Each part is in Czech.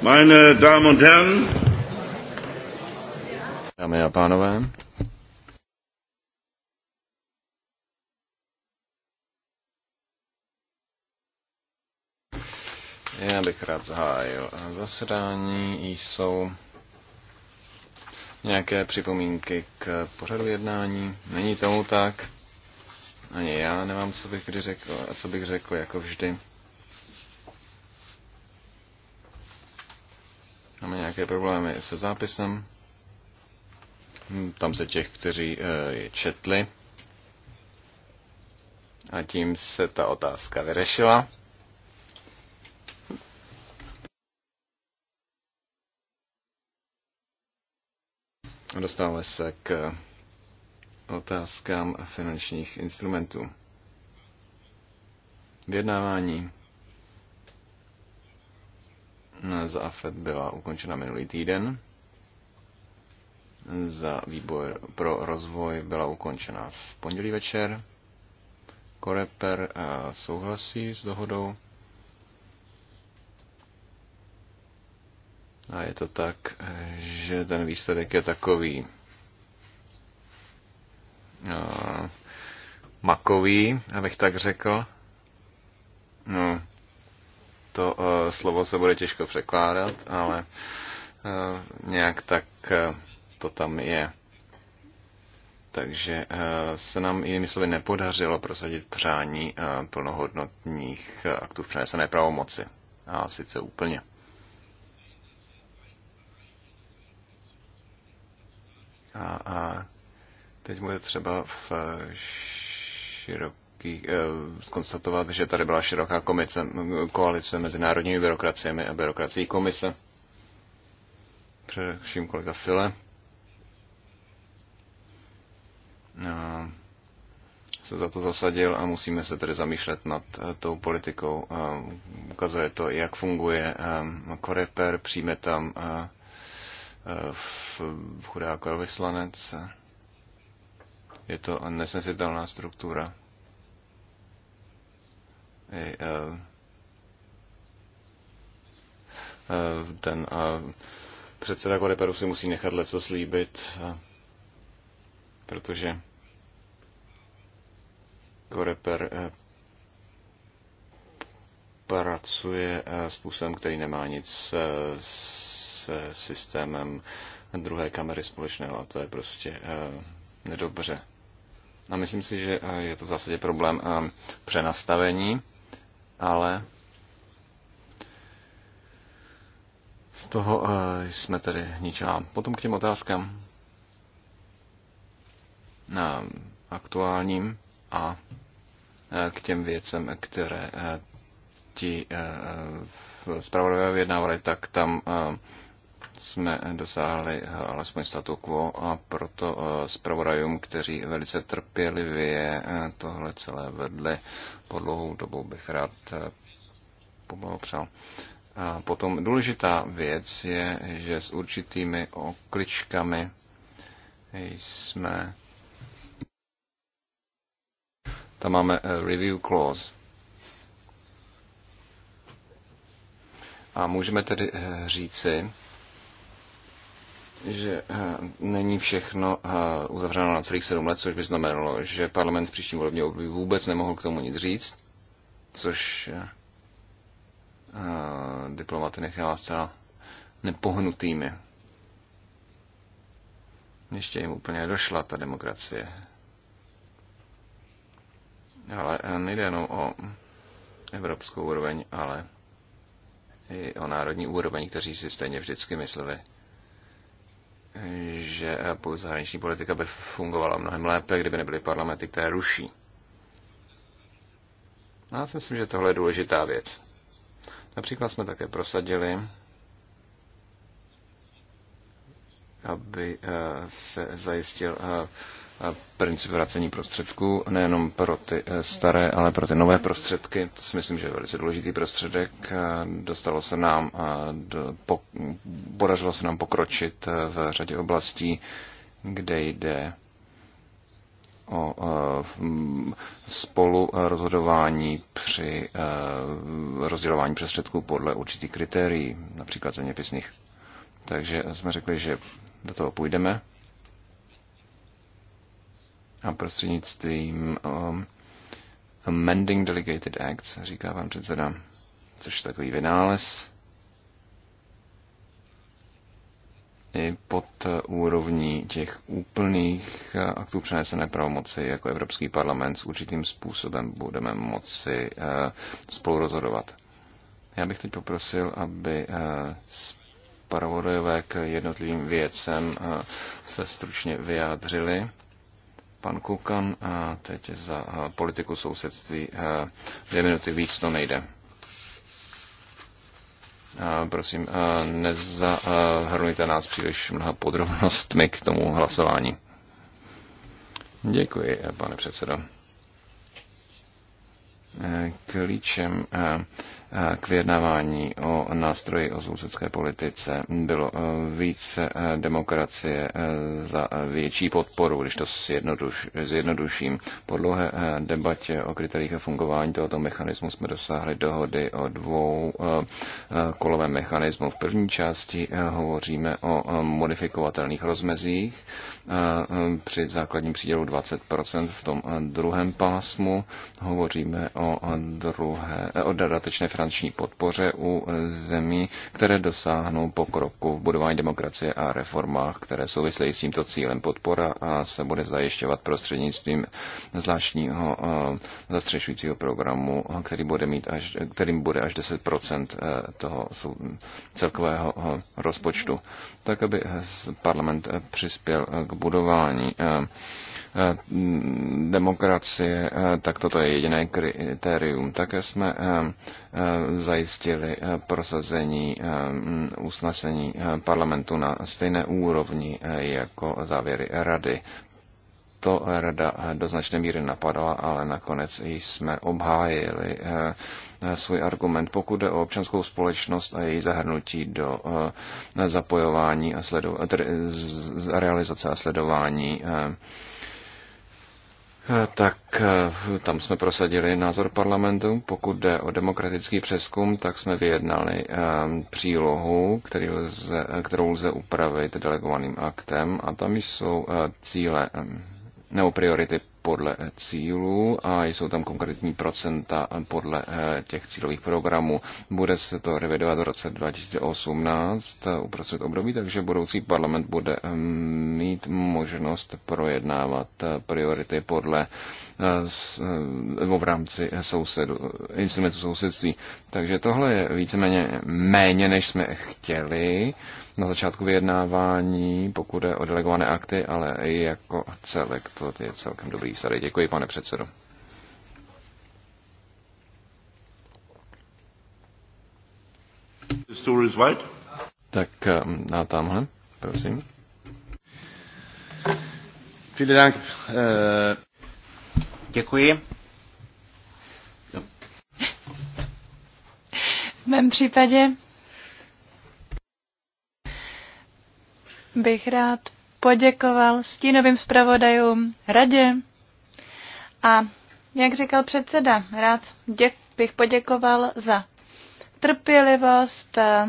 Meine Damen und Herren, Dámy a pánové, já bych rád zahájil zasedání. Jsou nějaké připomínky k pořadu jednání? Není tomu tak. Ani já nemám, co bych, kdy řekl, co bych řekl, jako vždy. máme nějaké problémy se zápisem. Tam se těch, kteří eh, je četli. A tím se ta otázka vyřešila. Dostáváme se k otázkám finančních instrumentů. Vyjednávání za AFED byla ukončena minulý týden. Za výbor pro rozvoj byla ukončena v pondělí večer. Koreper eh, souhlasí s dohodou. A je to tak, že ten výsledek je takový eh, makový, abych tak řekl. No, to eh, slovo se bude těžko překládat, ale eh, nějak tak eh, to tam je. Takže se nám jinými slovy nepodařilo prosadit přání plnohodnotných aktů v přenesené pravomoci. A sice úplně. A, a teď bude třeba v širok velký, eh, skonstatovat, že tady byla široká komice, koalice mezi národními byrokraciemi a byrokracií komise. Především kolega File. A se za to zasadil a musíme se tedy zamýšlet nad eh, tou politikou. Ukazuje to, jak funguje eh, koreper, přijme tam chudá Je to nesnesitelná struktura. Eh, eh, ten eh, předseda Koreperu si musí nechat leco slíbit, protože Koreper pracuje způsobem, který nemá nic s systémem druhé kamery společného a to je prostě nedobře. A myslím si, že je to v zásadě problém přenastavení ale z toho eh, jsme tedy ničeho. Potom k těm otázkám na eh, aktuálním a eh, k těm věcem, které ti zpravodajové vyjednávali, tak tam jsme dosáhli eh, alespoň statu quo a proto eh, zpravodajům, kteří velice trpělivě eh, tohle celé vedli po dlouhou dobu, bych rád poblahopřál. A potom důležitá věc je, že s určitými okličkami jsme tam máme review clause. A můžeme tedy říci, že eh, není všechno eh, uzavřeno na celých sedm let, což by znamenalo, že parlament v příštím volebním období vůbec nemohl k tomu nic říct, což eh, diplomaty nechává zcela nepohnutými. Ještě jim úplně došla ta demokracie. Ale nejde jenom o evropskou úroveň, ale i o národní úroveň, kteří si stejně vždycky mysleli, že eh, zahraniční politika by fungovala mnohem lépe, kdyby nebyly parlamenty, které ruší. já si myslím, že tohle je důležitá věc. Například jsme také prosadili, aby eh, se zajistil eh, princip vracení prostředků, nejenom pro ty eh, staré, ale pro ty nové prostředky. To si myslím, že je velice důležitý prostředek. Eh, dostalo se nám, eh, podařilo se nám pokročit v řadě oblastí, kde jde o spolu rozhodování při rozdělování prostředků podle určitých kritérií, například zeměpisných. Takže jsme řekli, že do toho půjdeme a prostřednictvím um, Amending Delegated Acts, říká vám předseda, což je takový vynález, i pod úrovní těch úplných eh, aktů přenesené pravomoci jako Evropský parlament s určitým způsobem budeme moci uh, spolurozhodovat. Já bych teď poprosil, aby eh, zpravodajové k jednotlivým věcem se stručně vyjádřili. Pan Kukan a teď za politiku sousedství dvě minuty víc to nejde. Prosím, nezahrnujte nás příliš mnoha podrobnostmi k tomu hlasování. Děkuji, pane předsedo. Klíčem k vyjednávání o nástroji o sousedské politice bylo e, více e, demokracie e, za větší podporu, když to zjednoduš, zjednoduším. Po dlouhé debatě o kritériích a fungování tohoto mechanismu jsme dosáhli dohody o dvou kolovém mechanismu. V první části hovoříme o modifikovatelných rozmezích při základním přídělu 20%. V tom druhém pásmu hovoříme o, druhé, o dodatečné finanční podpoře u e, zemí, které dosáhnou pokroku v budování demokracie a reformách, které souvisejí s tímto cílem. Podpora a se bude zajišťovat prostřednictvím zvláštního e, zastřešujícího programu, který bude mít až, kterým bude až 10 e, toho celkového rozpočtu, tak aby parlament přispěl k budování Eh, demokracie, eh, tak toto je jediné kritérium. Také jsme eh, zajistili prosazení usnesení parlamentu na stejné úrovni jako závěry rady. To rada do značné míry napadala, ale nakonec jsme obhájili svůj argument. Pokud jde o občanskou společnost a její zahrnutí do zapojování a sledu, realizace a sledování tak eh, tam jsme prosadili názor parlamentu. Pokud jde o demokratický přeskum, tak jsme vyjednali eh, přílohu, lze, kterou lze upravit delegovaným aktem a tam jsou eh, cíle nebo priority podle eh, cílů a jsou tam konkrétní procenta eh, podle eh, těch cílových programů. Bude se to revidovat v roce 2018 uprostřed období, takže budoucí parlament bude mít možnost projednávat priority podle v rámci sousedu, instrumentu sousedství. Takže tohle je víceméně méně, než jsme chtěli na začátku vyjednávání, pokud je o delegované akty, ale i jako celek. To je celkem dobrý starý. Děkuji, pane předsedo. Tak na um, tamhle, prosím. Äh, Děkuji. V mém případě bych rád poděkoval stínovým zpravodajům radě a jak říkal předseda, rád děk, bych poděkoval za trpělivost eh,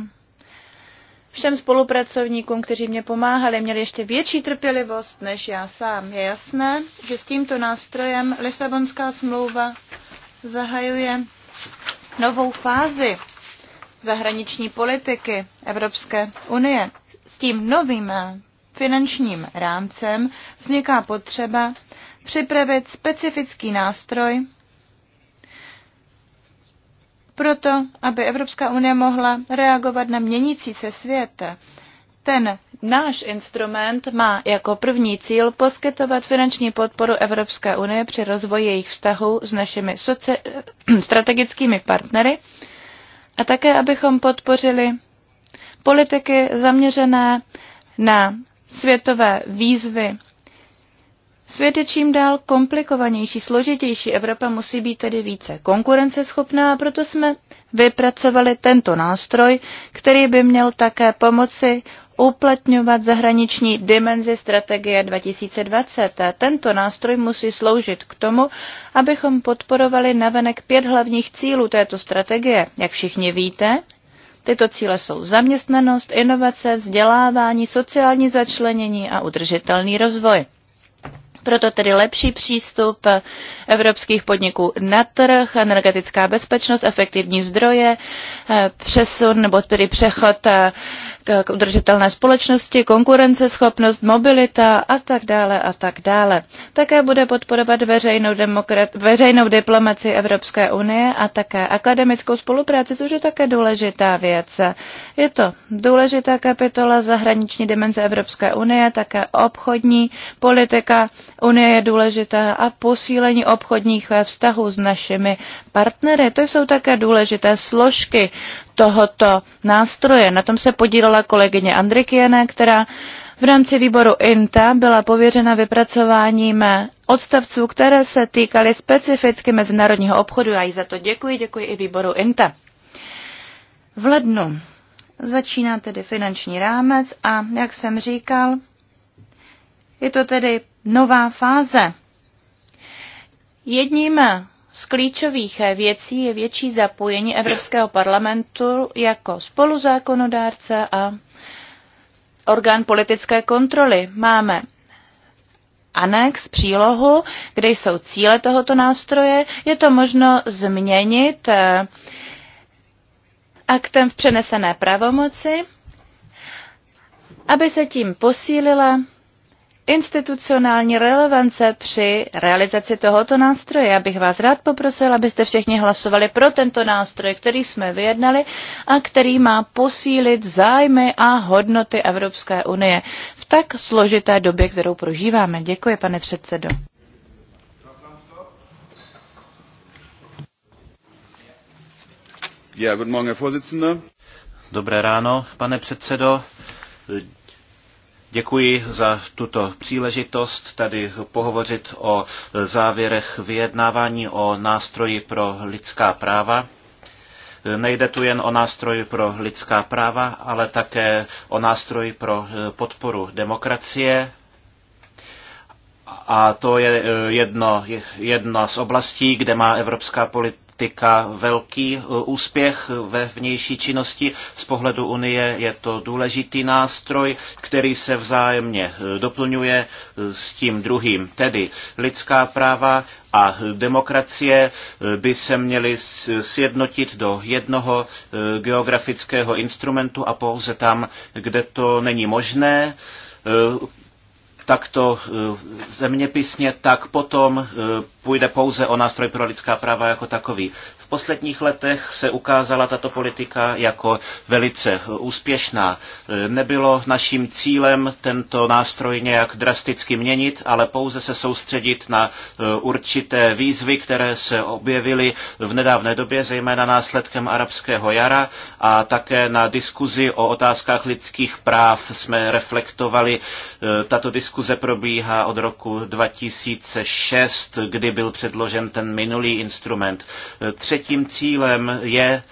všem spolupracovníkům, kteří mě pomáhali, měli ještě větší trpělivost než já sám. Je jasné, že s tímto nástrojem Lisabonská smlouva zahajuje novou fázi zahraniční politiky Evropské unie s tím novým finančním rámcem vzniká potřeba připravit specifický nástroj proto, aby Evropská unie mohla reagovat na měnící se svět. Ten náš instrument má jako první cíl poskytovat finanční podporu Evropské unie při rozvoji jejich vztahů s našimi soci- strategickými partnery a také, abychom podpořili politiky zaměřené na světové výzvy. Svět je čím dál komplikovanější, složitější. Evropa musí být tedy více konkurenceschopná a proto jsme vypracovali tento nástroj, který by měl také pomoci uplatňovat zahraniční dimenzi strategie 2020. Tento nástroj musí sloužit k tomu, abychom podporovali navenek pět hlavních cílů této strategie. Jak všichni víte, Tyto cíle jsou zaměstnanost, inovace, vzdělávání, sociální začlenění a udržitelný rozvoj. Proto tedy lepší přístup evropských podniků na trh, energetická bezpečnost, efektivní zdroje, eh, přesun nebo tedy přechod eh, k udržitelné společnosti, konkurenceschopnost, mobilita a tak dále a tak dále. Také bude podporovat veřejnou, demokrat, veřejnou diplomaci Evropské unie a také akademickou spolupráci, což je také důležitá věc. Je to důležitá kapitola zahraniční dimenze Evropské unie, také obchodní politika unie je důležitá a posílení obchodních vztahů s našimi partnery. To jsou také důležité složky tohoto nástroje. Na tom se podílela kolegyně Andrikiene, která v rámci výboru INTA byla pověřena vypracováním odstavců, které se týkaly specificky mezinárodního obchodu. Já jí za to děkuji, děkuji i výboru INTA. V lednu začíná tedy finanční rámec a, jak jsem říkal, je to tedy nová fáze. Jedním z klíčových věcí je větší zapojení Evropského parlamentu jako spoluzákonodárce a orgán politické kontroly. Máme anex, přílohu, kde jsou cíle tohoto nástroje. Je to možno změnit eh, aktem v přenesené pravomoci, aby se tím posílila institucionální relevance při realizaci tohoto nástroje. Já bych vás rád poprosil, abyste všichni hlasovali pro tento nástroj, který jsme vyjednali a který má posílit zájmy a hodnoty Evropské unie v tak složité době, kterou prožíváme. Děkuji, pane předsedo. Dobré ráno, pane předsedo. Děkuji za tuto příležitost tady pohovořit o závěrech vyjednávání o nástroji pro lidská práva. Nejde tu jen o nástroj pro lidská práva, ale také o nástroj pro podporu demokracie. A to je jedno, jedna z oblastí, kde má evropská politika politika velký eh, úspěch ve vnější činnosti. Z pohledu Unie je to důležitý nástroj, který se vzájemně eh, doplňuje eh, s tím druhým, tedy lidská práva a demokracie by se měly sjednotit do jednoho geografického instrumentu a pouze tam, kde to není možné, takto zeměpisně, tak potom půjde pouze o nástroj pro lidská práva jako takový. V posledních letech se ukázala tato politika jako velice úspěšná. Nebylo naším cílem tento nástroj nějak drasticky měnit, ale pouze se soustředit na eh, určité výzvy, které se objevily v nedávné době, zejména následkem arabského jara a také na diskuzi o otázkách lidských práv jsme reflektovali. Eh, tato diskuze probíhá od roku 2006, kdy kdy byl předložen ten minulý instrument. Třetím cílem je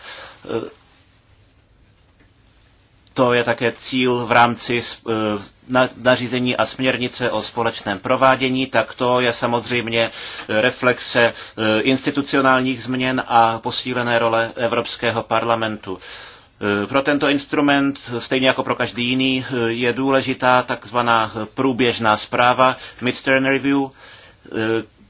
to je také cíl v rámci e, nařízení a směrnice o společném provádění, tak to je samozřejmě reflexe e, institucionálních změn a posílené role Evropského parlamentu. E, pro tento instrument, stejně jako pro každý jiný, je důležitá takzvaná průběžná zpráva, midterm review,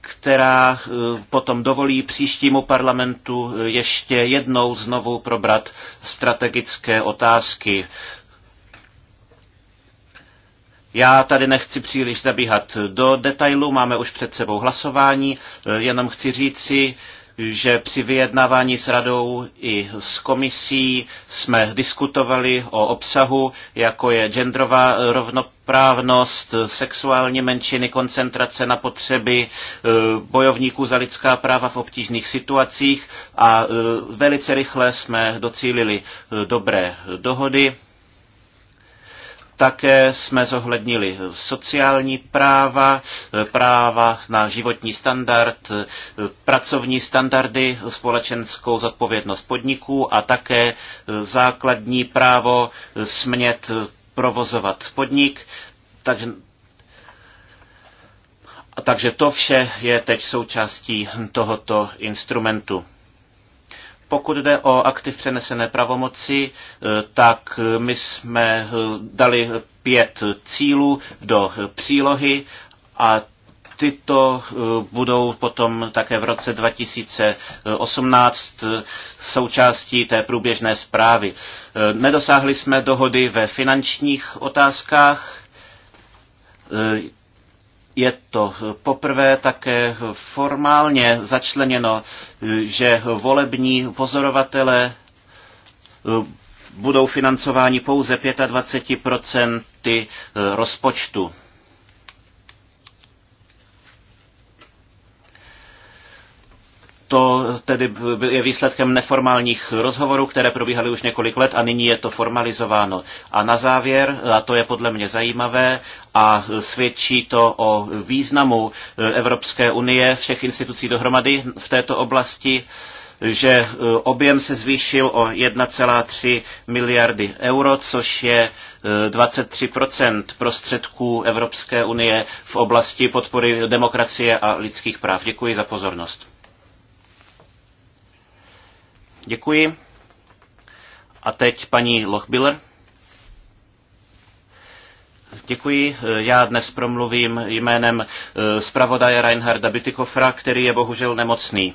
která eh, potom dovolí příštímu parlamentu eh, ještě jednou znovu probrat strategické otázky. Já tady nechci příliš zabíhat do detailu, máme už před sebou hlasování, eh, jenom chci říci, že při vyjednávání s radou i s komisí jsme diskutovali o obsahu, jako je genderová rovnoprávnost, sexuální menšiny, koncentrace na potřeby e, bojovníků za lidská práva v obtížných situacích a e, velice rychle jsme docílili e, dobré dohody také jsme zohlednili sociální práva, práva na životní standard, pracovní standardy, společenskou zodpovědnost podniků a také základní právo smět provozovat podnik. Takže takže to vše je teď součástí tohoto instrumentu. Pokud jde o aktiv přenesené pravomoci, eh, tak eh, my jsme eh, dali pět cílů do přílohy a tyto budou potom také v roce 2018 součástí té průběžné zprávy. Nedosáhli jsme dohody ve finančních otázkách, je to poprvé také formálně začleněno, že volební pozorovatelé eh, budou financováni pouze 25 rozpočtu. To tedy je výsledkem neformálních rozhovorů, které probíhaly už několik let a nyní je to formalizováno. A na závěr, a to je podle mě zajímavé, a svědčí to o významu Evropské unie, všech institucí dohromady v této oblasti, že objem se zvýšil o 1,3 miliardy euro, což je 23 eh, prostředků Evropské unie v oblasti podpory demokracie a lidských práv. Děkuji za pozornost. Děkuji. A teď paní Lochbiller. Děkuji. Já dnes promluvím jménem eh, zpravodaje Reinharda Bytikofra, který je bohužel nemocný.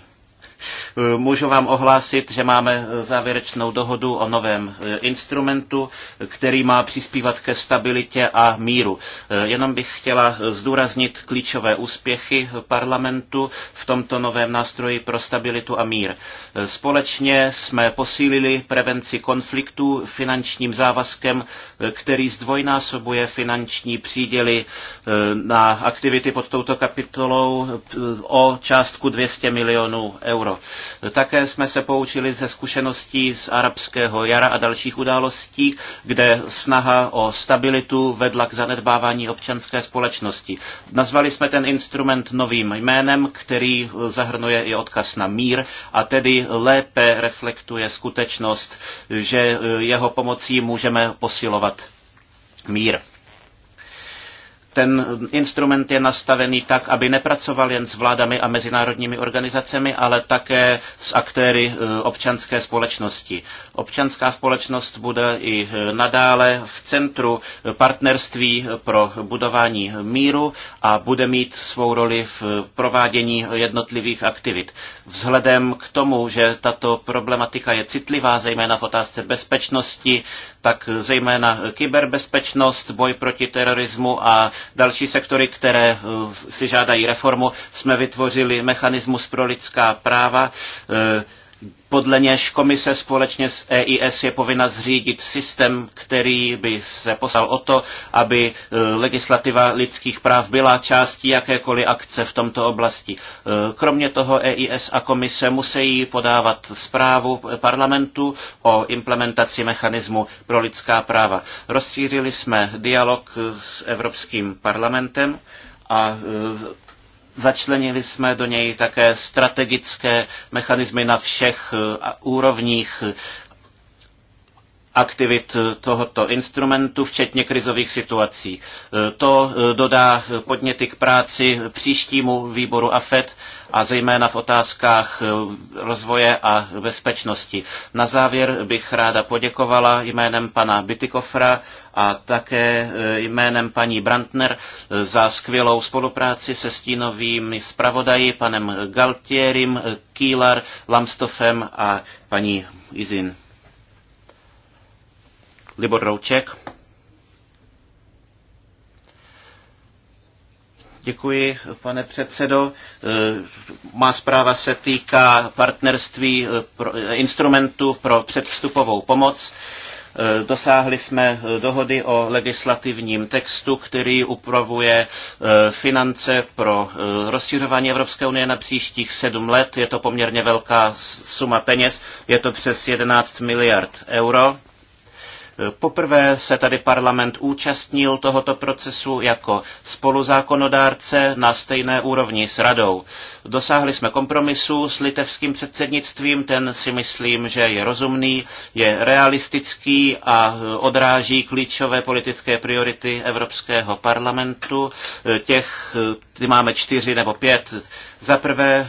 Eh, můžu vám ohlásit, že máme eh, závěrečnou dohodu o novém eh, instrumentu, který má přispívat ke stabilitě a míru. Jenom bych chtěla zdůraznit klíčové úspěchy parlamentu v tomto novém nástroji pro stabilitu a mír. Společně jsme posílili prevenci konfliktů finančním závazkem, který zdvojnásobuje finanční příděly na aktivity pod touto kapitolou o částku 200 milionů euro učiněno. Také jsme se poučili ze zkušeností z arabského jara a dalších událostí, kde snaha o stabilitu vedla k zanedbávání občanské společnosti. Nazvali jsme ten instrument novým jménem, který zahrnuje i odkaz na mír a tedy lépe reflektuje skutečnost, že jeho pomocí můžeme posilovat mír ten instrument je nastavený tak, aby nepracoval jen s vládami a mezinárodními organizacemi, ale také s aktéry e, občanské společnosti. Občanská společnost bude i e, nadále v centru e, partnerství pro budování míru a bude mít svou roli v provádění jednotlivých aktivit. Vzhledem k tomu, že tato problematika je citlivá, zejména v otázce bezpečnosti, tak zejména kyberbezpečnost, boj proti terorismu a další sektory, které eh, si žádají reformu. Jsme vytvořili mechanismus pro lidská práva, eh, podle něž komise společně s EIS je povinna zřídit systém, který by se poslal o to, aby e, legislativa lidských práv byla částí jakékoliv akce v tomto oblasti. E, kromě toho EIS a komise musí podávat zprávu parlamentu o implementaci mechanismu pro lidská práva. Rozšířili jsme dialog s Evropským parlamentem a e, Začlenili jsme do něj také strategické mechanismy na všech eh, úrovních aktivit tohoto instrumentu, včetně krizových situací. To eh, dodá podněty k práci příštímu výboru AFED a zejména v otázkách eh, rozvoje a bezpečnosti. Na závěr bych ráda poděkovala jménem pana Bytykofra a také eh, jménem paní Brandner za skvělou spolupráci se stínovými zpravodaji, panem Galtierim, Kýlar, Lamstofem a paní Izin. Libor Rouček. Děkuji, pane předsedo. Eh, má zpráva se týká partnerství eh, eh, instrumentu pro předvstupovou pomoc. Dosáhli jsme dohody o legislativním textu, který upravuje finance pro rozšiřování Evropské unie na příštích sedm let. Je to poměrně velká suma peněz, je to přes 11 miliard euro Poprvé se tady parlament účastnil tohoto procesu jako spoluzákonodárce na stejné úrovni s radou. Dosáhli jsme kompromisu s litevským předsednictvím, ten si myslím, že je rozumný, je realistický a odráží klíčové politické priority Evropského parlamentu. Těch ty máme čtyři nebo pět. Za prvé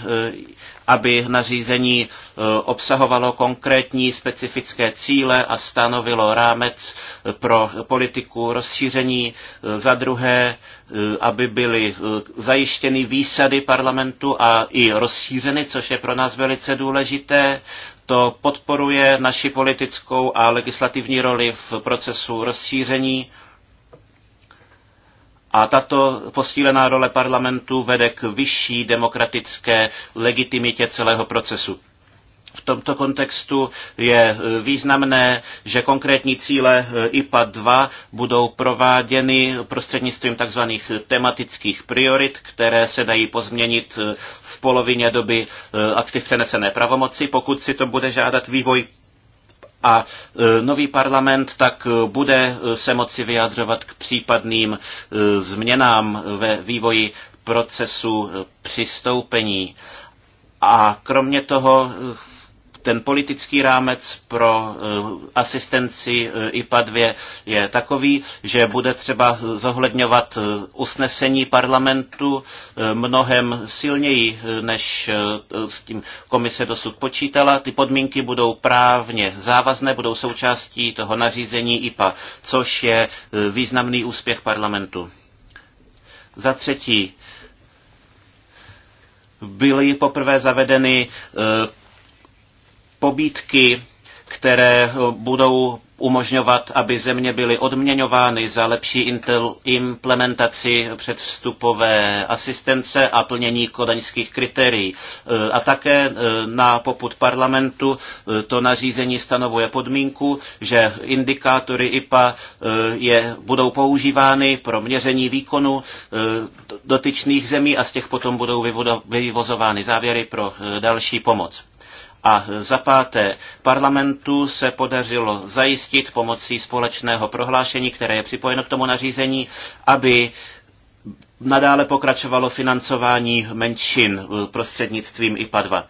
aby nařízení eh, obsahovalo konkrétní specifické cíle a stanovilo rámec eh, pro politiku rozšíření. Eh, za druhé, aby byly zajištěny výsady parlamentu a i rozšířeny, což je pro nás velice důležité. To podporuje naši politickou a legislativní roli v procesu rozšíření a tato posílená role parlamentu vede k vyšší demokratické legitimitě celého procesu. V tomto kontextu je e, významné, že konkrétní cíle e, IPA 2 budou prováděny prostřednictvím tzv. tematických priorit, které se dají pozměnit e, v polovině doby aktiv přenesené pravomoci, pokud si to bude žádat vývoj a e, nový parlament tak e, bude e, se moci vyjadřovat k případným změnám ve vývoji procesu přistoupení. A kromě toho ten politický rámec pro eh, asistenci eh, IPA 2 je takový, že bude třeba zohledňovat eh, usnesení parlamentu mnohem silněji, než s tím komise dosud počítala. Ty podmínky budou právně závazné, budou součástí toho nařízení IPA, což je významný úspěch parlamentu. Za třetí, byly poprvé zavedeny pobídky, které eh, budou umožňovat, aby země byly odměňovány za lepší implementaci předvstupové asistence a plnění kodaňských kritérií. Eh, a také eh, na poput parlamentu to nařízení stanovuje podmínku, že indikátory IPA je, budou používány pro měření výkonu dotyčných zemí a z těch potom budou vyvozovány závěry pro další pomoc. A za páté, parlamentu se podařilo zajistit pomocí společného prohlášení, které je připojeno k tomu nařízení, aby nadále pokračovalo financování menšin prostřednictvím IPA 2.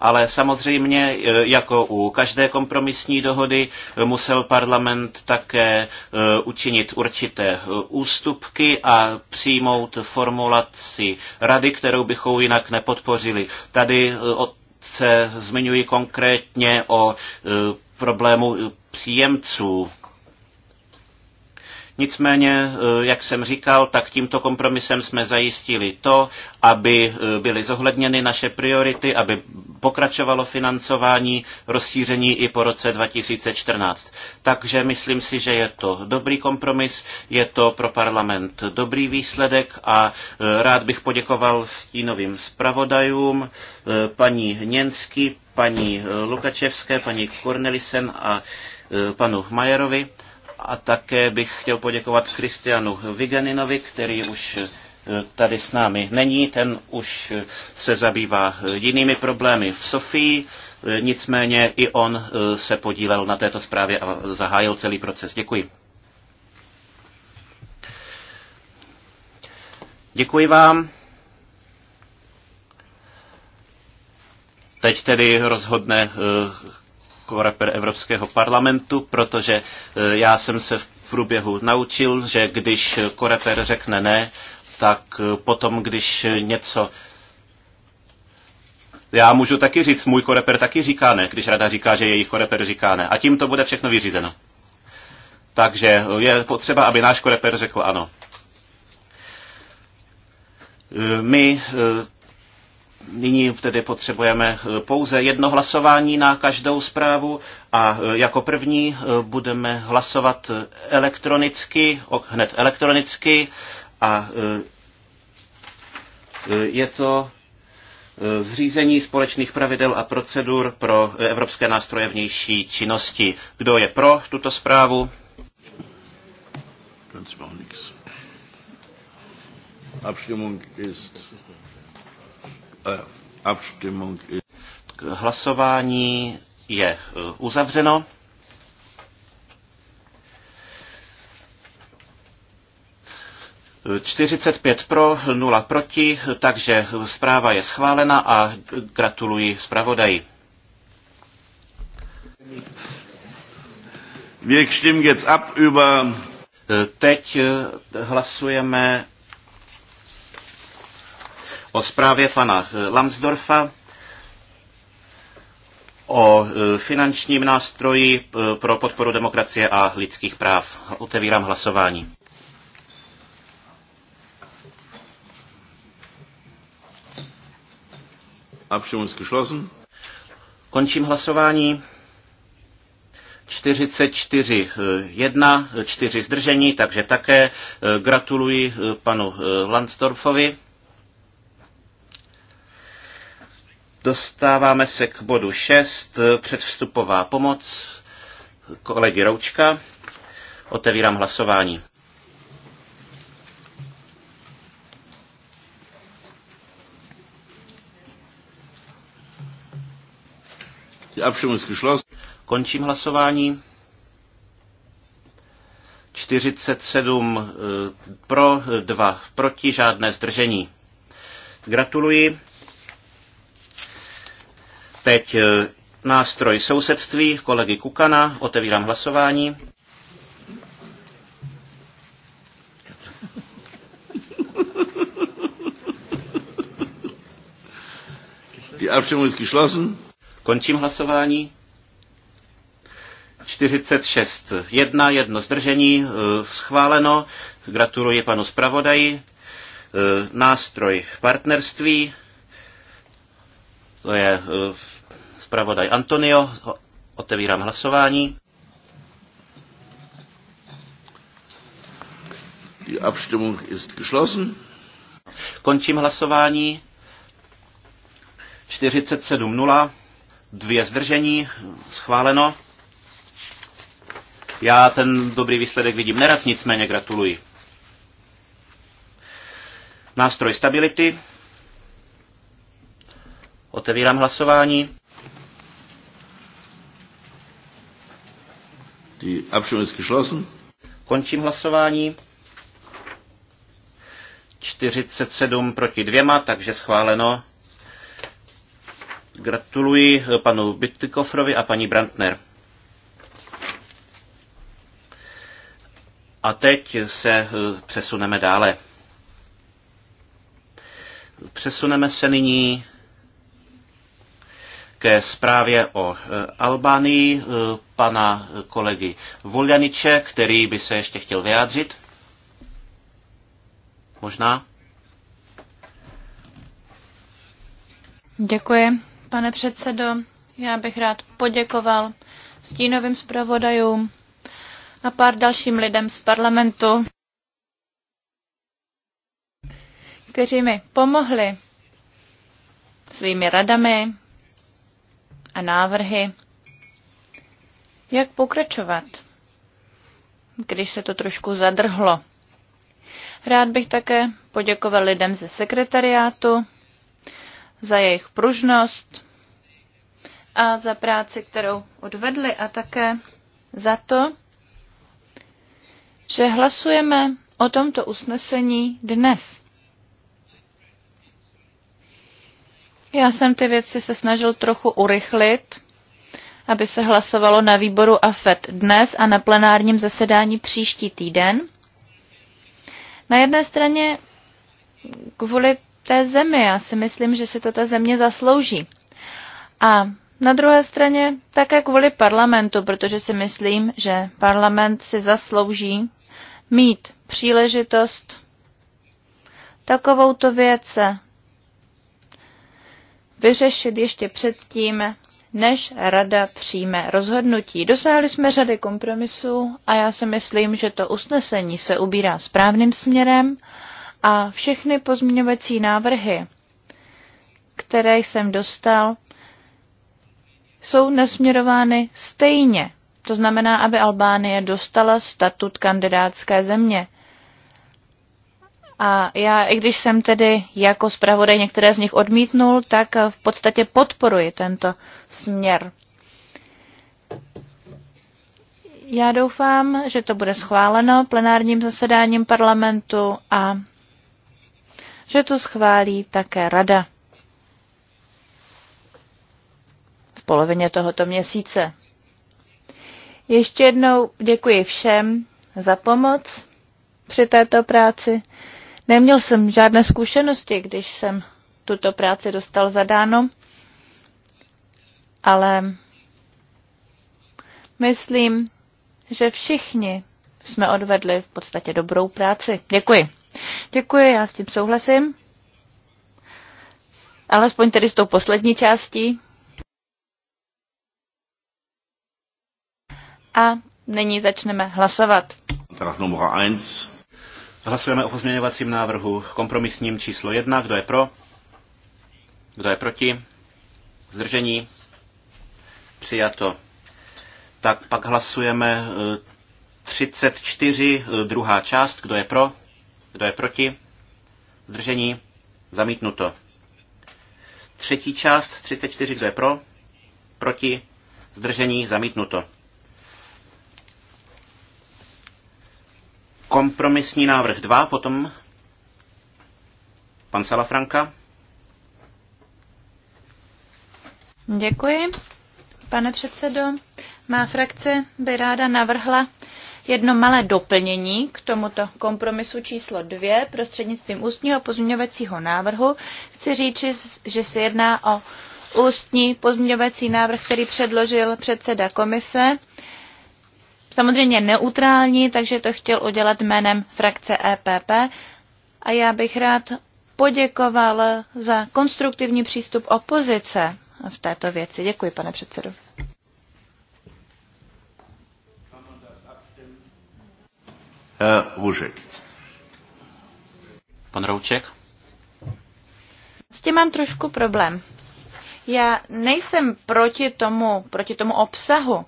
Ale samozřejmě, e, jako u každé kompromisní dohody, musel parlament také e, učinit určité e, ústupky a přijmout formulaci rady, kterou bychom jinak nepodpořili. Tady se zmiňuji konkrétně o e, problému příjemců Nicméně, eh, jak jsem říkal, tak tímto kompromisem jsme zajistili to, aby eh, byly zohledněny naše priority, aby pokračovalo financování, rozšíření i po roce 2014. Takže myslím si, že je to dobrý kompromis, je to pro parlament dobrý výsledek a eh, rád bych poděkoval stínovým zpravodajům, paní Něnsky, paní Lukačevské, paní Kornelisen a panu Majerovi. A také bych chtěl poděkovat Kristianu Vigeninovi, který už eh, tady s námi není, ten už eh, se zabývá eh, jinými problémy v Sofii, nicméně i on se podílel na této zprávě a zahájil celý proces. Děkuji. Děkuji vám. Teď tedy rozhodne koreper jako Evropského parlamentu, protože e, já jsem se v průběhu naučil, že když koreper jako řekne ne, tak e, potom, když něco já můžu taky říct, můj koreper taky říká ne, když rada říká, že jejich koreper říká ne. A tím to bude všechno vyřízeno. Takže je potřeba, aby náš koreper řekl ano. E, my Nyní tedy potřebujeme eh, pouze jedno hlasování na každou zprávu a eh, jako první eh, budeme hlasovat elektronicky, hned elektronicky a je to zřízení společných pravidel a procedur pro evropské nástroje vnější činnosti. Kdo je pro tuto zprávu? Abstimmung ist Hlasování je e, uzavřeno. Čtyřicet pět pro, nula proti, takže zpráva je schválena a gratuluji zpravodaji. Wir stimmen jetzt ab über e, Teď e, hlasujeme o zprávě pana eh, Lambsdorfa o eh, finančním nástroji eh, pro podporu demokracie a lidských práv. Otevírám hlasování. Končím hlasování. 44 1, 4 zdržení, takže také gratuluji panu Landstorfovi. Dostáváme se k bodu 6, předvstupová pomoc kolegy Roučka. Otevírám hlasování. Končím hlasování. 47 eh, pro, 2 proti, žádné zdržení. Gratuluji. Teď e, nástroj sousedství kolegy Kukana. Otevírám hlasování. Die Abstimmung ist geschlossen. Končím hlasování. 46. Jedna, jedno zdržení, e, schváleno. Gratuluji panu zpravodaji. E, nástroj partnerství. To je eh, zpravodaj Antonio. Otevírám hlasování. Die Abstimmung ist geschlossen. Končím hlasování. 47.0. Dvě zdržení. Schváleno. Já ten dobrý výsledek vidím nerad, nicméně gratuluji. Nástroj stability. Otevírám hlasování. Die Abstimmung ist geschlossen. Končím hlasování. 47 proti dvěma, takže schváleno. Gratuluji eh, panu Bittykofrovi a paní Brandner. A teď se eh, přesuneme dále. Přesuneme se nyní ke zprávě o e, Albánii e, pana kolegy Voljaniče, který by se ještě chtěl vyjádřit. Možná? Děkuji, pane předsedo. Já bych rád poděkoval stínovým zpravodajům a pár dalším lidem z parlamentu, kteří mi pomohli svými radami, a návrhy, jak pokračovat, když se to trošku zadrhlo. Rád bych také poděkoval lidem ze sekretariátu za jejich pružnost a za práci, kterou odvedli a také za to, že hlasujeme o tomto usnesení dnes. Já jsem ty věci se snažil trochu urychlit, aby se hlasovalo na výboru AFET dnes a na plenárním zasedání příští týden. Na jedné straně kvůli té zemi, já si myslím, že si to ta země zaslouží. A na druhé straně také kvůli parlamentu, protože si myslím, že parlament si zaslouží mít příležitost takovouto věc vyřešit ještě předtím, než rada přijme rozhodnutí. Dosáhli jsme řady kompromisů a já si myslím, že to usnesení se ubírá správným směrem a všechny pozměňovací návrhy, které jsem dostal, jsou nasměrovány stejně. To znamená, aby Albánie dostala statut kandidátské země. A já, i když jsem tedy jako zpravodaj některé z nich odmítnul, tak v podstatě podporuji tento směr. Já doufám, že to bude schváleno plenárním zasedáním parlamentu a že to schválí také rada v polovině tohoto měsíce. Ještě jednou děkuji všem za pomoc při této práci. Neměl jsem žádné zkušenosti, když jsem tuto práci dostal zadáno, ale myslím, že všichni jsme odvedli v podstatě dobrou práci. Děkuji. Děkuji, já s tím souhlasím. Alespoň tedy s tou poslední částí. A nyní začneme hlasovat. 1. Hlasujeme o pozměňovacím návrhu kompromisním číslo 1. Kdo je pro? Kdo je proti? Zdržení? Přijato. Tak pak hlasujeme 34, eh, eh, druhá část. Kdo je pro? Kdo je proti? Zdržení? Zamítnuto. Třetí část, 34, kdo je pro? Proti? Zdržení? Zamítnuto. Kompromisní návrh 2, potom pan Salafranka. Děkuji. Pane předsedo, má frakce by ráda navrhla jedno malé doplnění k tomuto kompromisu číslo 2 prostřednictvím ústního pozměňovacího návrhu. Chci říct, že se jedná o ústní pozměňovací návrh, který předložil předseda komise samozřejmě neutrální, takže to chtěl udělat jménem frakce EPP. A já bych rád poděkoval za konstruktivní přístup opozice v této věci. Děkuji, pane předsedo. Vůžek. Pan Rouček? S tím mám trošku problém. Já nejsem proti tomu, proti tomu obsahu,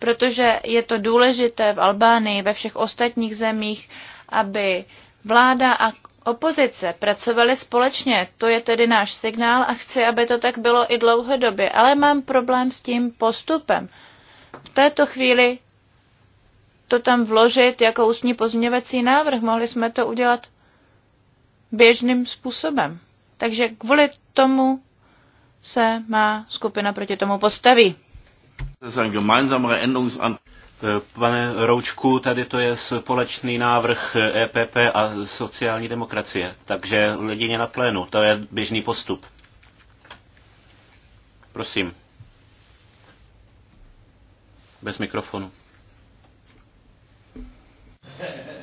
protože je to důležité v Albánii, ve všech ostatních zemích, aby vláda a opozice pracovali společně. To je tedy náš signál a chci, aby to tak bylo i dlouhodobě, ale mám problém s tím postupem. V této chvíli to tam vložit jako ústní pozměňovací návrh. Mohli jsme to udělat běžným způsobem. Takže kvůli tomu se má skupina proti tomu postaví. Eh, pane Roučku, tady to je společný návrh EPP eh, e a sociální demokracie, takže jedině na plénu, to je běžný postup. Prosím. Bez mikrofonu.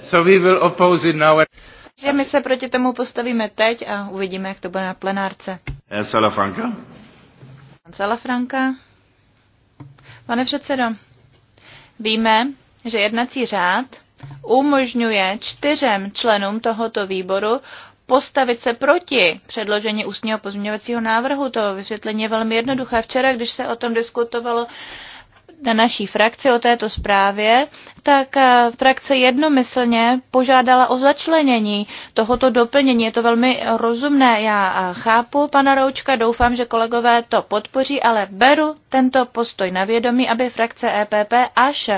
So we will oppose it now. Že my se proti tomu postavíme teď a uvidíme, jak to bude na plenárce. Sala Salafranca. Pane předsedo, víme, že jednací řád umožňuje čtyřem členům tohoto výboru postavit se proti předložení ústního pozměňovacího návrhu. To vysvětlení je velmi jednoduché. Včera, když se o tom diskutovalo na naší frakci o této zprávě, tak eh, frakce jednomyslně požádala o začlenění tohoto doplnění. Je to velmi rozumné, já eh, chápu pana Roučka, doufám, že kolegové to podpoří, ale beru tento postoj na vědomí, aby frakce EPP, až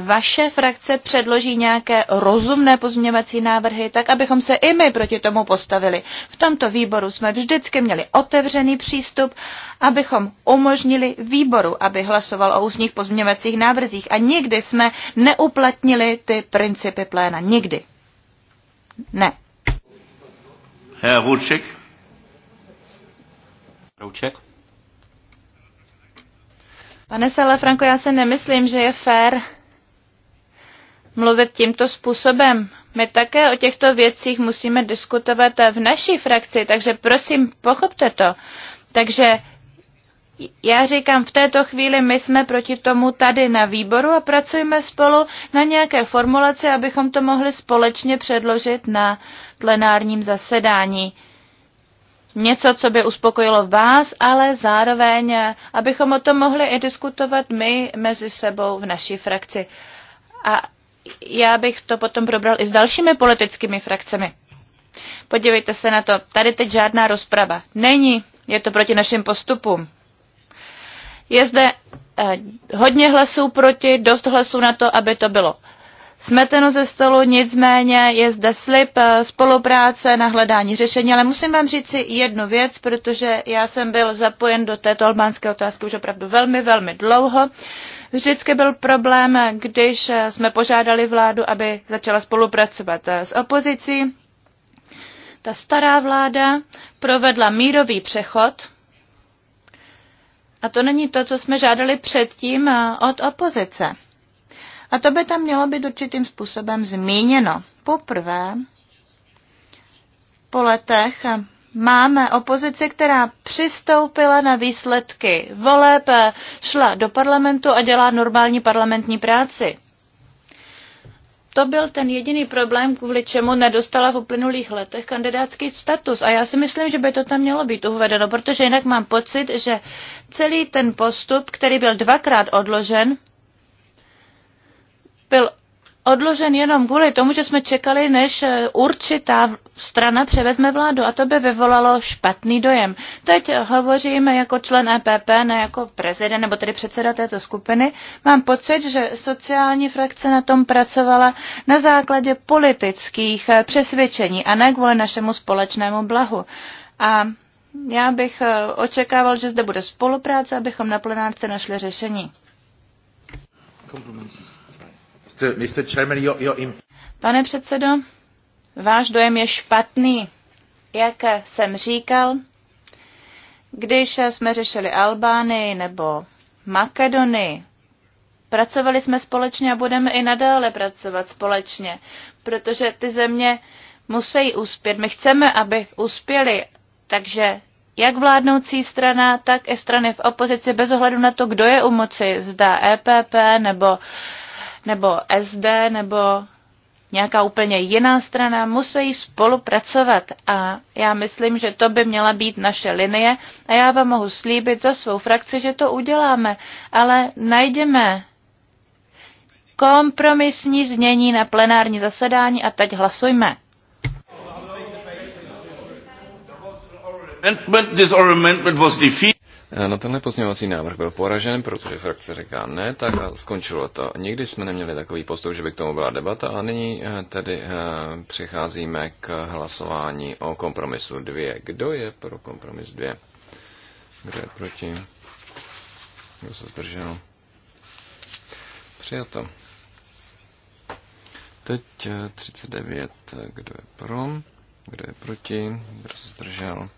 vaše frakce předloží nějaké rozumné pozměňovací návrhy, tak abychom se i my proti tomu postavili. V tomto výboru jsme vždycky měli otevřený přístup, abychom umožnili výboru, aby hlasoval o ústních pozměňovacích návrzích a nikdy jsme neumožnili neuplatnili ty principy pléna. Nikdy. Ne. Herr Ruček. Ruček. Pane Franko, já se nemyslím, že je fér mluvit tímto způsobem. My také o těchto věcích musíme diskutovat v naší frakci, takže prosím, pochopte to. Takže já říkám, v této chvíli my jsme proti tomu tady na výboru a pracujeme spolu na nějaké formulaci, abychom to mohli společně předložit na plenárním zasedání. Něco, co by uspokojilo vás, ale zároveň, abychom o tom mohli i diskutovat my mezi sebou v naší frakci. A já bych to potom probral i s dalšími politickými frakcemi. Podívejte se na to, tady teď žádná rozprava není, je to proti našim postupům. Je zde eh, hodně hlasů proti, dost hlasů na to, aby to bylo smeteno ze stolu, nicméně je zde slib eh, spolupráce na hledání řešení, ale musím vám říct si jednu věc, protože já jsem byl zapojen do této albánské otázky už opravdu velmi, velmi dlouho. Vždycky byl problém, když eh, jsme požádali vládu, aby začala spolupracovat s opozicí. Ta stará vláda provedla mírový přechod a to není to, co jsme žádali předtím eh, od opozice. A to by tam mělo být určitým způsobem zmíněno. Poprvé, po letech eh, máme opozici, která přistoupila na výsledky voleb, eh, šla do parlamentu a dělá normální parlamentní práci to byl ten jediný problém, kvůli čemu nedostala v uplynulých letech kandidátský status. A já si myslím, že by to tam mělo být uvedeno, protože jinak mám pocit, že celý ten postup, který byl dvakrát odložen, byl odložen jenom kvůli tomu, že jsme čekali, než eh, určitá strana převezme vládu a to by vyvolalo špatný dojem. Teď eh, hovoříme jako člen EPP, ne jako prezident nebo tedy předseda této skupiny. Mám pocit, že sociální frakce na tom pracovala na základě politických eh, přesvědčení a ne kvůli našemu společnému blahu. A já bych očekával, že zde bude spolupráce, abychom na plenárce našli řešení. Kompromis. Pane předsedo, váš dojem je špatný. Jak jsem říkal, když jsme řešili Albánii nebo Makedonii, pracovali jsme společně a budeme i nadále pracovat společně, protože ty země musí uspět. My chceme, aby uspěli, takže jak vládnoucí strana, tak i strany v opozici bez ohledu na to, kdo je u moci, zda EPP nebo nebo SD nebo nějaká úplně jiná strana musí spolupracovat a já myslím, že to by měla být naše linie a já vám mohu slíbit za svou frakci, že to uděláme, ale najdeme kompromisní znění na plenární zasedání a teď hlasujme. No tenhle pozměňovací návrh byl poražen, protože frakce říká ne, tak skončilo to. Nikdy jsme neměli takový postup, že by k tomu byla debata a nyní eh, tedy eh, přicházíme k hlasování o kompromisu 2. Kdo je pro kompromis 2? Kdo je proti? Kdo se zdržel? Přijato. Teď 39. Kdo je pro? Kdo je proti? Kdo se zdržel?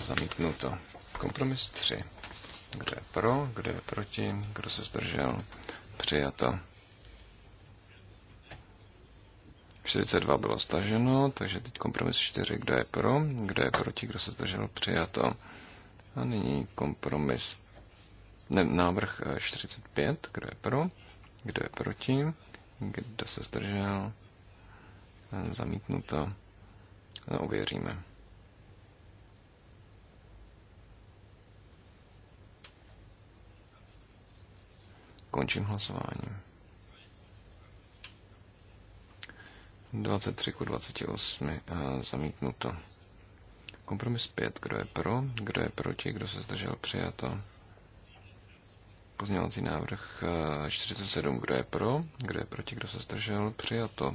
Zamítnuto. Kompromis 3. Kdo je pro, kdo je proti, kdo se zdržel? Přijato. 42 bylo staženo, takže teď kompromis 4. Kdo je pro, kdo je proti, kdo se zdržel? Přijato. A nyní kompromis. Ne, návrh 45. Eh, kdo je pro, kdo je proti, kdo se zdržel? Zamítnuto. No, uvěříme. Končím hlasování. 23 ku 28 eh, zamítnuto. Kompromis 5. Kdo je pro? Kdo je proti? Kdo se zdržel? Přijato. Pozměňovací návrh 47. Eh, Kdo je pro? Kdo je proti? Kdo se zdržel? Přijato.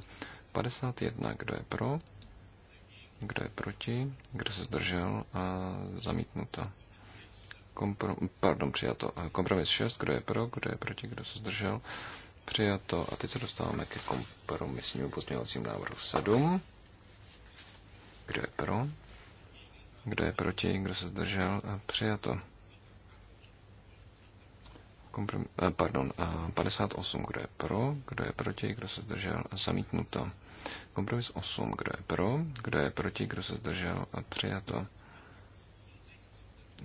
51. Kdo je pro? Kdo je proti? Kdo se zdržel? A eh, zamítnuto. Komprom- pardon, přijato. Kompromis 6, kdo je pro, kdo je proti, kdo se zdržel. Přijato. A teď se dostáváme ke kompromisnímu pozměňovacímu návrhu 7. Kdo je pro? Kdo je proti? Kdo se zdržel? Přijato. Komprom- eh, pardon, 58. Eh, kdo je pro? Kdo je proti? Kdo se zdržel? Zamítnuto. Kompromis 8. Kdo je pro? Kdo je proti? Kdo se zdržel? Přijato.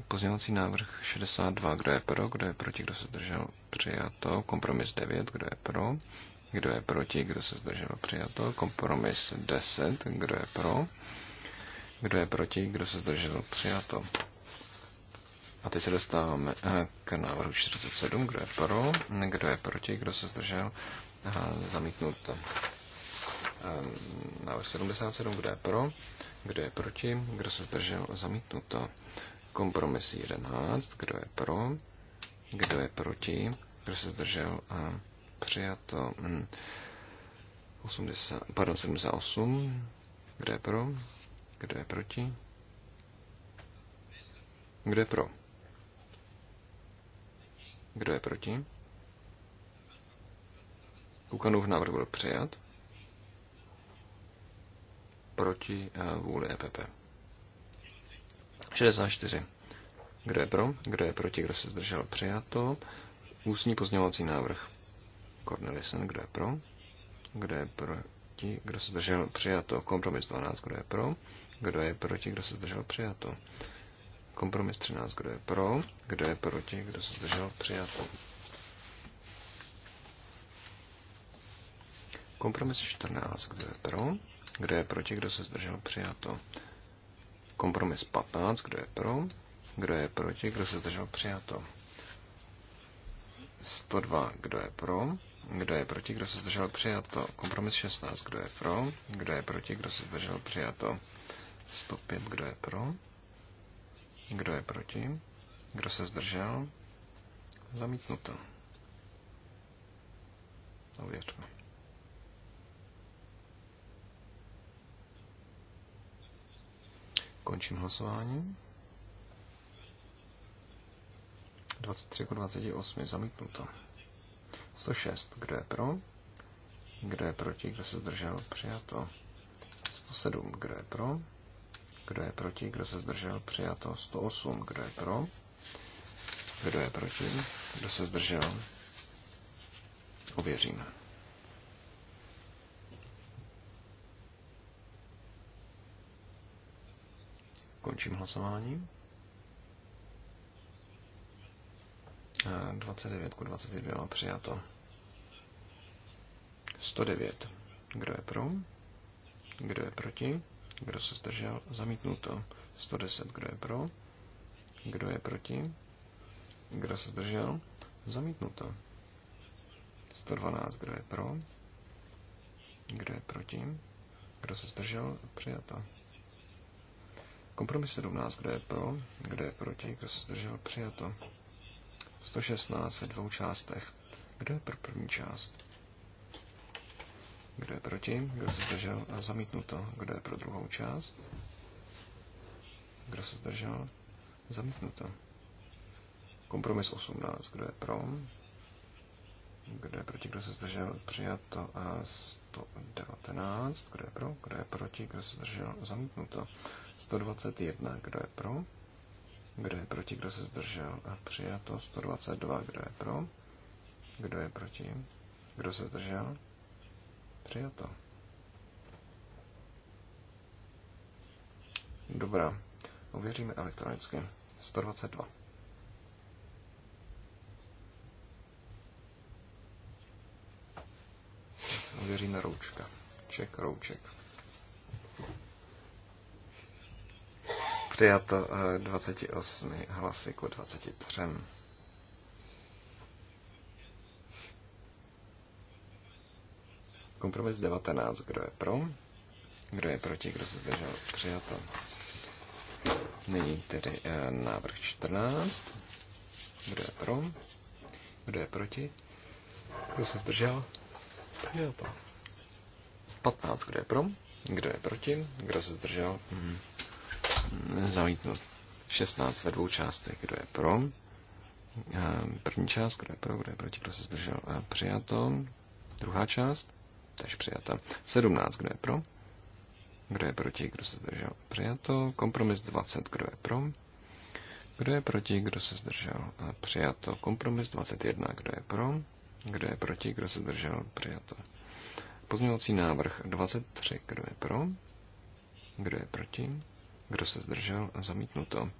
Pozměňovací návrh 62, kdo je pro, kdo je proti, kdo se zdržel, přijato. Kompromis 9, kdo je pro, kdo je proti, kdo se zdržel, přijato. Kompromis 10, kdo je pro, kdo je proti, kdo se zdržel, přijato. A teď se dostáváme k návrhu 47, kdo je pro, kdo je proti, kdo se zdržel, zamítnut návrh 77, kdo je pro, kdo je proti, kdo se zdržel, zamítnuto. Kompromis 11. Kdo je pro? Kdo je proti? Kdo se zdržel? A přijato 80, mm, pardon, 78. Kdo je pro? Kdo je proti? Kdo je pro? Kdo je proti? Kukanův návrh byl přijat proti eh, vůli EPP. 64. Kdo je pro? Kdo je proti? Kdo se zdržel? Přijato. Ústní pozněvací návrh. Cornelisen, kdo je pro? Kdo je proti? Kdo se zdržel? Přijato. Kompromis 12, kdo je pro? Kdo je proti? Kdo se zdržel? Přijato. Kompromis 13, kdo je pro? Kdo je proti? Kdo se zdržel? Přijato. Kompromis 14, kdo je pro? Kdo je proti? Kdo se zdržel? Přijato. Kompromis 15, kdo je pro, kdo je proti, kdo se zdržel přijato. 102, kdo je pro, kdo je proti, kdo se zdržel přijato. Kompromis 16, kdo je pro, kdo je proti, kdo se zdržel přijato. 105, kdo je pro, kdo je proti, kdo se zdržel, zamítnuto. Ověřme. Končím hlasování. 23 jako 28 zamítnuto. 106. Kdo je pro? Kdo je proti? Kdo se zdržel? Přijato. 107. Kdo je pro? Kdo je proti? Kdo se zdržel? Přijato. 108. Kdo je pro? Kdo je proti? Kdo se zdržel? Ověříme. Končím hlasování. 29 ku 22 přijato. 109. Kdo je pro? Kdo je proti? Kdo se zdržel? Zamítnuto. 110. Kdo je pro? Kdo je proti? Kdo se zdržel? Zamítnuto. 112. Kdo je pro? Kdo je proti? Kdo se zdržel? Přijato. Kompromis 17, kdo je pro, kdo je proti, kdo se zdržel, přijato. 116 ve dvou částech. Kdo je pro první část? Kdo je proti? Kdo se zdržel? A zamítnuto. Kdo je pro druhou část? Kdo se zdržel? Zamítnuto. Kompromis 18. Kdo je pro? Kdo je proti, kdo se zdržel? Přijato. A 119. Kdo je pro? Kdo je proti, kdo se zdržel? Zamítnuto. 121. Kdo je pro? Kdo je proti, kdo se zdržel? A přijato. 122. Kdo je pro? Kdo je proti? Kdo se zdržel? Přijato. Dobrá. Uvěříme elektronicky. 122. Věříme Roučka. Ček Rouček. Přijato 28 eh, hlasy ku 23. Kompromis 19. Kdo je pro? Kdo je proti? Kdo se zdržel? Přijato. Nyní tedy e, návrh 14. Kdo je pro? Kdo je proti? Kdo se zdržel? Přijato. 15, kdo je pro? Kdo je proti? Kdo se zdržel? Mm. Zamítnut. 16 ve dvou částech. Kdo je pro? První část, kdo je pro, kdo je proti, kdo se zdržel? Přijato. Druhá část, tež přijata. 17, kdo je pro? Kdo je proti, kdo se zdržel? Přijato. Kompromis 20, kdo je pro? Kdo je proti, kdo se zdržel? Přijato. Kompromis 21, kdo je pro? Kdo je proti? Kdo se zdržel? Přijato. Pozměňovací návrh 23. Kdo je pro? Kdo je proti? Kdo se zdržel? Zamítnuto.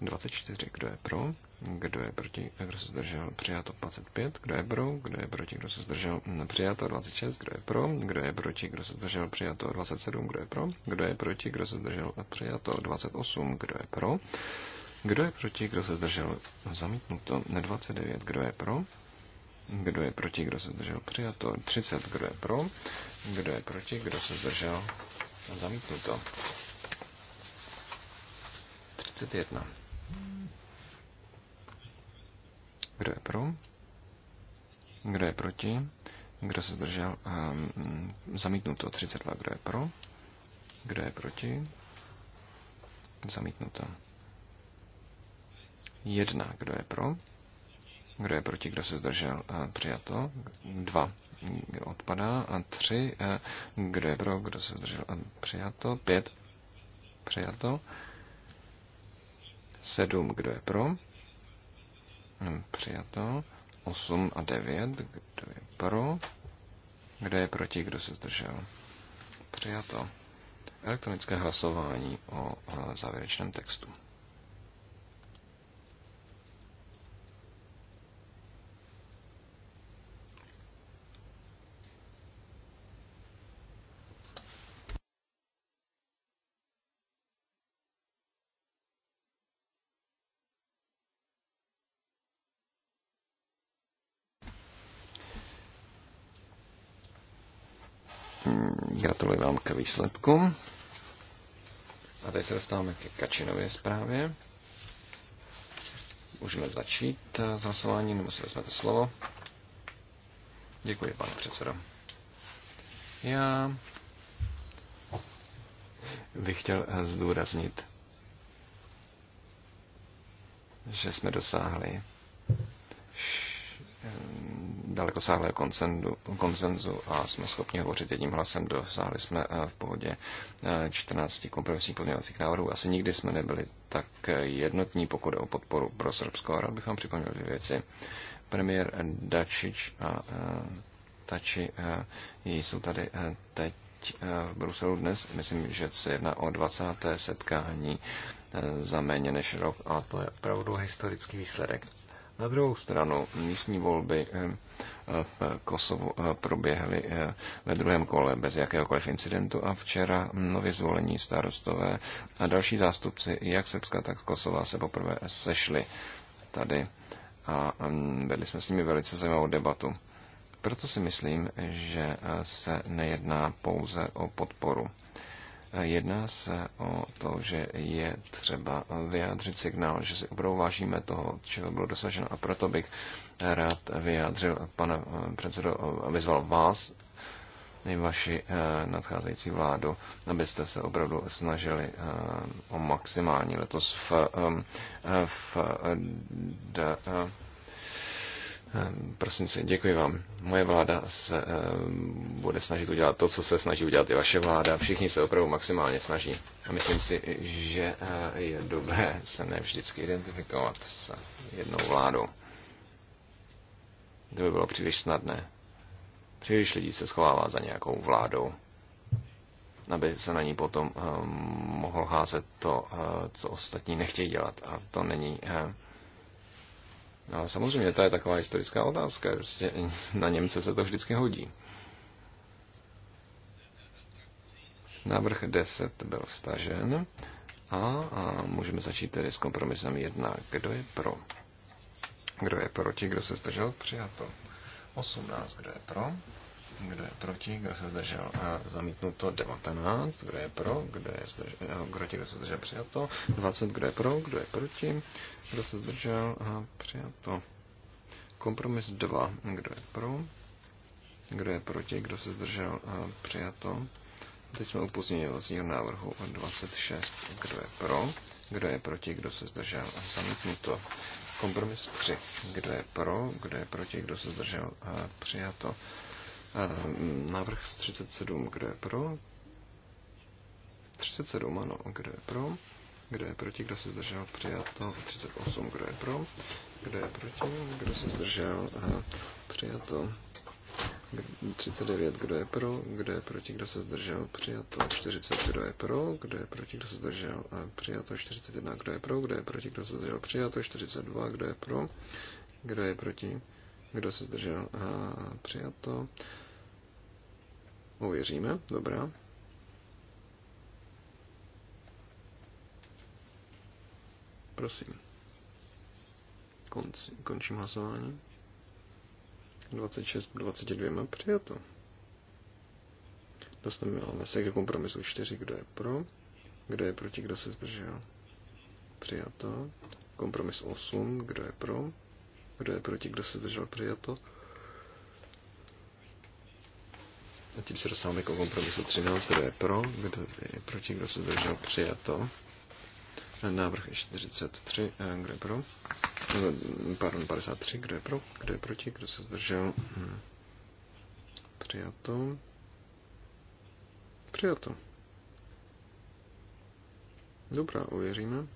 24. Kdo je pro? Kdo je proti? Kdo se zdržel? Přijato 25. Kdo je pro? Kdo je proti? Kdo se zdržel? Přijato 26. Kdo je pro? Kdo je proti? Kdo se zdržel? Přijato 27. Kdo je pro? Kdo je proti? Kdo se zdržel? Přijato 28. Kdo je pro? Kdo je proti? Kdo se zdržel? Zamítnuto 29. Kdo je pro? Kdo je proti, kdo se zdržel? Přijato. 30. Kdo je pro? Kdo je proti, kdo se zdržel? Zamítnuto. 31. Kdo je pro? Kdo je proti? Kdo se zdržel? Um, zamítnuto 32. Kdo je pro? Kdo je proti? Zamítnuto. 1. Kdo je pro? Kdo je proti, kdo se zdržel? Přijato. Dva odpadá. A tři. E, kdo je pro, kdo se zdržel? Přijato. Pět. Přijato. Sedm. Kdo je pro? Hm, přijato. Osm a devět. Kdo je pro? Kdo je proti, kdo se zdržel? Přijato. Elektronické hlasování o e, závěrečném textu. dám k výsledku. A teď se dostáváme ke Kačinově zprávě. Můžeme začít eh, s hlasováním, nebo si vezmete slovo. Děkuji, pane předsedo. Já bych chtěl eh, zdůraznit, že jsme dosáhli daleko konsenzu, koncenzu a jsme schopni hovořit jedním hlasem. Dosáhli jsme eh, v pohodě 14 eh, kompromisních pozměňovacích návrhů. Asi nikdy jsme nebyli tak jednotní, pokud o podporu pro Srbsko. A rád bych vám připomněl dvě věci. Premiér Dačič a eh, Tači jsou tady teď v Bruselu dnes. Myslím, že se jedná o 20. setkání za méně než rok a to je opravdu historický výsledek. Na druhou stranu místní volby eh, eh, v Kosovu eh, proběhly ve druhém kole bez jakéhokoliv incidentu a včera nově zvolení starostové a další zástupci jak Srbska, tak Kosova se poprvé sešli tady a mm, vedli jsme s nimi velice zajímavou debatu. Proto si myslím, že se nejedná pouze o podporu Jedná se o to, že je třeba vyjádřit signál, že si opravdu vážíme toho, čeho bylo dosaženo a proto bych rád vyjádřil, pane eh, předsedo, eh, vyzval vás i vaši eh, nadcházející vládu, abyste se opravdu snažili o maximální letos v, v, v, v prosinci. Děkuji vám. Moje vláda se eh, bude snažit udělat to, co se snaží udělat i vaše vláda. Všichni se opravdu maximálně snaží. A myslím si, že eh, je dobré se ne vždycky identifikovat s jednou vládou. To by bylo příliš snadné. Příliš lidí se schovává za nějakou vládou, aby se na ní potom eh, mohl házet to, co ostatní nechtějí dělat. A to není No, ale samozřejmě to je taková historická otázka. Prostě na Němce se to vždycky hodí. Návrh 10 byl stažen a, a můžeme začít tedy s kompromisem 1. Kdo je pro? Kdo je proti? Kdo se stažel? Přijato. 18. Kdo je pro? Kdo je proti? Kdo se zdržel? A zamítnuto 19. Kdo je pro? Kdo je zdržel? Kdo Proti? Kdo se zdržel? Přijato. 20. Kdo je pro? Kdo je proti? Kdo se zdržel? A přijato. Kompromis 2. Kdo je pro? Kdo je proti? Kdo se zdržel? A přijato. Teď jsme u pozměňovacího návrhu 26. Kdo je pro? Kdo je proti? Kdo se zdržel? A zamítnuto. Kompromis 3. Kdo je pro? Kdo je proti? Kdo se zdržel? A přijato. Mm, návrh z 37, kdo je pro? 37, ano, kdo je pro? Kdo je proti, kdo se zdržel? Přijato. 38, kdo je pro? Kdo je proti, kdo se zdržel? Přijato. 39, kdo je pro, kdo je proti, kdo se zdržel, přijato 40, kdo je pro, kdo je proti, kdo se zdržel, přijato 41, kdo je pro, kdo je proti, kdo se zdržel, přijato 42, kdo je pro, kdo je proti, kdo se zdržel, přijato Ověříme, dobrá. Prosím. Konci, končím hlasování. 26 22 přijato. Dostaneme se ke kompromisu 4, kdo je pro, kdo je proti, kdo se zdržel. Přijato. Kompromis 8, kdo je pro, kdo je proti, kdo se zdržel, přijato. A tím se dostáváme k kompromisu 13, kdo je pro, kdo je proti, kdo se zdržel, přijato. Návrh 43, eh, kdo je pro? Eh, pardon, 53, kdo je pro, kdo je proti, kdo se zdržel, hmm. přijato. Přijato. Dobrá, uvěříme.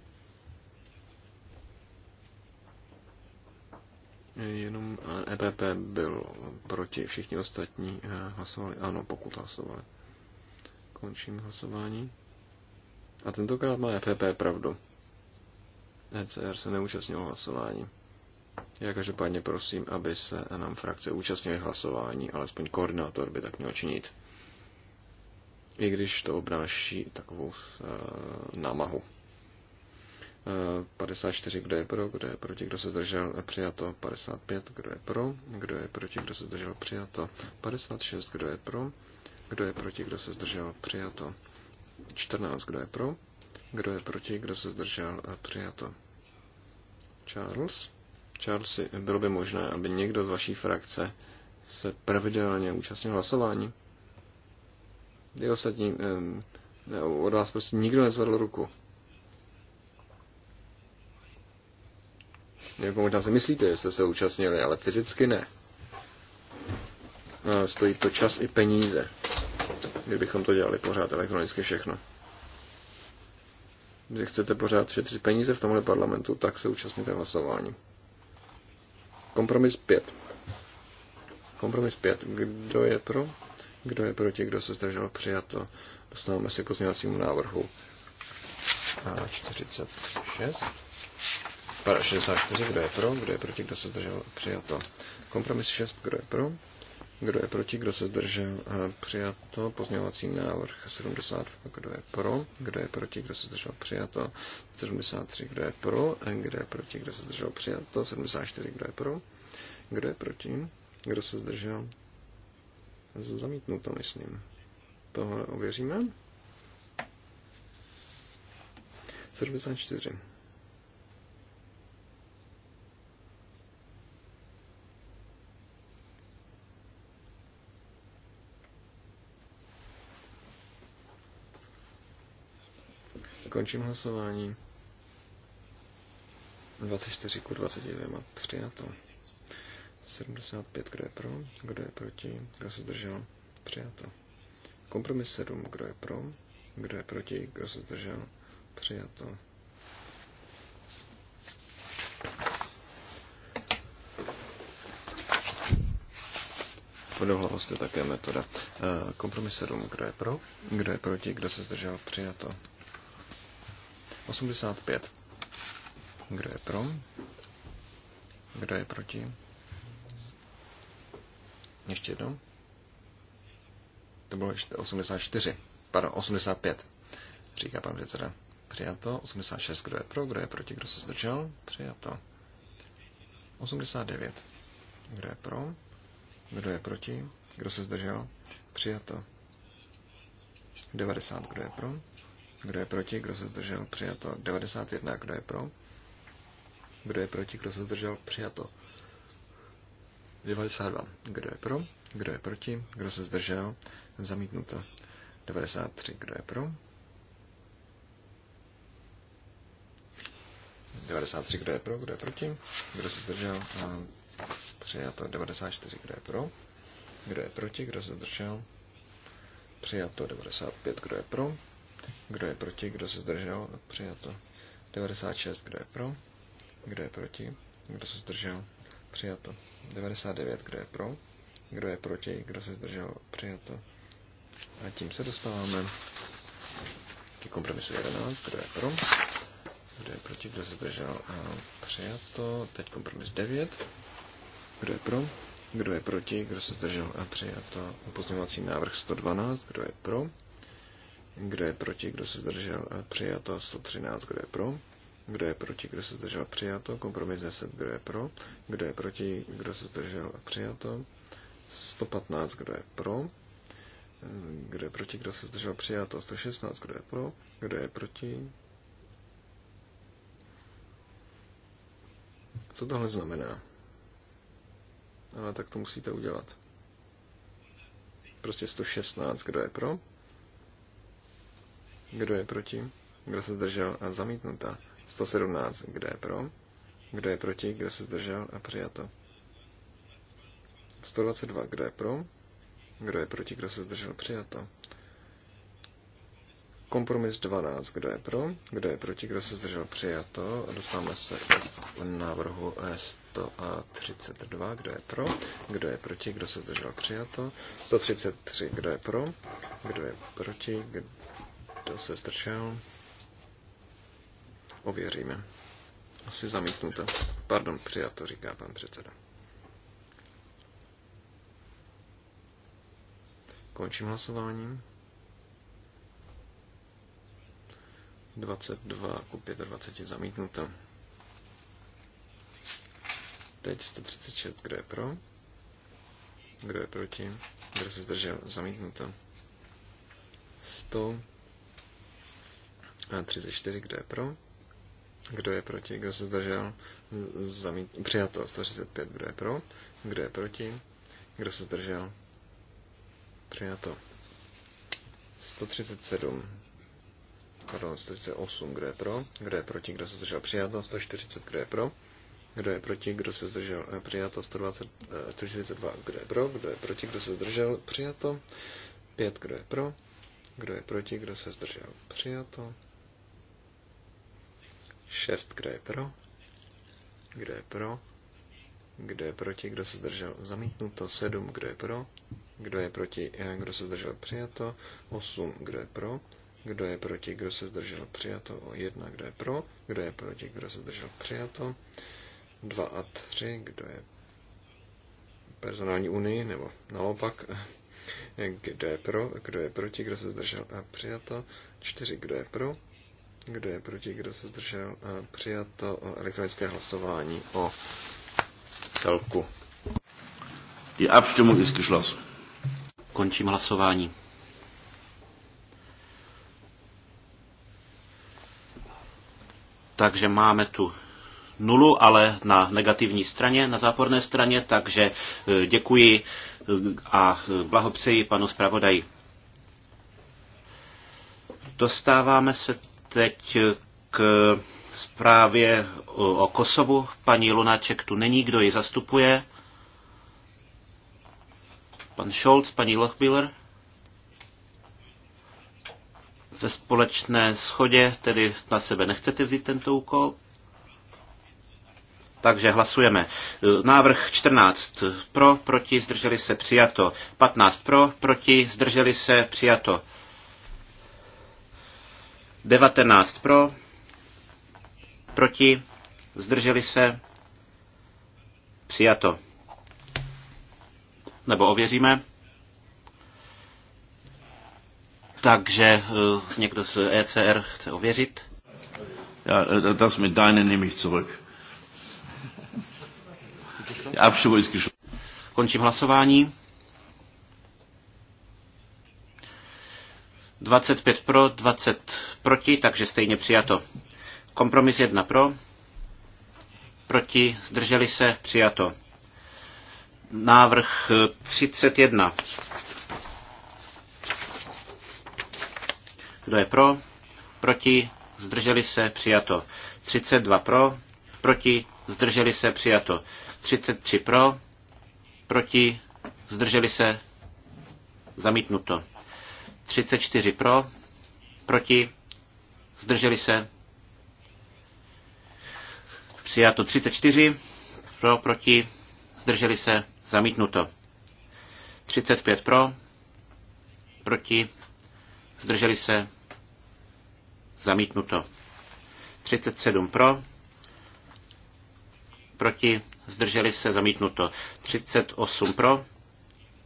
Jenom EPP eh, e byl proti, všichni ostatní eh, hlasovali ano, pokud hlasovali. Končím hlasování. A tentokrát má EPP pravdu. ECR se neúčastnilo hlasování. Já každopádně prosím, aby se nám frakce účastnili hlasování, alespoň koordinátor by tak měl činit. I když to obnáší takovou uh, námahu. 54, kdo je pro, kdo je proti, kdo se zdržel, přijato. 55, kdo je pro, kdo je proti, kdo se zdržel, přijato. 56, kdo je pro, kdo je proti, kdo se zdržel, přijato. 14, kdo je pro, kdo je proti, kdo se zdržel, přijato. Charles? Charles, bylo by možné, aby někdo z vaší frakce se pravidelně účastnil hlasování? Ty ostatní, od vás prostě nikdo nezvedl ruku. Jako možná si myslíte, že jste se účastnili, ale fyzicky ne. Stojí to čas i peníze, kdybychom to dělali pořád elektronicky všechno. Když chcete pořád šetřit peníze v tomhle parlamentu, tak se účastněte hlasování. Kompromis 5. Kompromis 5. Kdo je pro? Kdo je proti? Kdo se zdržel? Přijato. Dostáváme se k pozměňovacímu návrhu. A 46. 64, kdo je pro, kdo je proti, kdo se zdržel, přijato. Kompromis 6, kdo je pro, kdo je proti, kdo se zdržel, přijato. Pozměňovací návrh 70, kdo je pro, kdo je proti, kdo se zdržel, přijato. 73, kdo je pro, kdo je proti, kdo se zdržel, přijato. 74, kdo je pro, kdo je proti, kdo se zdržel, zamítnuto, myslím. Tohle ověříme. 74. Končím hlasování. 24 ku 22 přijato. 75, kdo je pro, kdo je proti, kdo se zdržel, přijato. Kompromis 7, kdo je pro, kdo je proti, kdo se zdržel, přijato. Vodohlavost je také metoda. Eh, kompromis 7, kdo je pro, kdo je proti, kdo se zdržel, přijato. 85. Kdo je pro? Kdo je proti? Ještě jednou. To bylo 84. Pardon, 85. Říká pan předseda. Přijato. 86. Kdo je pro? Kdo je proti? Kdo se zdržel? Přijato. 89. Kdo je pro? Kdo je proti? Kdo se zdržel? Přijato. 90. Kdo je pro? Kdo je proti? Kdo se zdržel? Přijato. 91. Kdo je pro? Kdo je proti? Kdo se zdržel? Přijato. 92. Kdo je pro? Kdo je proti? Kdo se zdržel? Zamítnuto. 93. Kdo je pro? 93. Kdo je pro? Kdo je proti? Kdo se zdržel? Přijato. 94. Kdo je pro? Kdo je proti? Kdo se zdržel? Přijato. 95. Kdo je pro? Kdo je proti? Kdo se zdržel? Přijato. 96. Kdo je pro? Kdo je proti? Kdo se zdržel? Přijato. 99. Kdo je pro? Kdo je proti? Kdo se zdržel? Přijato. A tím se dostáváme ke kompromisu 11. Kdo je pro? Kdo je proti? Kdo se zdržel? A přijato. Teď kompromis 9. Kdo je pro? Kdo je proti? Kdo se zdržel? A přijato. Upozňovací návrh 112. Kdo je pro? Kdo je proti, kdo se zdržel? Eh, přijato 113. Kdo je pro? Kdo je proti, kdo se zdržel? Přijato. Kompromis 10. Kdo je pro? Kdo je proti, kdo se zdržel? Přijato. 115. Kdo je pro? Eh, kdo je proti, kdo se zdržel? Přijato. 116. Kdo je pro? Kdo je proti? Co tohle znamená? Ale tak to musíte udělat. Prostě 116, kdo je pro? Kdo je proti? Kdo se zdržel? a Zamítnuta. 117. Kdo je pro? Kdo je proti? Kdo se zdržel? A přijato. 122. Kdo je pro? Kdo je proti? Kdo se zdržel? Přijato. Kompromis 12. Kdo je pro? Kdo je proti? Kdo se zdržel? Přijato. Dostáváme se k návrhu 132. Kdo je pro? Kdo je proti? Kdo se zdržel? Přijato. 133. Kdo je pro? Kdo je proti? se strčel. Ověříme. Asi zamítnuto. Pardon, to, říká pan předseda. Končím hlasováním. 22 ku 25 zamítnuto. Teď 136, kdo je pro? Kdo je proti? Kdo se zdržel? Zamítnuto. 100. 34, kdo je pro? Kdo je proti? Kdo se zdržel? Zamít... Přijato 135, kdo je pro? Kdo je proti? Kdo se zdržel? Přijato 137. Pardon, 138, kdo je pro? Kdo je proti? Kdo se zdržel? Přijato 140, eh, eh, kdo je pro? Kdo je proti? Kdo se zdržel? Přijato 120, 142, kdo je pro? Kdo je proti? Kdo se zdržel? Přijato 5, kdo je pro? Kdo je proti? Kdo se zdržel? Přijato 6, kdo je pro, kdo je pro, kdo je proti, kdo se zdržel zamítnuto, 7, eh, kdo je pro, kdo je proti, kdo se zdržel přijato, 8, kdo je pro, kdo je proti, kdo se zdržel přijato, 1, eh, kdo je pro, kdo je proti, kdo se zdržel eh, přijato, 2 a 3, kdo je personální unii, nebo naopak, kdo je pro, kdo je proti, kdo se zdržel a přijato, 4, kdo je pro, kdo je proti, kdo se zdržel? Eh, přijato elektronické hlasování o celku. Die Abstimmung ist geschlossen. Končím hlasování. Takže máme tu nulu, ale na negativní straně, na záporné straně, takže eh, děkuji eh, a blahopřeji panu zpravodaji. Dostáváme se teď k zprávě o Kosovu. Paní Lunáček tu není, kdo ji zastupuje. Pan Scholz, paní Lochbiller. Ve společné schodě tedy na sebe nechcete vzít tento úkol. Takže hlasujeme. Návrh 14 pro, proti, zdrželi se, přijato. 15 pro, proti, zdrželi se, přijato. 19 pro, proti, zdrželi se, přijato. Nebo ověříme. Takže eh, někdo z ECR chce ověřit. Ja, das mit deinen nehme ich zurück. Končím hlasování. 25 pro, 20 proti, takže stejně přijato. Kompromis 1 pro, proti, zdrželi se, přijato. Návrh 31. Kdo je pro? Proti, zdrželi se, přijato. 32 pro, proti, zdrželi se, přijato. 33 pro, proti, zdrželi se, zamítnuto. 34 pro, proti, zdrželi se, přijato 34, pro, proti, zdrželi se, zamítnuto. 35 pro, proti, zdrželi se, zamítnuto. 37 pro, proti, zdrželi se, zamítnuto. 38 pro,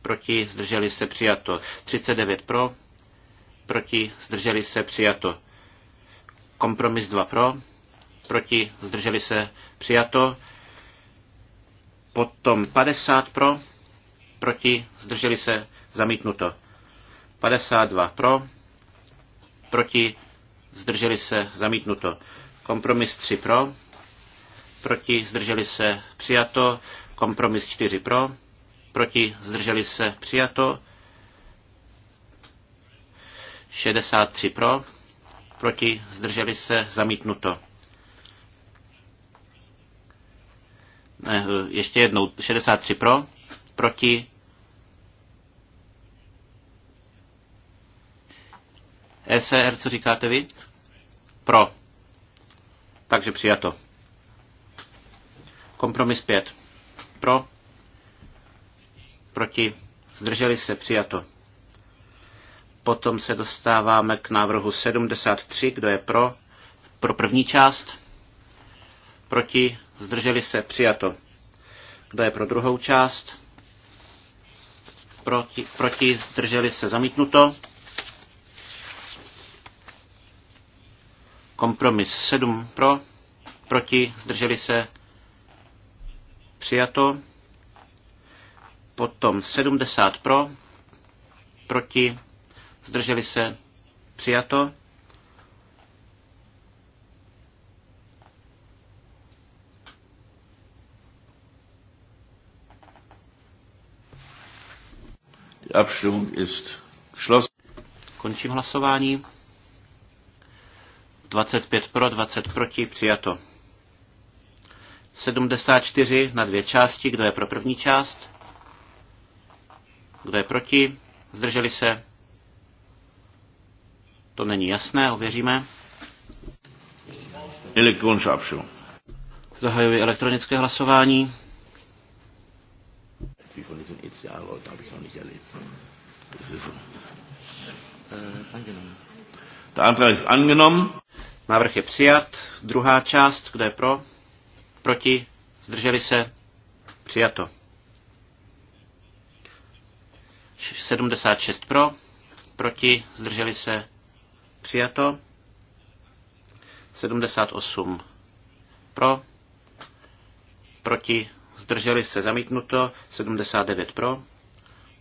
proti, zdrželi se, přijato. 39 pro, proti, zdrželi se, přijato. Kompromis 2 pro, proti, zdrželi se, přijato. Potom 50 pro, proti, zdrželi se, zamítnuto. 52 pro, proti, zdrželi se, zamítnuto. Kompromis 3 pro, proti, zdrželi se, přijato. Kompromis 4 pro, proti, zdrželi se, přijato. 63 pro, proti, zdrželi se, zamítnuto. Ne, eh, ještě jednou, 63 pro, proti, SR, e co říkáte vy? Pro. Takže přijato. Kompromis 5. Pro. Proti. Zdrželi se. Přijato. Potom se dostáváme k návrhu 73, kdo je pro, pro první část, proti, zdrželi se, přijato. Kdo je pro druhou část, proti, proti zdrželi se, zamítnuto. Kompromis 7 pro, proti, zdrželi se, přijato. Potom 70 pro, proti, zdrželi se, přijato. Abstimmung ist geschlossen. Končím hlasování. 25 pro, 20 proti, přijato. 74 na dvě části. Kdo je pro první část? Kdo je proti? Zdrželi se? To není jasné, ověříme. Zahajuji elektronické hlasování. Eh, Návrh je přijat. Druhá část, kde je pro? Proti? Zdrželi se? Přijato. 76 pro, proti, zdrželi se, Přijato. 78 pro. Proti. Zdrželi se zamítnuto. 79 pro.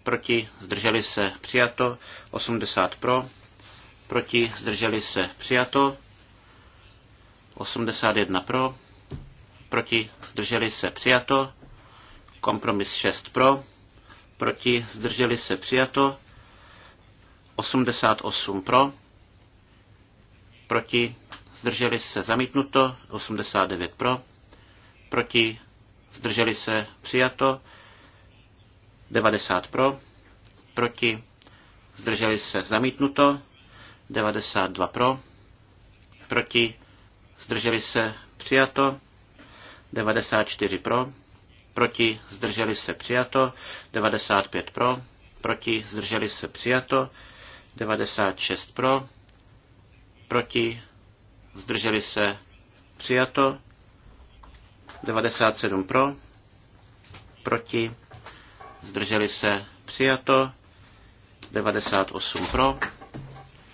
Proti. Zdrželi se přijato. 80 pro. Proti. Zdrželi se přijato. 81 pro. Proti. Zdrželi se přijato. Kompromis 6 pro. Proti. Zdrželi se přijato. 88 pro proti, zdrželi se zamítnuto, 89 pro, proti, zdrželi se přijato, 90 pro, proti, zdrželi se zamítnuto, 92 pro, proti, zdrželi se přijato, 94 pro, proti, zdrželi se přijato, 95 pro, proti, zdrželi se přijato, 96 pro, proti, zdrželi se, přijato, 97 pro, proti, zdrželi se, přijato, 98 pro,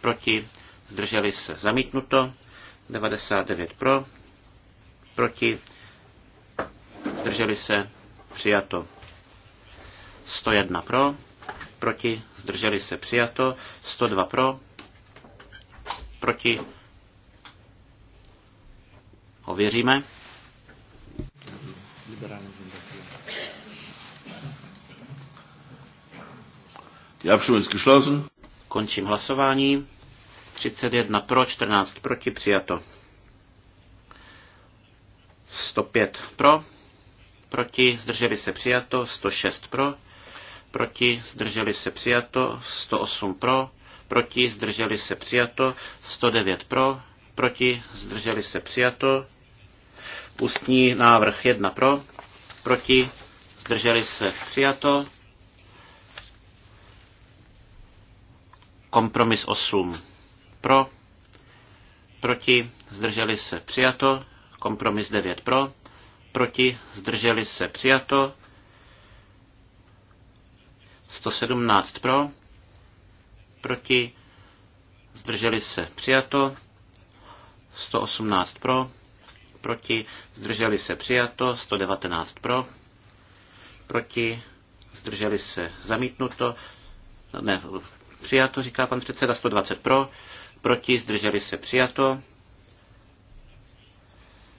proti, zdrželi se, zamítnuto, 99 pro, proti, zdrželi se, přijato, 101 pro, proti, zdrželi se, přijato, 102 pro, proti. Ověříme. Já Abstimmung Končím hlasování. 31 pro, 14 proti, přijato. 105 pro, proti, zdrželi se přijato, 106 pro, proti, zdrželi se přijato, 108 pro, proti, zdrželi se přijato, 109 pro, proti, zdrželi se přijato, ústní návrh 1 pro, proti, zdrželi se přijato, kompromis 8 pro, proti, zdrželi se přijato, kompromis 9 pro, proti, zdrželi se přijato, 117 pro, proti, zdrželi se přijato, 118 pro, proti, zdrželi se přijato, 119 pro, proti, zdrželi se zamítnuto, ne, přijato, říká pan předseda, 120 pro, proti, zdrželi se přijato,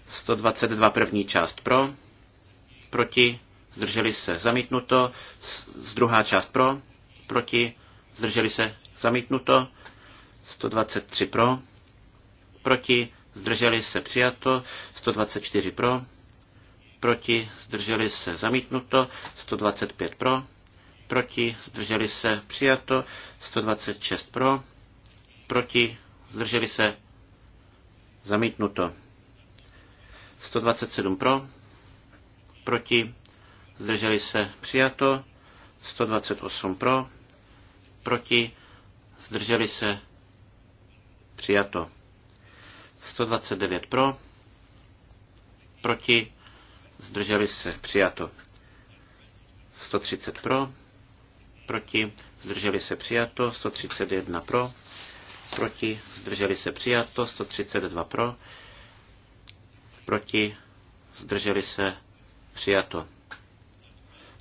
122 první část pro, proti, zdrželi se zamítnuto, z druhá část pro, proti, zdrželi se Zamítnuto. 123 pro. Proti. Zdrželi se přijato. 124 pro. Proti. Zdrželi se zamítnuto. 125 pro. Proti. Zdrželi se přijato. 126 pro. Proti. Zdrželi se zamítnuto. 127 pro. Proti. Zdrželi se přijato. 128 pro. Proti zdrželi se, přijato. 129 pro, proti, zdrželi se, přijato. 130 pro, proti, zdrželi se, přijato. 131 pro, proti, zdrželi se, přijato. 132 pro, proti, zdrželi se, přijato.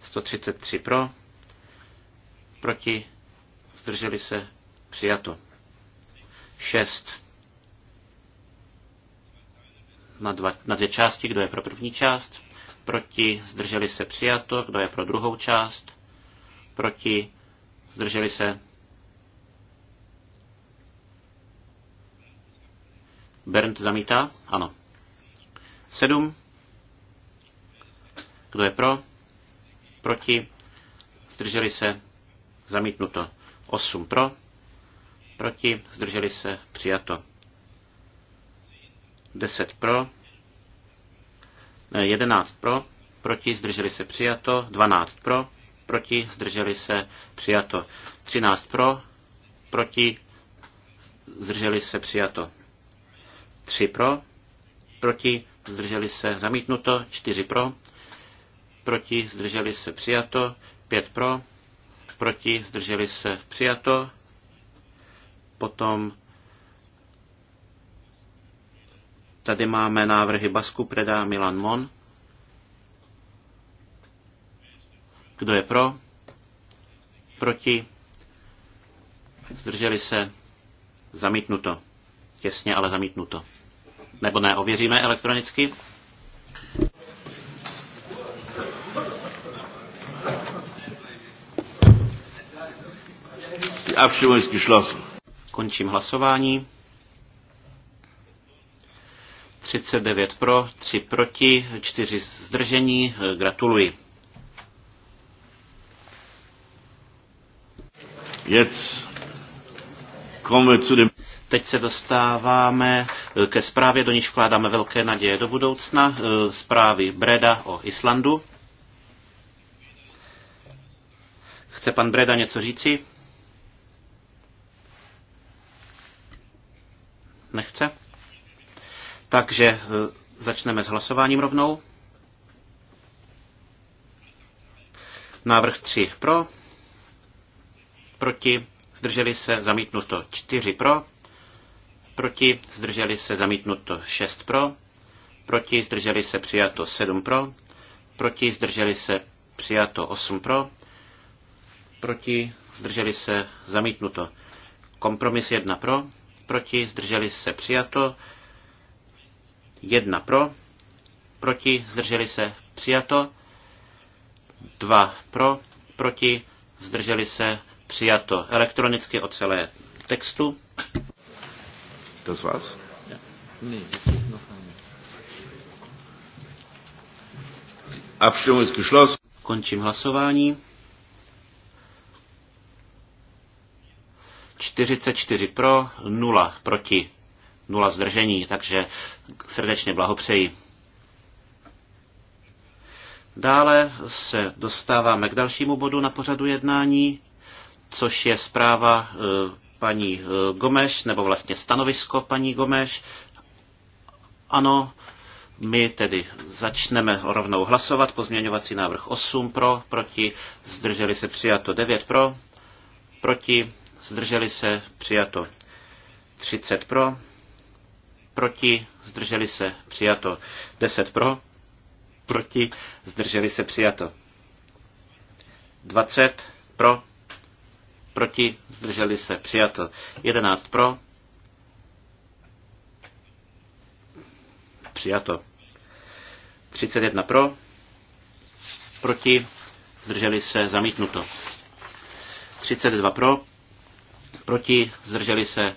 133 pro, proti, zdrželi se, Přijato. 6. Na, dva, na dvě části, kdo je pro první část, proti, zdrželi se přijato, kdo je pro druhou část, proti, zdrželi se. Bernd zamítá? Ano. 7. Kdo je pro? Proti? Zdrželi se? Zamítnuto. 8 pro? proti, zdrželi se, přijato. 10 pro, 11 pro, proti, zdrželi se, přijato, 12 pro, proti, zdrželi se, přijato. 13 pro, proti, zdrželi se, přijato. 3 pro, proti, zdrželi se, zamítnuto, 4 pro, proti, zdrželi se, přijato, 5 pro, proti, zdrželi se, přijato, Potom tady máme návrhy Basku Preda Milan Mon. Kdo je pro? Proti? Zdrželi se? Zamítnuto. Těsně, ale zamítnuto. Nebo ne, ověříme elektronicky? Die Abstimmung ist geschlossen. Končím hlasování. 39 pro, 3 proti, 4 zdržení. Gratuluji. Teď se dostáváme eh, ke zprávě, do níž vkládáme velké naděje do budoucna, eh, zprávy Breda o Islandu. Chce pan Breda něco říci? Nechce? Takže eh, začneme s hlasováním rovnou. Návrh 3 pro, proti, zdrželi se, zamítnuto 4 pro, proti, zdrželi se, zamítnuto 6 pro, proti, zdrželi se, přijato 7 pro, proti, zdrželi se, přijato 8 pro, proti, zdrželi se, zamítnuto. Kompromis 1 pro, proti, zdrželi se přijato. Jedna pro, proti, zdrželi se přijato. Dva pro, proti, zdrželi se přijato. Elektronicky o celé textu. Das war's? Ja. Abstimmung ist geschlossen. Končím hlasování. 44 pro, 0 proti, 0 zdržení, takže srdečně blahopřeji. Dále se dostáváme k dalšímu bodu na pořadu jednání, což je zpráva e, paní e, Gomeš, nebo vlastně stanovisko paní Gomeš. Ano, my tedy začneme rovnou hlasovat. Pozměňovací návrh 8 pro, proti, zdrželi se přijato 9 pro, proti, zdrželi se, přijato. 30 pro, proti, zdrželi se, přijato. 10 pro, proti, zdrželi se, přijato. 20 pro, proti, zdrželi se, přijato. 11 pro, přijato. 31 pro, proti, zdrželi se, zamítnuto. 32 pro, Proti? Zdrželi se?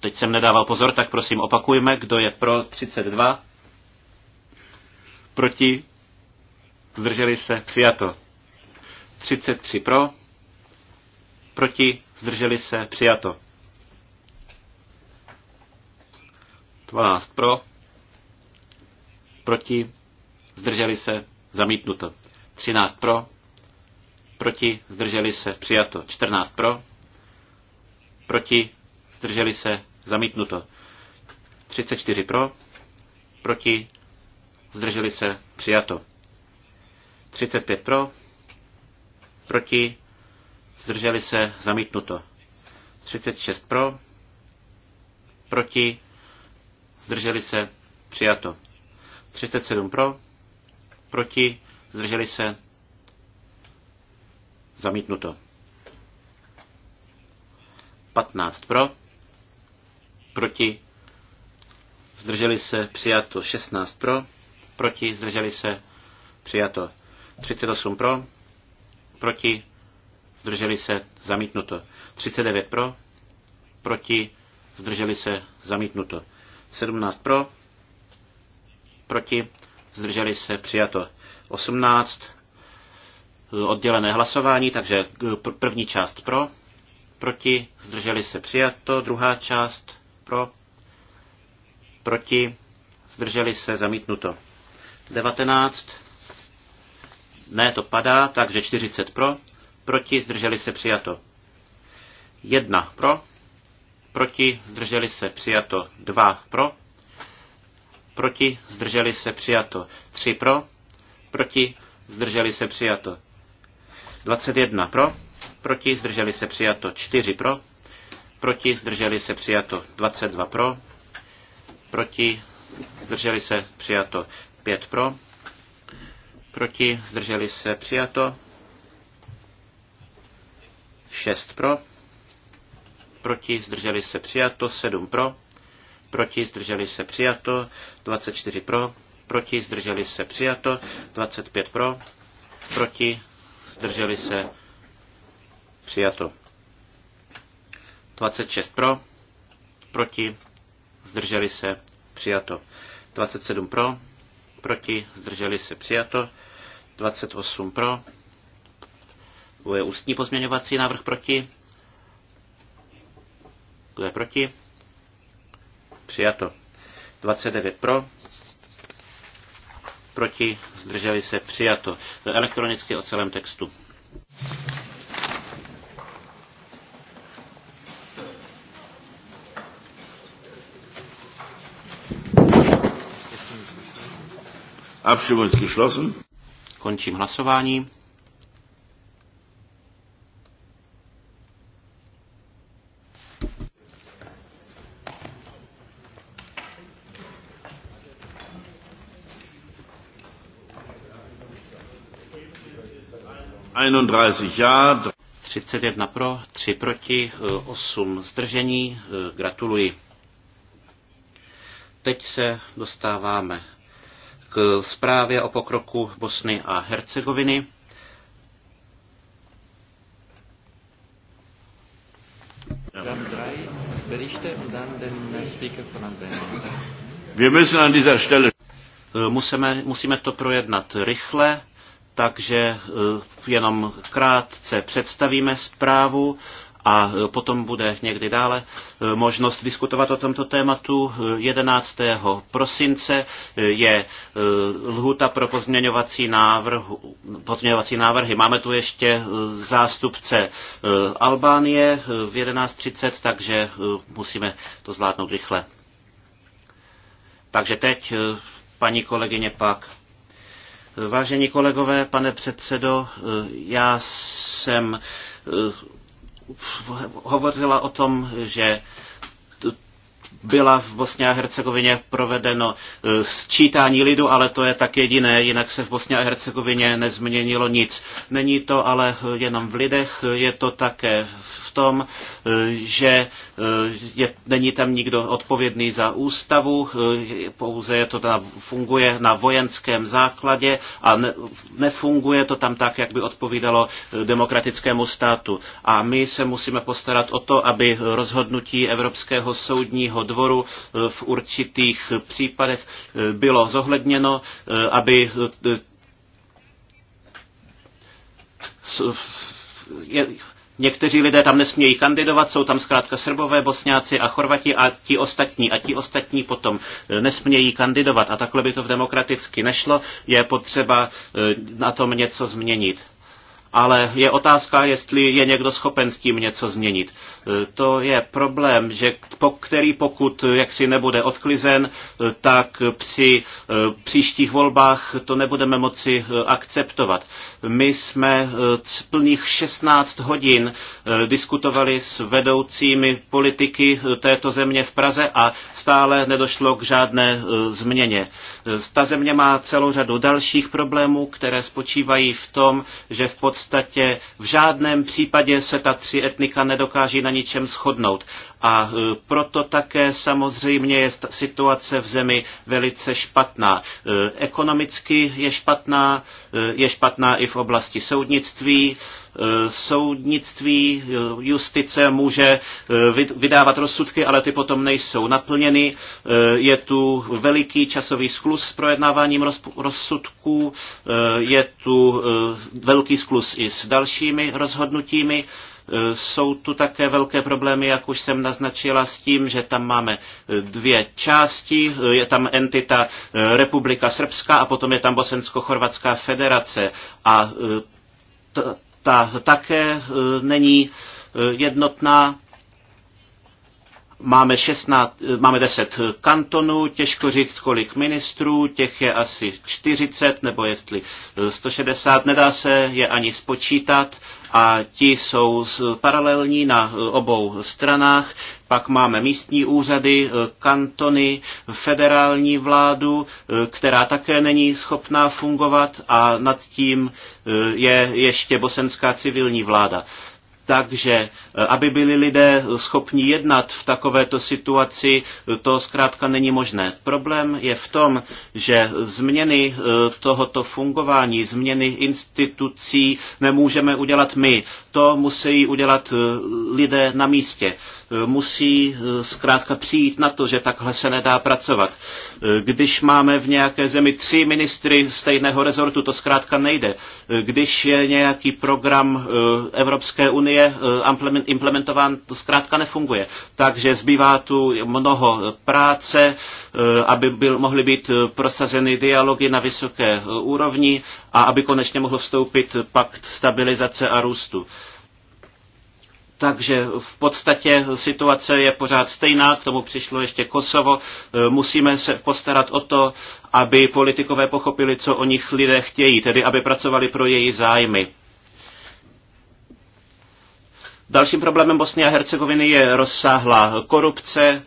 Teď jsem nedával pozor, tak prosím opakujme, kdo je pro 32. Proti? Zdrželi se? Přijato. 33 pro. Proti? Zdrželi se? Přijato. 12 pro. Proti? Zdrželi se? Zamítnuto. 13 pro proti, zdrželi se, přijato. 14 pro, proti, zdrželi se, zamítnuto. 34 pro, proti, zdrželi se, přijato. 35 pro, proti, zdrželi se, zamítnuto. 36 pro, proti, zdrželi se, přijato. 37 pro, proti, zdrželi se, Zamítnuto. 15 pro, proti, zdrželi se, přijato 16 pro, proti, zdrželi se, přijato 38 pro, proti, zdrželi se, zamítnuto 39 pro, proti, zdrželi se, zamítnuto 17 pro, proti, zdrželi se, přijato 18 oddělené hlasování, takže první část pro, proti, zdrželi se přijato, druhá část pro, proti, zdrželi se zamítnuto. 19, ne, to padá, takže 40 pro, proti, zdrželi se přijato. 1 pro, proti, zdrželi se přijato. 2 pro, proti, zdrželi se přijato. 3 pro, proti, zdrželi se přijato. 21 pro, proti, zdrželi se přijato 4 pro, proti, zdrželi se přijato 22 pro, proti, zdrželi se přijato 5 pro, proti, zdrželi se přijato 6 pro, proti, zdrželi se přijato 7 pro, proti, zdrželi se přijato 24 pro, proti, zdrželi se přijato 25 pro, proti, zdrželi se, přijato. 26 pro, proti, zdrželi se, přijato. 27 pro, proti, zdrželi se, přijato. 28 pro, je ústní pozměňovací návrh proti, kdo je proti? Přijato. 29 pro, proti, zdrželi se, přijato. Elektronicky o celém textu. Abstimmung ist geschlossen. Končím hlasování. 31 Ja. 31 pro, 3 proti, 8 eh, zdržení. Eh, gratuluji. Teď se dostáváme k zprávě o pokroku Bosny a Hercegoviny. Wir an Stelle eh, musíme, musíme to projednat rychle. Takže e, jenom krátce představíme zprávu a e, potom bude někdy dále e, možnost diskutovat o tomto tématu. 11. prosince je lhuta pro pozměňovací, návrh, pozměňovací návrhy. Máme tu ještě zástupce Albánie v 11.30, takže musíme to zvládnout rychle. Takže teď paní kolegyně pak Vážení kolegové, pane předsedo, já jsem eh, hovořila o tom, že byla v Bosně a Hercegovině provedeno eh, sčítání lidu, ale to je tak jediné, jinak se v Bosně a Hercegovině nezměnilo nic. Není to ale jenom v lidech, je to také v tom, eh, že eh, je, není tam nikdo odpovědný za ústavu, pouze je to tam, funguje na vojenském základě a ne, nefunguje to tam tak, jak by odpovídalo demokratickému státu. A my se musíme postarat o to, aby rozhodnutí Evropského soudního dvoru e, v určitých případech e, bylo zohledněno, e, aby Někteří lidé tam nesmějí kandidovat, jsou tam zkrátka Srbové, Bosňáci a Chorvati a ti ostatní a ti ostatní potom nesmějí kandidovat a takhle by to v demokraticky nešlo, je potřeba na tom něco změnit. Ale je otázka, jestli je někdo schopen s tím něco změnit. To je problém, že který pokud jaksi nebude odklizen, tak při eh, příštích volbách to nebudeme moci eh, akceptovat. My jsme eh, plných 16 hodin diskutovali s vedoucími politiky této země v Praze a stále nedošlo k žádné změně. Ta země má celou řadu dalších problémů, které spočívají v tom, že v podstatě v žádném případě se ta tři etnika nedokáží na ničem shodnout. A e, proto také samozřejmě je situace v zemi velice špatná. E, ekonomicky je špatná, e, je špatná i v oblasti soudnictví. Soudnictví, justice může vydávat rozsudky, ale ty potom nejsou naplněny. Je tu veliký časový sklus s projednáváním rozsudků, je tu velký sklus i s dalšími rozhodnutími. Jsou tu také velké problémy, jak už jsem naznačila, s tím, že tam máme dvě části. Je tam entita eh, Republika Srbská a potom je tam Bosensko-Chorvatská federace. A eh, ta, ta také eh, není jednotná Máme, 16, máme 10 kantonů, těžko říct kolik ministrů, těch je asi 40 nebo jestli 160, nedá se je ani spočítat a ti jsou paralelní na obou stranách. Pak máme místní úřady, kantony, federální vládu, která také není schopná fungovat a nad tím eh, je ještě bosenská civilní vláda. Takže e, aby byli lidé schopni jednat v takovéto situaci, e, to zkrátka není možné. Problém je v tom, že změny e, tohoto fungování, změny institucí nemůžeme udělat my. To musí udělat eh, lidé na místě. Eh, musí eh, zkrátka přijít na to, že takhle se nedá pracovat. Když máme v nějaké zemi tři ministry stejného rezortu, to zkrátka nejde. Když je nějaký program Evropské unie implementován, to zkrátka nefunguje. Takže zbývá tu mnoho práce, aby byl, mohly být prosazeny dialogy na vysoké úrovni a aby konečně mohl vstoupit pakt stabilizace a růstu. Takže v podstatě situace je pořád stejná, k tomu přišlo ještě Kosovo. E, musíme se postarat o to, aby politikové pochopili, co o nich lidé chtějí, tedy aby pracovali pro její zájmy. Dalším problémem Bosny a Hercegoviny je rozsáhlá korupce, e,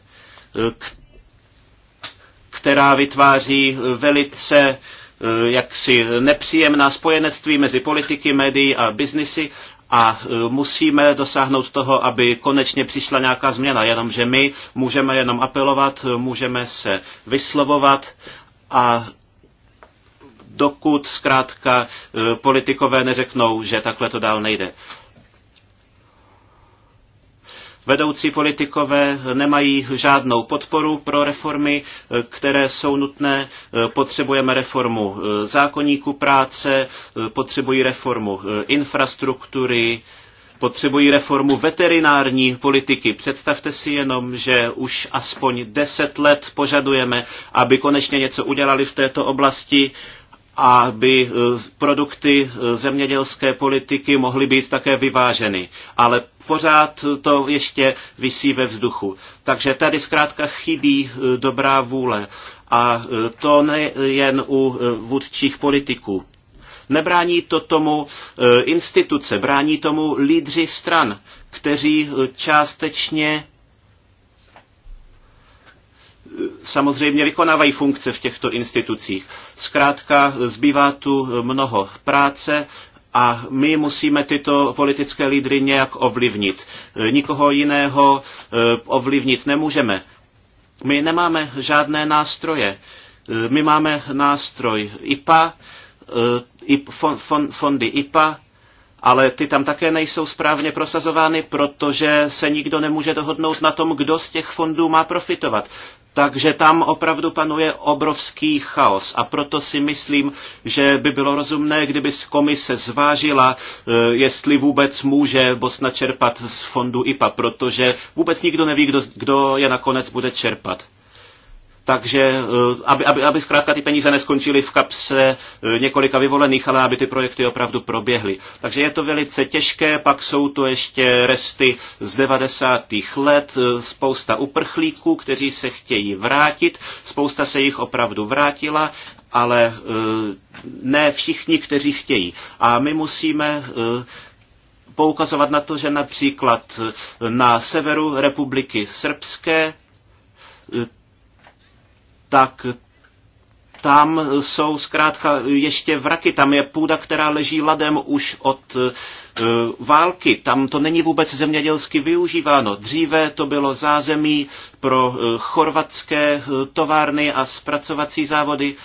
která vytváří velice e, jaksi nepříjemná spojenectví mezi politiky, médií a biznisy a e, musíme dosáhnout toho, aby konečně přišla nějaká změna, jenomže my můžeme jenom apelovat, e, můžeme se vyslovovat a dokud zkrátka e, politikové neřeknou, že takhle to dál nejde. Vedoucí politikové nemají žádnou podporu pro reformy, které jsou nutné. Potřebujeme reformu eh, zákonníku práce, eh, potřebují reformu eh, infrastruktury, potřebují reformu veterinární politiky. Představte si jenom, že už aspoň deset let požadujeme, aby konečně něco udělali v této oblasti aby eh, produkty eh, zemědělské politiky mohly být také vyváženy. Ale pořád to ještě visí ve vzduchu. Takže tady zkrátka chybí eh, dobrá vůle. A to nejen u vůdčích politiků. Nebrání to tomu instituce, brání tomu lídři stran, kteří částečně samozřejmě vykonávají funkce v těchto institucích. Zkrátka zbývá tu mnoho práce a my musíme tyto politické lídry nějak ovlivnit. Nikoho jiného eh, ovlivnit nemůžeme. My nemáme žádné nástroje. Eh, my máme nástroj IPA, eh, fondy IPA, ale ty tam také nejsou správně prosazovány, protože se nikdo nemůže dohodnout na tom, kdo z těch fondů má profitovat. Takže tam opravdu panuje obrovský chaos a proto si myslím, že by bylo rozumné, kdyby komise zvážila, eh, jestli vůbec může Bosna čerpat z fondu IPA, protože vůbec nikdo neví, kdo, kdo je nakonec bude čerpat takže eh, aby, aby, aby zkrátka ty peníze neskončily v kapse eh, několika vyvolených, ale aby ty projekty opravdu proběhly. Takže je to velice těžké, pak jsou to ještě resty z 90. let, eh, spousta uprchlíků, kteří se chtějí vrátit, spousta se jich opravdu vrátila, ale ne všichni, kteří chtějí. A my musíme poukazovat na to, že například na severu republiky srbské tak tam jsou zkrátka ještě vraky, tam je půda, která leží ladem už od eh, války. Tam to není vůbec zemědělsky využíváno. Dříve to bylo zázemí pro eh, chorvatské eh, továrny a zpracovací závody,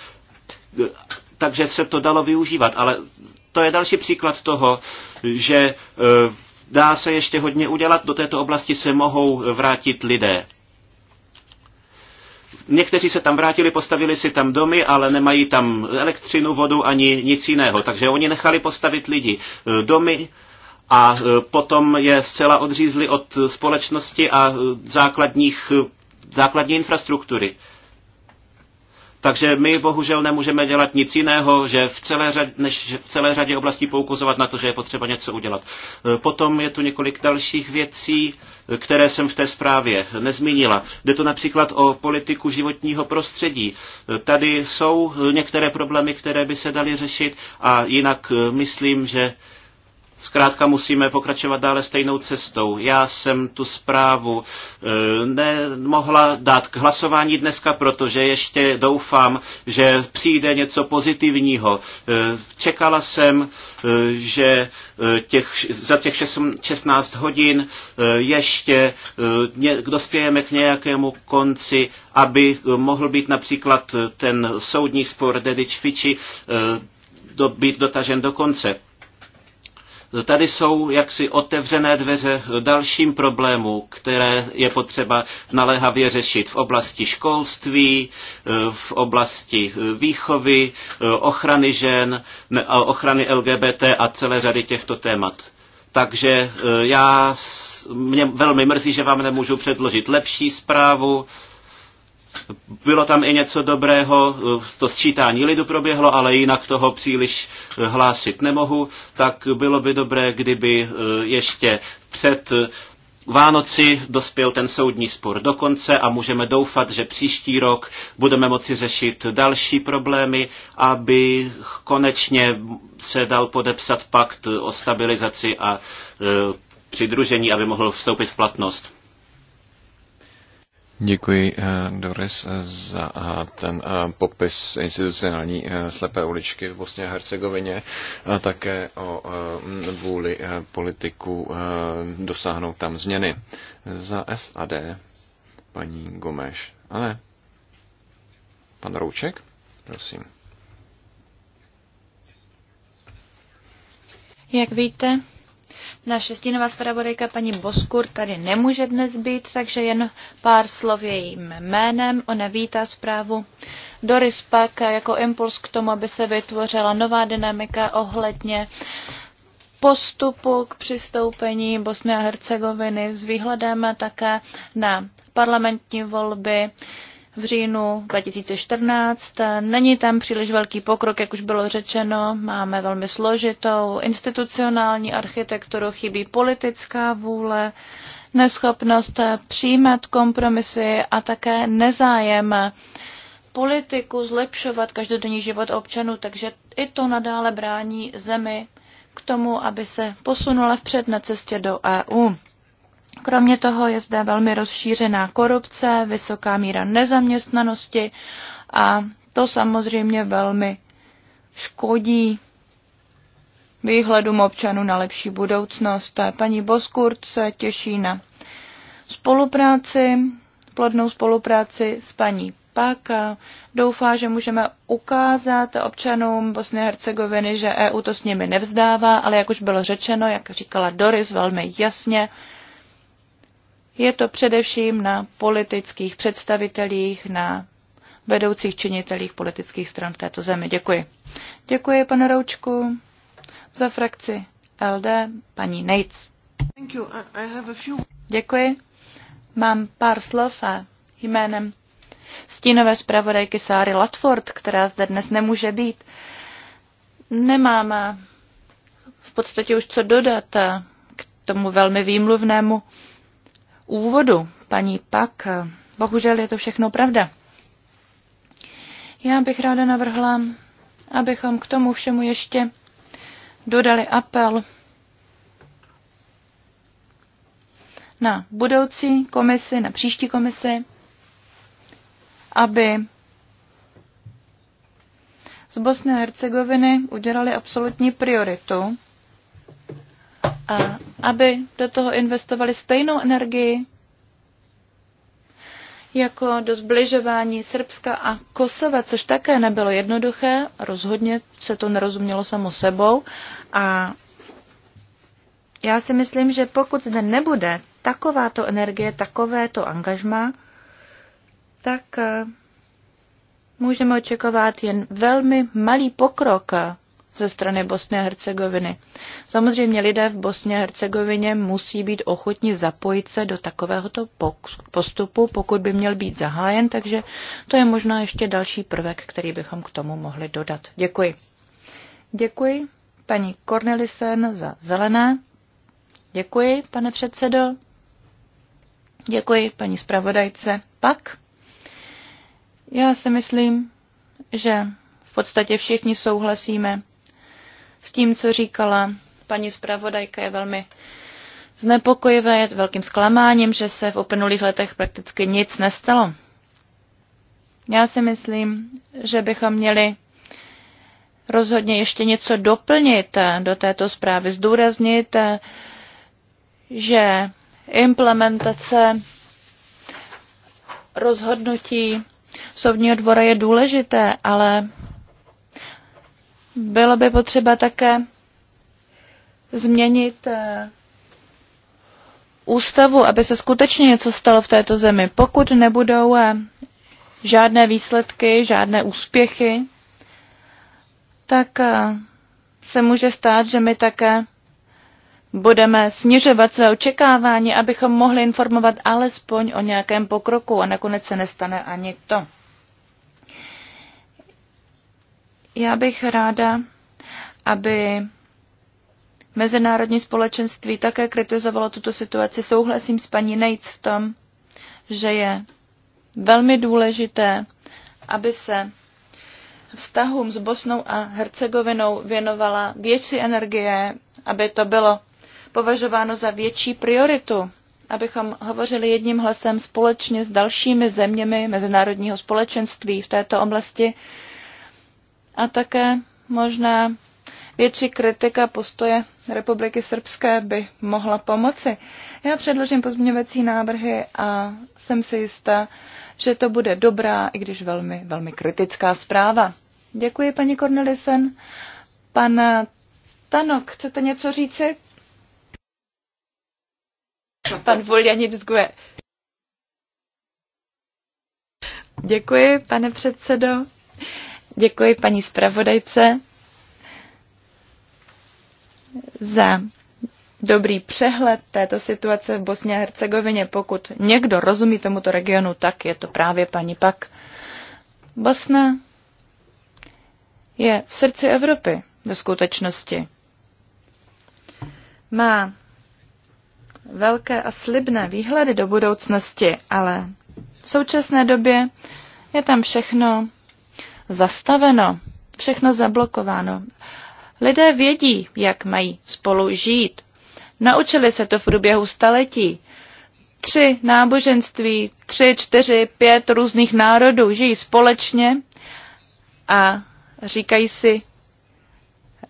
takže se to dalo využívat. Ale to je další příklad toho, že dá se ještě hodně udělat, do této oblasti se mohou vrátit lidé. Někteří se tam vrátili, postavili si tam domy, ale nemají tam elektřinu, vodu ani nic jiného. Takže oni nechali postavit lidi e, domy a e, potom je zcela odřízli od společnosti a e, základních, základní infrastruktury. Takže my bohužel nemůžeme dělat nic jiného, že v celé řadě, než v celé řadě oblastí poukazovat na to, že je potřeba něco udělat. E, potom je tu několik dalších věcí, e, které jsem v té zprávě nezmínila. Jde to například o politiku životního prostředí. E, tady jsou některé problémy, které by se daly řešit a jinak myslím, že Zkrátka musíme pokračovat dále stejnou cestou. Já jsem tu zprávu e, nemohla dát k hlasování dneska, protože ještě doufám, že přijde něco pozitivního. E, čekala jsem, e, že těch, za těch 16 hodin ještě dospějeme k nějakému konci, aby mohl být například ten soudní spor Dedič Fiči být dotažen do konce. Tady jsou jaksi otevřené dveře dalším problémům, které je potřeba naléhavě řešit v oblasti školství, v oblasti výchovy, ochrany žen, ochrany LGBT a celé řady těchto témat. Takže e, já, mě velmi mrzí, že vám nemůžu předložit lepší zprávu, bylo tam i něco dobrého, eh, to sčítání lidu proběhlo, ale jinak toho příliš eh, hlásit nemohu, tak bylo by dobré, kdyby eh, ještě před Vánoci dospěl ten soudní spor do konce a můžeme doufat, že příští rok budeme moci řešit další problémy, aby konečně se dal podepsat pakt o stabilizaci a e, přidružení, aby mohl vstoupit v platnost. Děkuji, eh, Doris, eh, za eh, ten popis institucionální slepé uličky v Bosně a Hercegovině a také o vůli politiků dosáhnout tam změny. Za SAD paní Gomeš. Ale Pan Rouček, prosím. Jak víte, naše stínová zpravodajka paní Boskur tady nemůže dnes být, takže jen pár slov jejím jménem. Ona vítá zprávu Doris Pak jako impuls k tomu, aby se vytvořila nová dynamika ohledně postupu k přistoupení Bosny a Hercegoviny s výhledem také na parlamentní volby v říjnu 2014. Není tam příliš velký pokrok, jak už bylo řečeno. Máme velmi složitou institucionální architekturu, chybí politická vůle, neschopnost přijímat kompromisy a také nezájem politiku zlepšovat každodenní život občanů, takže i to nadále brání zemi k tomu, aby se posunula vpřed na cestě do EU. Kromě toho je zde velmi rozšířená korupce, vysoká míra nezaměstnanosti a to samozřejmě velmi škodí výhledům občanů na lepší budoucnost. Paní Boskurt se těší na spolupráci, plodnou spolupráci s paní pak doufá, že můžeme ukázat občanům Bosny a Hercegoviny, že EU to s nimi nevzdává, ale jak už bylo řečeno, jak říkala Doris velmi jasně, je to především na politických představitelích, na vedoucích činitelích politických stran v této zemi. Děkuji. Děkuji, pane Roučku. Za frakci LD paní Nejc. Děkuji. Mám pár slov a jménem stínové zpravodajky Sáry Latford, která zde dnes nemůže být. Nemám eh, v podstatě už co dodat eh, k tomu velmi výmluvnému úvodu paní Pak. Bohužel je to všechno pravda. Já bych ráda navrhla, abychom k tomu všemu ještě dodali apel na budoucí komisi, na příští komisi, aby z Bosny a Hercegoviny udělali absolutní prioritu a aby do toho investovali stejnou energii jako do zbližování Srbska a Kosova, což také nebylo jednoduché, rozhodně se to nerozumělo samo sebou a já si myslím, že pokud zde nebude takováto energie, takovéto angažma, tak eh, můžeme očekovat jen velmi malý pokrok eh, ze strany Bosny a Hercegoviny. Samozřejmě lidé v Bosně a Hercegovině musí být ochotni zapojit se do takovéhoto postupu, pokud by měl být zahájen, takže to je možná ještě další prvek, který bychom k tomu mohli dodat. Děkuji. Děkuji paní Cornelisen za zelené. Děkuji, pane předsedo. Děkuji, paní zpravodajce. Pak? Já si myslím, že v podstatě všichni souhlasíme s tím, co říkala paní zpravodajka, je velmi znepokojivé, je velkým zklamáním, že se v uplynulých letech prakticky nic nestalo. Já si myslím, že bychom měli rozhodně ještě něco doplnit do této zprávy, zdůraznit, že implementace rozhodnutí soudního dvora je důležité, ale bylo by potřeba také změnit eh, ústavu, aby se skutečně něco stalo v této zemi. Pokud nebudou eh, žádné výsledky, žádné úspěchy, tak eh, se může stát, že my také budeme snižovat své očekávání, abychom mohli informovat alespoň o nějakém pokroku a nakonec se nestane ani to. Já bych ráda, aby mezinárodní společenství také kritizovalo tuto situaci. Souhlasím s paní Nejc v tom, že je velmi důležité, aby se vztahům s Bosnou a Hercegovinou věnovala větší energie, aby to bylo považováno za větší prioritu, abychom hovořili jedním hlasem společně s dalšími zeměmi mezinárodního společenství v této oblasti, a také možná větší kritika postoje Republiky Srbské by mohla pomoci. Já předložím pozměňovací návrhy a jsem si jistá, že to bude dobrá, i když velmi, velmi kritická zpráva. Děkuji, paní Cornelisen. Pan Tanok, chcete něco říci? Pan Voljanic z GUE. Děkuji, pane předsedo. Děkuji paní zpravodajce za dobrý přehled této situace v Bosně a Hercegovině. Pokud někdo rozumí tomuto regionu, tak je to právě paní Pak. Bosna je v srdci Evropy ve skutečnosti. Má velké a slibné výhledy do budoucnosti, ale v současné době je tam všechno, zastaveno, všechno zablokováno. Lidé vědí, jak mají spolu žít. Naučili se to v průběhu staletí. Tři náboženství, tři, čtyři, pět různých národů žijí společně a říkají si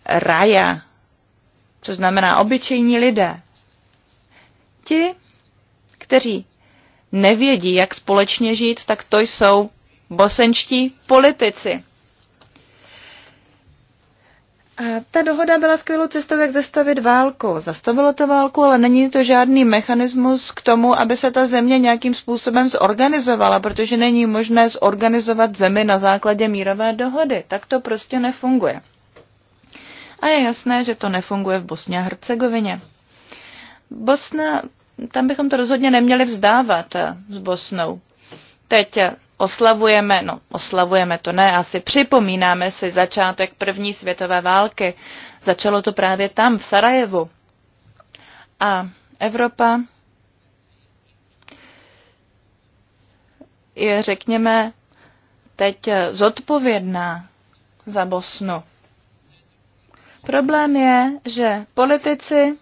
raja, co znamená obyčejní lidé. Ti, kteří nevědí, jak společně žít, tak to jsou bosenští politici. A ta dohoda byla skvělou cestou, jak zastavit válku. Zastavilo to válku, ale není to žádný mechanismus k tomu, aby se ta země nějakým způsobem zorganizovala, protože není možné zorganizovat zemi na základě mírové dohody. Tak to prostě nefunguje. A je jasné, že to nefunguje v Bosně a Hercegovině. Bosna, tam bychom to rozhodně neměli vzdávat s Bosnou. Teď oslavujeme, no oslavujeme to ne, asi připomínáme si začátek první světové války. Začalo to právě tam, v Sarajevu. A Evropa je, řekněme, teď zodpovědná za Bosnu. Problém je, že politici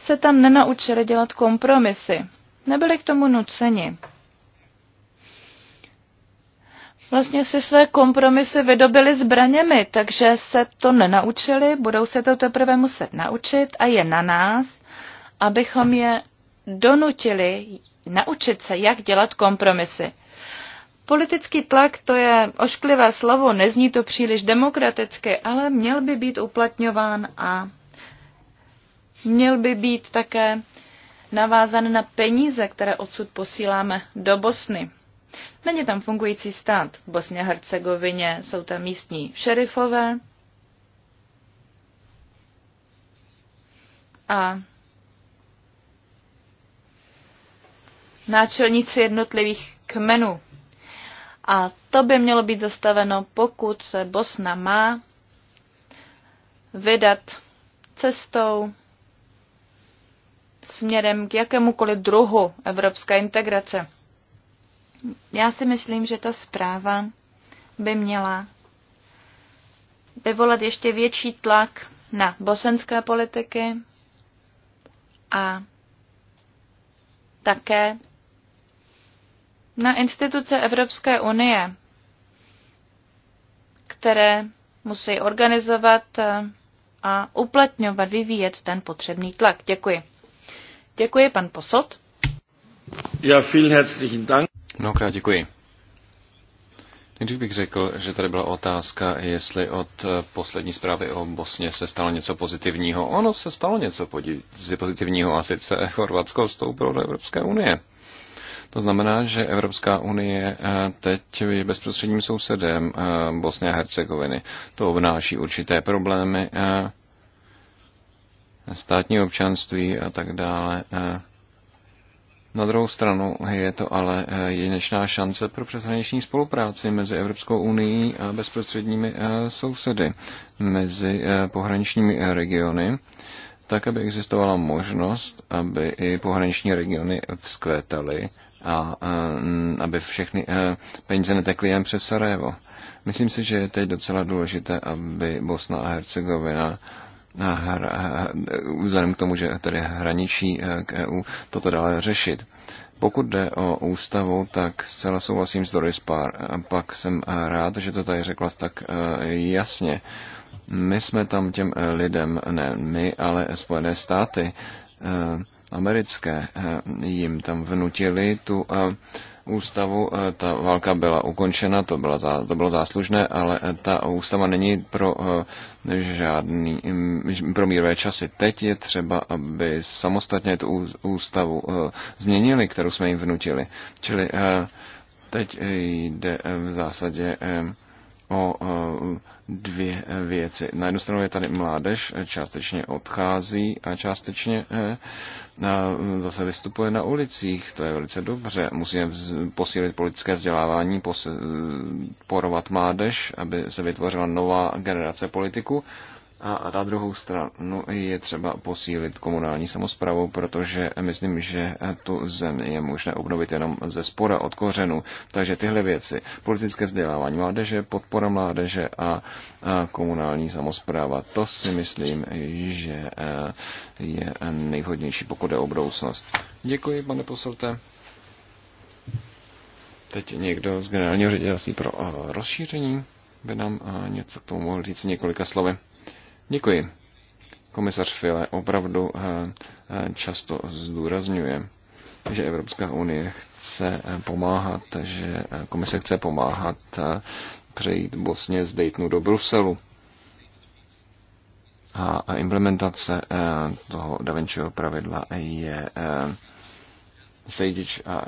se tam nenaučili dělat kompromisy. Nebyli k tomu nuceni vlastně si své kompromisy vydobili zbraněmi, takže se to nenaučili, budou se to teprve muset naučit a je na nás, abychom je donutili naučit se, jak dělat kompromisy. Politický tlak to je ošklivé slovo, nezní to příliš demokraticky, ale měl by být uplatňován a měl by být také navázan na peníze, které odsud posíláme do Bosny. Není tam fungující stát v Bosně a Hercegovině, jsou tam místní šerifové a náčelníci jednotlivých kmenů. A to by mělo být zastaveno, pokud se Bosna má vydat cestou směrem k jakémukoliv druhu evropské integrace. Já si myslím, že ta zpráva by měla vyvolat ještě větší tlak na bosenské politiky a také na instituce Evropské unie, které musí organizovat a uplatňovat, vyvíjet ten potřebný tlak. Děkuji. Děkuji, pan Posot. Ja, vielen herzlichen Dank. Mnohokrát děkuji. Nejdřív bych řekl, že tady byla otázka, jestli od eh, poslední zprávy o Bosně se stalo něco pozitivního. Ono se stalo něco pozitivního a sice Chorvatsko vstoupilo do Evropské unie. To znamená, že Evropská unie eh, teď je bezprostředním sousedem eh, Bosny a Hercegoviny. To obnáší určité problémy státní občanství a tak dále. Na druhou stranu je to ale eh, jedinečná šance pro přeshraniční spolupráci mezi Evropskou unii a bezprostředními eh, sousedy, mezi eh, pohraničními regiony, tak, aby existovala možnost, aby i pohraniční regiony vzkvétaly a aby všechny peníze netekly jen přes Sarajevo. Myslím si, že je teď docela důležité, aby Bosna a Hercegovina vzhledem k tomu, že tedy hraničí e, k EU, toto dále řešit. Pokud jde o ústavu, tak zcela souhlasím s Doris Pár. Pak jsem rád, že to tady řekla tak e, jasně. My jsme tam těm e, lidem, ne my, ale Spojené státy americké, jim tam vnutili tu ústavu. Eh, ta válka byla ukončena, to, bylo, za, to bylo záslužné, ale eh, ta ústava není pro eh, žádný mm, pro mírové časy. Teď je třeba, aby samostatně tu ústavu změnili, kterou jsme jim vnutili. Čili teď jde v zásadě o dvě eh, věci. Na jednu stranu je tady mládež, eh, částečně odchází a částečně eh, zase vystupuje na ulicích. To je velice dobře. Musíme posílit politické vzdělávání, porovat mládež, aby se vytvořila nová generace politiků a na druhou stranu je třeba posílit komunální samozprávu, protože myslím, že tu zem je možné obnovit jenom ze spora od kořenu. Takže tyhle věci, politické vzdělávání mládeže, podpora mládeže a komunální samozpráva, to si myslím, že e, je nejvhodnější, pokud je o budoucnost. Děkuji, pane posolte. Teď někdo z generálního ředitelství pro e, rozšíření by nám e, něco k tomu mohl říct několika slovy. Děkuji. Komisař File opravdu eh, eh, často zdůrazňuje, že Evropská unie chce eh, pomáhat, že komise chce pomáhat přejít Bosně z Daytonu do Bruselu. A implementace toho Davenčího pravidla je Sejdič a,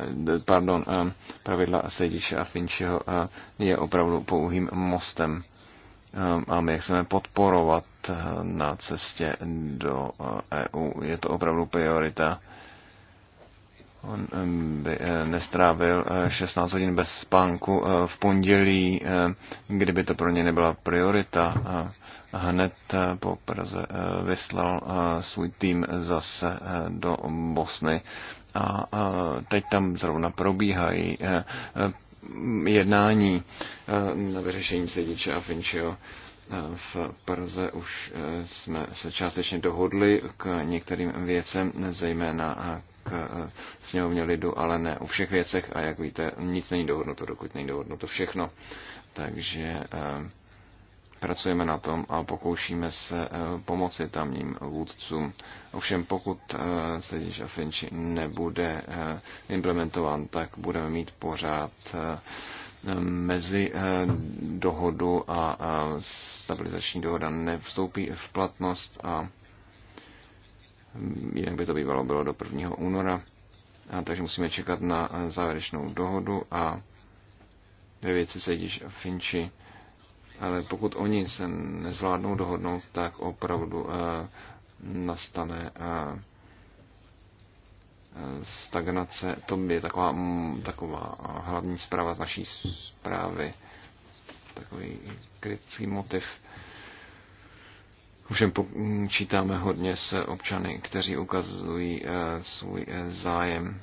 pardon, pravidla Sejdiče a Finčeho je opravdu pouhým mostem Ehm, a my chceme podporovat eh, na cestě do EU. Eh, e Je to opravdu priorita. On ehm, by eh, nestrávil 16 hodin bez spánku v pondělí, kdyby to pro ně nebyla priorita. Hned po Praze vyslal svůj tým zase do Bosny a teď tam zrovna probíhají jednání eh, na vyřešení Sejdiče a Finčio. Eh, v Praze už eh, jsme se částečně dohodli k některým věcem, zejména k sněmovně lidu, ale ne u všech věcech a jak víte, nic není dohodnuto, dokud není dohodnuto všechno. Takže pracujeme na tom a pokoušíme se eh, pomoci tamním vůdcům. Ovšem pokud eh, Sediš a Finch nebude eh, implementován, tak budeme mít pořád mezi dohodu a stabilizační dohoda nevstoupí v platnost a mm, jinak by to bývalo bylo do 1. února. A takže musíme čekat na závěrečnou dohodu a ve věci sedíš Finči ale pokud oni se nezvládnou dohodnout, tak opravdu eh, nastane eh, stagnace. To by je taková, mm, taková hlavní zpráva z naší zprávy, takový kritický motiv. Ovšem počítáme mm, hodně se občany, kteří ukazují eh, svůj zájem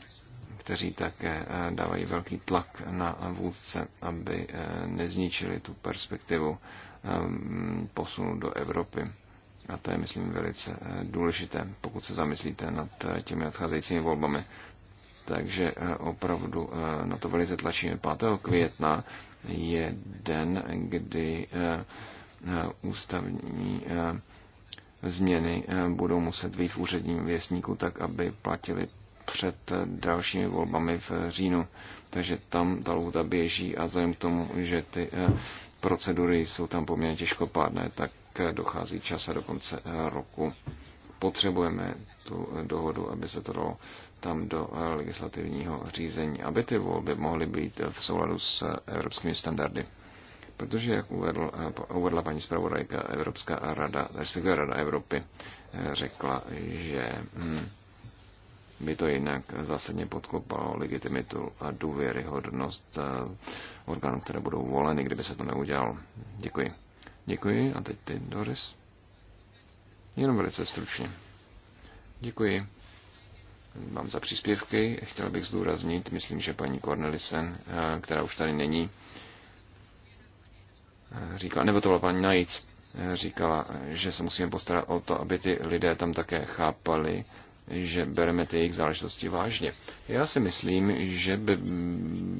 kteří také eh, dávají velký tlak na vůdce, aby eh, nezničili tu perspektivu ehm, posunu do Evropy. A to je, myslím, velice eh, důležité, pokud se zamyslíte nad těmi nadcházejícími volbami. Takže opravdu na to velice tlačíme. 5. května je den, kdy ústavní změny budou muset být v úředním věstníku tak, aby platili před eh, dalšími volbami v eh, říjnu. Takže tam ta lhuta běží a vzhledem k tomu, že ty eh, procedury jsou tam poměrně těžkopádné, tak dochází čas a do konce roku potřebujeme tu dohodu, aby se to dalo tam do legislativního řízení, aby ty volby mohly být v souladu s evropskými standardy. Protože, jak uvedl, uvedla paní zpravodajka, Evropská rada, respektive Rada Evropy, řekla, že hm, by to jinak zásadně podkopalo legitimitu a důvěryhodnost eh, orgánů, které budou voleny, kdyby se to neudělalo. Děkuji. Děkuji. A teď ty, Doris. Jenom velice stručně. Děkuji vám za příspěvky. Chtěl bych zdůraznit, myslím, že paní Cornelisen, eh, která už tady není, eh, říkala, nebo to byla paní Najíc, říkala, že se musíme postarat o to, aby ty lidé tam také chápali, že bereme ty jejich záležitosti vážně. Já si myslím, že by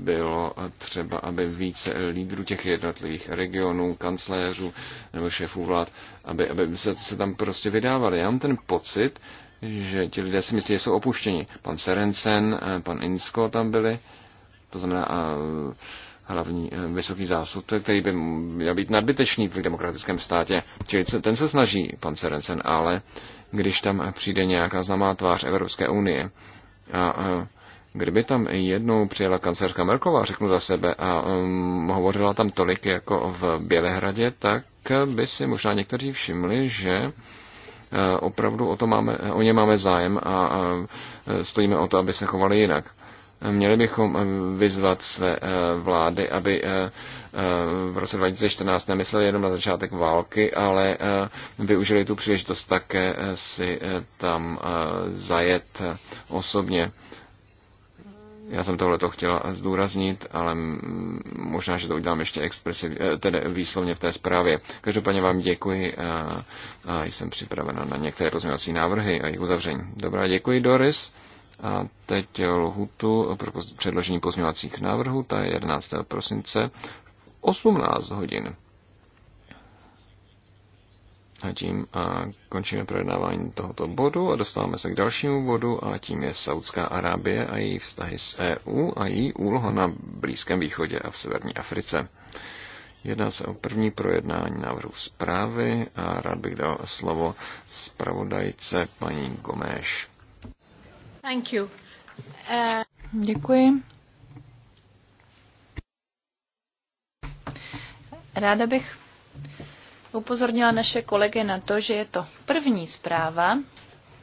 bylo třeba, aby více lídrů těch jednotlivých regionů, kancléřů nebo šéfů vlád, aby, aby se, se tam prostě vydávali. Já mám ten pocit, že ti lidé si myslí, že jsou opuštěni. Pan Serencen, eh, pan Insko tam byli, to znamená eh, hlavní eh, vysoký zásud, který by měl být nadbytečný v demokratickém státě. Čili ten se snaží, pan Serencen, ale když tam přijde nějaká známá tvář Evropské unie a, kdyby tam jednou přijela kancelářka Merková, řeknu za sebe, a um, hovořila tam tolik jako v Bělehradě, tak by si možná někteří všimli, že uh, opravdu o, to máme, o ně máme zájem a, uh, stojíme o to, aby se chovali jinak. Měli bychom eh, vyzvat své eh, vlády, aby eh, v roce 2014 nemysleli jenom na začátek války, ale využili tu příležitost také si tam zajet osobně. Já jsem tohle to chtěla zdůraznit, ale možná, že to udělám ještě expresiv, tedy výslovně v té zprávě. Každopádně vám děkuji a, a jsem připravena na některé pozměňovací návrhy a jejich uzavření. Dobrá, děkuji Doris. A teď lhutu pro předložení pozměňovacích návrhů, ta je 11. prosince 18 hodin. A tím a končíme projednávání tohoto bodu a dostáváme se k dalšímu bodu a tím je Saudská Arábie a její vztahy s EU a její úloha na Blízkém východě a v severní Africe. Jedná se o první projednání návrhu zprávy a rád bych dal slovo zpravodajce paní Gomeš. Uh, Děkuji. Ráda bych upozornila naše kolegy na to, že je to první zpráva,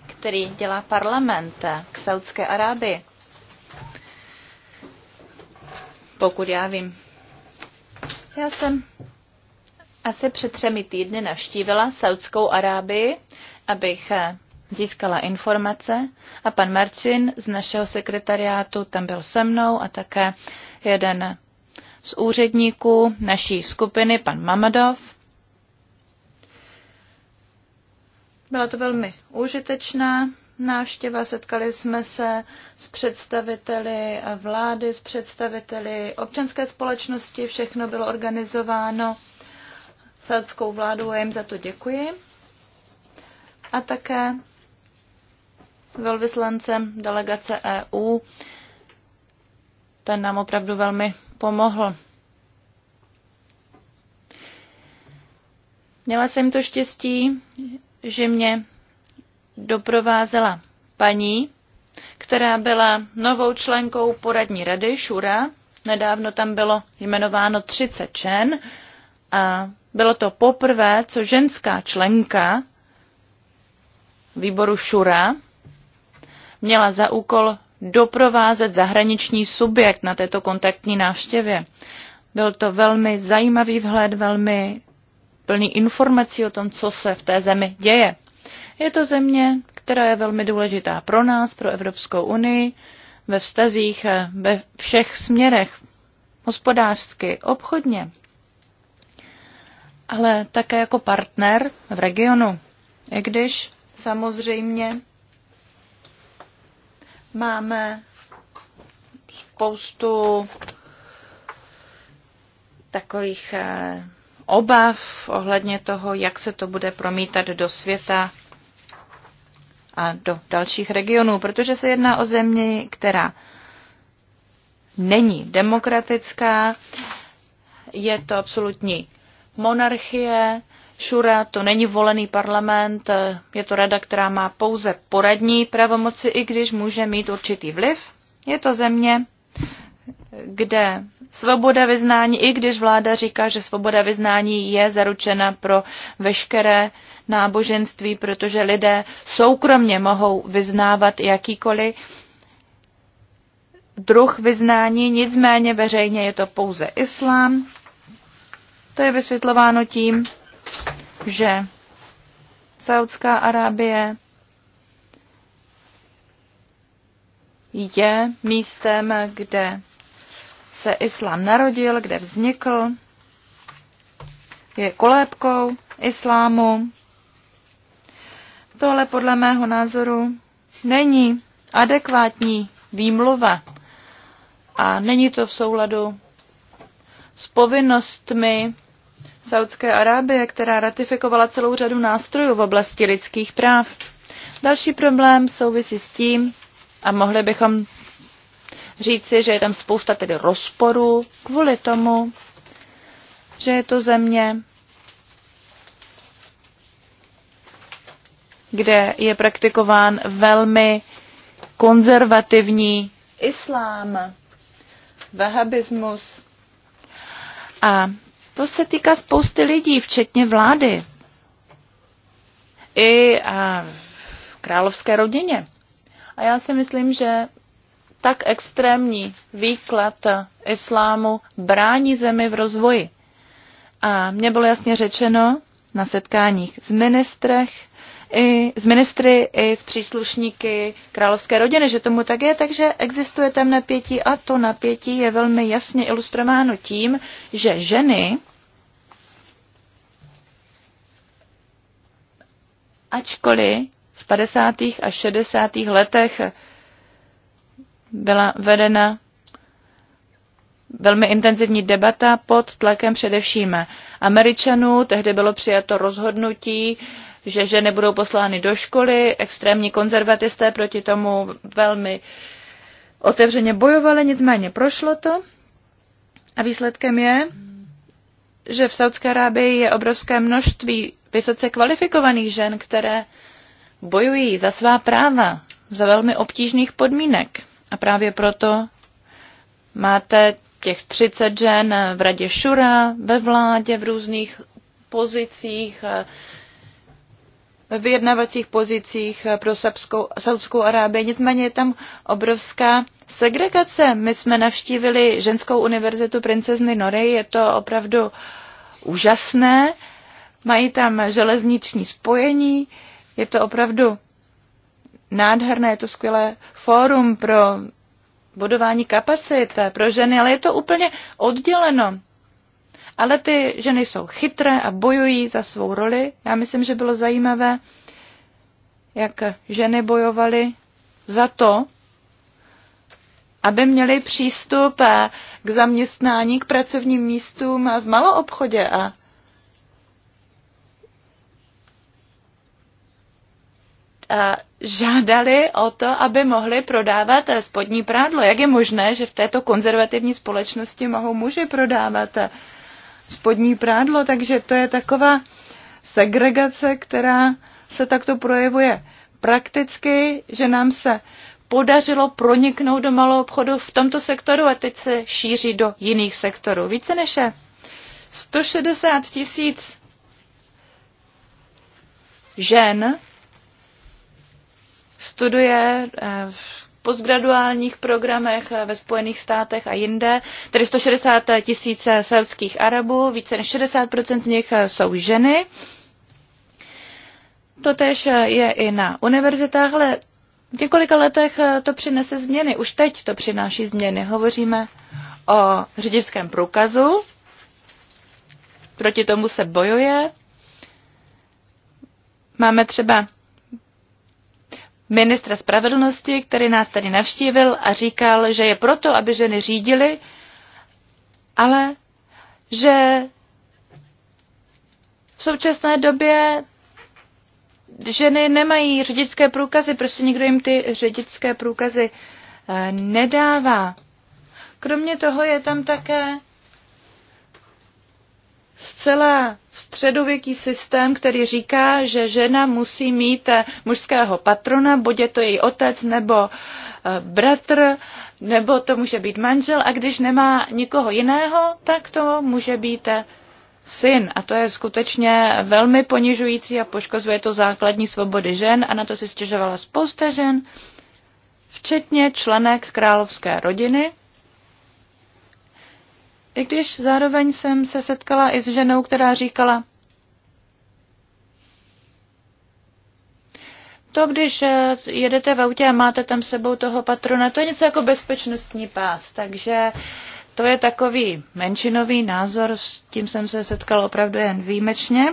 který dělá parlament k Saudské Arábii. Pokud já vím. Já jsem asi před třemi týdny navštívila Saudskou Arábii, abych získala informace a pan Marcin z našeho sekretariátu tam byl se mnou a také jeden z úředníků naší skupiny, pan Mamadov. Byla to velmi užitečná návštěva. Setkali jsme se s představiteli vlády, s představiteli občanské společnosti. Všechno bylo organizováno sádskou vládou a jim za to děkuji. A také velvyslancem delegace EU. Ten nám opravdu velmi pomohl. Měla jsem to štěstí, že mě doprovázela paní, která byla novou členkou poradní rady Šura. Nedávno tam bylo jmenováno 30 žen a bylo to poprvé, co ženská členka výboru Šura měla za úkol doprovázet zahraniční subjekt na této kontaktní návštěvě. Byl to velmi zajímavý vhled, velmi plný informací o tom, co se v té zemi děje. Je to země, která je velmi důležitá pro nás, pro Evropskou unii, ve vztazích, ve všech směrech, hospodářsky, obchodně, ale také jako partner v regionu. I když samozřejmě Máme spoustu takových eh, obav ohledně toho, jak se to bude promítat do světa a do dalších regionů, protože se jedná o zemi, která není demokratická, je to absolutní monarchie, Šura to není volený parlament, je to rada, která má pouze poradní pravomoci, i když může mít určitý vliv. Je to země, kde svoboda vyznání, i když vláda říká, že svoboda vyznání je zaručena pro veškeré náboženství, protože lidé soukromně mohou vyznávat jakýkoliv druh vyznání, nicméně veřejně je to pouze islám. To je vysvětlováno tím, že Saudská Arábie je místem, kde se islám narodil, kde vznikl, je kolébkou islámu. To ale podle mého názoru není adekvátní výmluva a není to v souladu s povinnostmi Saudské Arábie, která ratifikovala celou řadu nástrojů v oblasti lidských práv. Další problém souvisí s tím, a mohli bychom říci, že je tam spousta tedy rozporů kvůli tomu, že je to země, kde je praktikován velmi konzervativní islám, vahabismus. A to se týká spousty lidí, včetně vlády. I a, královské rodině. A já si myslím, že tak extrémní výklad islámu brání zemi v rozvoji. A mně bylo jasně řečeno na setkáních s ministrech, i s ministry, i s příslušníky královské rodiny, že tomu tak je, takže existuje tam napětí a to napětí je velmi jasně ilustrováno tím, že ženy, ačkoliv v 50. a 60. letech byla vedena velmi intenzivní debata pod tlakem především Američanů. Tehdy bylo přijato rozhodnutí že ženy budou poslány do školy. Extrémní konzervatisté proti tomu velmi otevřeně bojovali, nicméně prošlo to. A výsledkem je, že v Saudské Arábii je obrovské množství vysoce kvalifikovaných žen, které bojují za svá práva za velmi obtížných podmínek. A právě proto máte těch 30 žen v radě Šura, ve vládě, v různých pozicích, v vyjednavacích pozicích pro Sabskou, Saudskou Arábii. Nicméně je tam obrovská segregace. My jsme navštívili ženskou univerzitu princezny Nory, je to opravdu úžasné. Mají tam železniční spojení, je to opravdu nádherné, je to skvělé fórum pro budování kapacit pro ženy, ale je to úplně odděleno ale ty ženy jsou chytré a bojují za svou roli. Já myslím, že bylo zajímavé, jak ženy bojovaly za to, aby měly přístup k zaměstnání, k pracovním místům v maloobchodě a žádali o to, aby mohli prodávat spodní prádlo. Jak je možné, že v této konzervativní společnosti mohou muži prodávat spodní prádlo, takže to je taková segregace, která se takto projevuje prakticky, že nám se podařilo proniknout do malou obchodu v tomto sektoru a teď se šíří do jiných sektorů. Více než je 160 tisíc žen studuje eh, postgraduálních programech eh, ve Spojených státech a jinde, tedy 160 tisíc saudských Arabů, více než 60% z nich eh, jsou ženy. Totež eh, je i na univerzitách, ale v několika letech to přinese změny. Už teď to přináší změny. Hovoříme o řidičském průkazu. Proti tomu se bojuje. Máme třeba ministra spravedlnosti, který nás tady navštívil a říkal, že je proto, aby ženy řídily, ale že v současné době ženy nemají řidičské průkazy, prostě nikdo jim ty řidičské průkazy eh, nedává. Kromě toho je tam také zcela středověký systém, který říká, že žena musí mít eh, mužského patrona, buď je to její otec nebo eh, bratr, nebo to může být manžel a když nemá nikoho jiného, tak to může být eh, syn. A to je skutečně velmi ponižující a poškozuje to základní svobody žen a na to si stěžovala spousta žen, včetně členek královské rodiny. I když zároveň jsem se setkala i s ženou, která říkala, to, když eh, jedete v autě a máte tam sebou toho patrona, to je něco jako bezpečnostní pás, takže to je takový menšinový názor, s tím jsem se setkala opravdu jen výjimečně.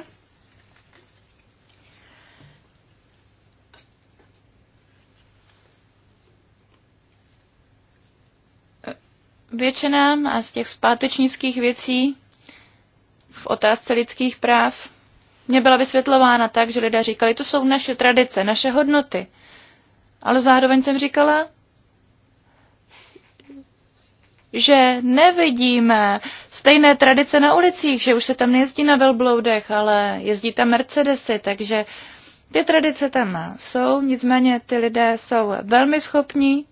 a z těch zpátečnických věcí v otázce lidských práv mě byla vysvětlována tak, že lidé říkali, to jsou naše tradice, naše hodnoty. Ale zároveň jsem říkala, že nevidíme stejné tradice na ulicích, že už se tam nejezdí na velbloudech, ale jezdí tam Mercedesy, takže ty tradice tam jsou, nicméně ty lidé jsou velmi schopní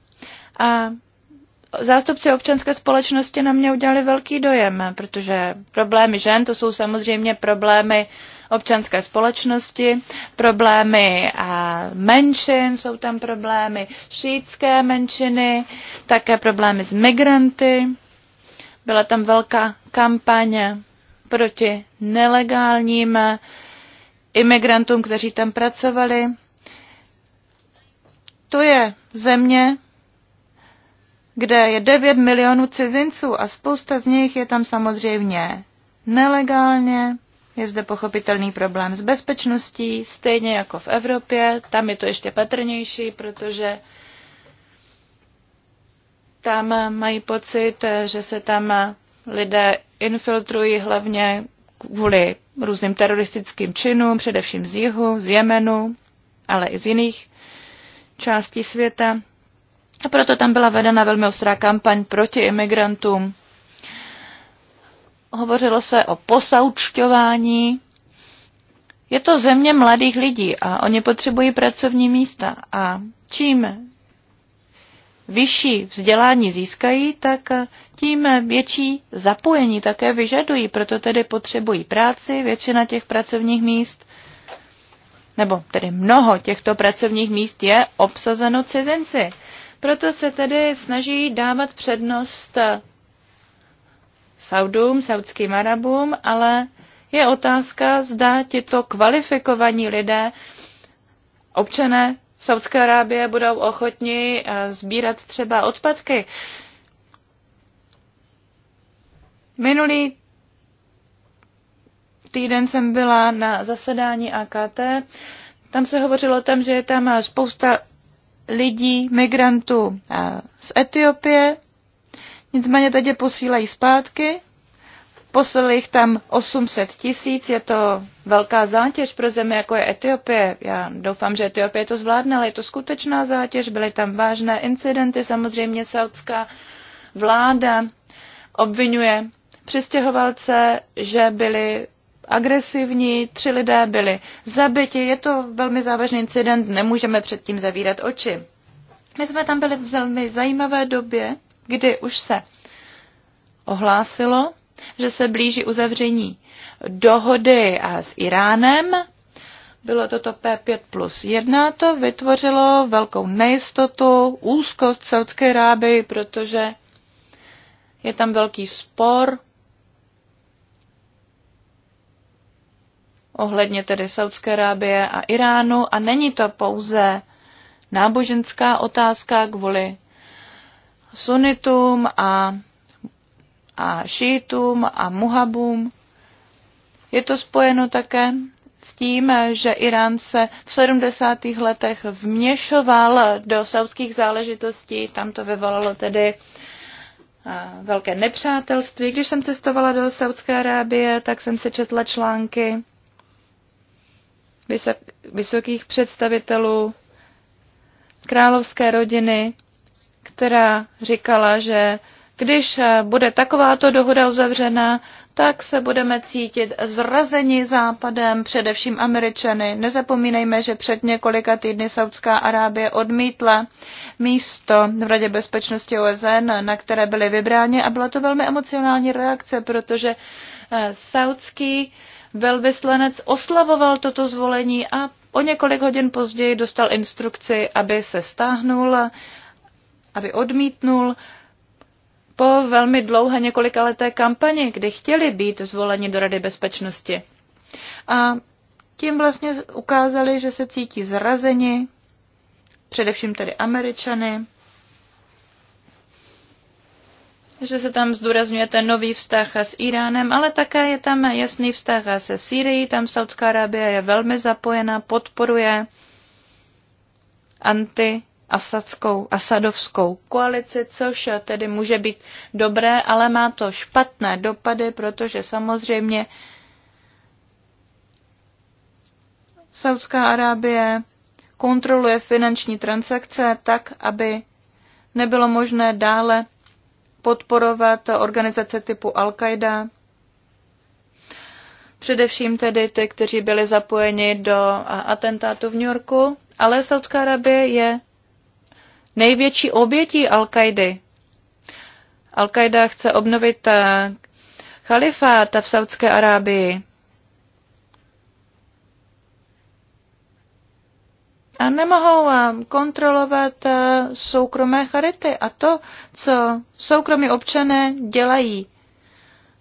a zástupci občanské společnosti na mě udělali velký dojem, protože problémy žen to jsou samozřejmě problémy občanské společnosti, problémy a menšin, jsou tam problémy šítské menšiny, také problémy s migranty. Byla tam velká kampaně proti nelegálním imigrantům, kteří tam pracovali. To je země, kde je 9 milionů cizinců a spousta z nich je tam samozřejmě nelegálně. Je zde pochopitelný problém s bezpečností, stejně jako v Evropě. Tam je to ještě patrnější, protože tam mají pocit, že se tam lidé infiltrují hlavně kvůli různým teroristickým činům, především z jihu, z Jemenu, ale i z jiných částí světa. A proto tam byla vedena velmi ostrá kampaň proti imigrantům. Hovořilo se o posaučťování. Je to země mladých lidí a oni potřebují pracovní místa. A čím vyšší vzdělání získají, tak tím větší zapojení také vyžadují. Proto tedy potřebují práci, většina těch pracovních míst, nebo tedy mnoho těchto pracovních míst je obsazeno cizinci. Proto se tedy snaží dávat přednost Saudům, saudským Arabům, ale je otázka, zda tito kvalifikovaní lidé, občané Saudské Arábie, budou ochotni eh, sbírat třeba odpadky. Minulý týden jsem byla na zasedání AKT. Tam se hovořilo o tom, že je tam spousta lidí, migrantů eh, z Etiopie, nicméně teď je posílají zpátky. Poslali jich tam 800 tisíc, je to velká zátěž pro zemi, jako je Etiopie. Já doufám, že Etiopie to zvládne, ale je to skutečná zátěž. Byly tam vážné incidenty, samozřejmě saudská vláda obvinuje přistěhovalce, že byli agresivní, tři lidé byli zabiti. Je to velmi závažný incident, nemůžeme před tím zavírat oči. My jsme tam byli v velmi zajímavé době, kdy už se ohlásilo, že se blíží uzavření dohody a s Iránem. Bylo toto P5 plus 1, to vytvořilo velkou nejistotu, úzkost Saudské ráby, protože je tam velký spor ohledně tedy Saudské Arábie a Iránu a není to pouze náboženská otázka kvůli sunitům a, a šítům a muhabům. Je to spojeno také s tím, že Irán se v 70. letech vměšoval do saudských záležitostí, tam to vyvolalo tedy velké nepřátelství. Když jsem cestovala do Saudské Arábie, tak jsem si četla články vysokých představitelů královské rodiny, která říkala, že když bude takováto dohoda uzavřena, tak se budeme cítit zrazeni západem, především američany. Nezapomínejme, že před několika týdny Saudská Arábie odmítla místo v Radě bezpečnosti OSN, na které byly vybráni a byla to velmi emocionální reakce, protože eh, saudský velvyslanec oslavoval toto zvolení a o několik hodin později dostal instrukci, aby se stáhnul, aby odmítnul po velmi dlouhé několika leté kampani, kdy chtěli být zvoleni do Rady bezpečnosti. A tím vlastně ukázali, že se cítí zrazeni, především tedy Američany, že se tam zdůrazňuje ten nový vztah s Iránem, ale také je tam jasný vztah se Syrií, tam Saudská Arábie je velmi zapojena, podporuje anti asadskou, asadovskou koalici, což tedy může být dobré, ale má to špatné dopady, protože samozřejmě Saudská Arábie kontroluje finanční transakce tak, aby nebylo možné dále podporovat organizace typu Al-Qaida, především tedy ty, kteří byli zapojeni do atentátu v New Yorku, ale Saudská Arabie je největší obětí Al-Kaidy. Al-Qaida chce obnovit eh, chalifát v Saudské Arábii. a nemohou eh, kontrolovat eh, soukromé charity a to, co soukromí občané dělají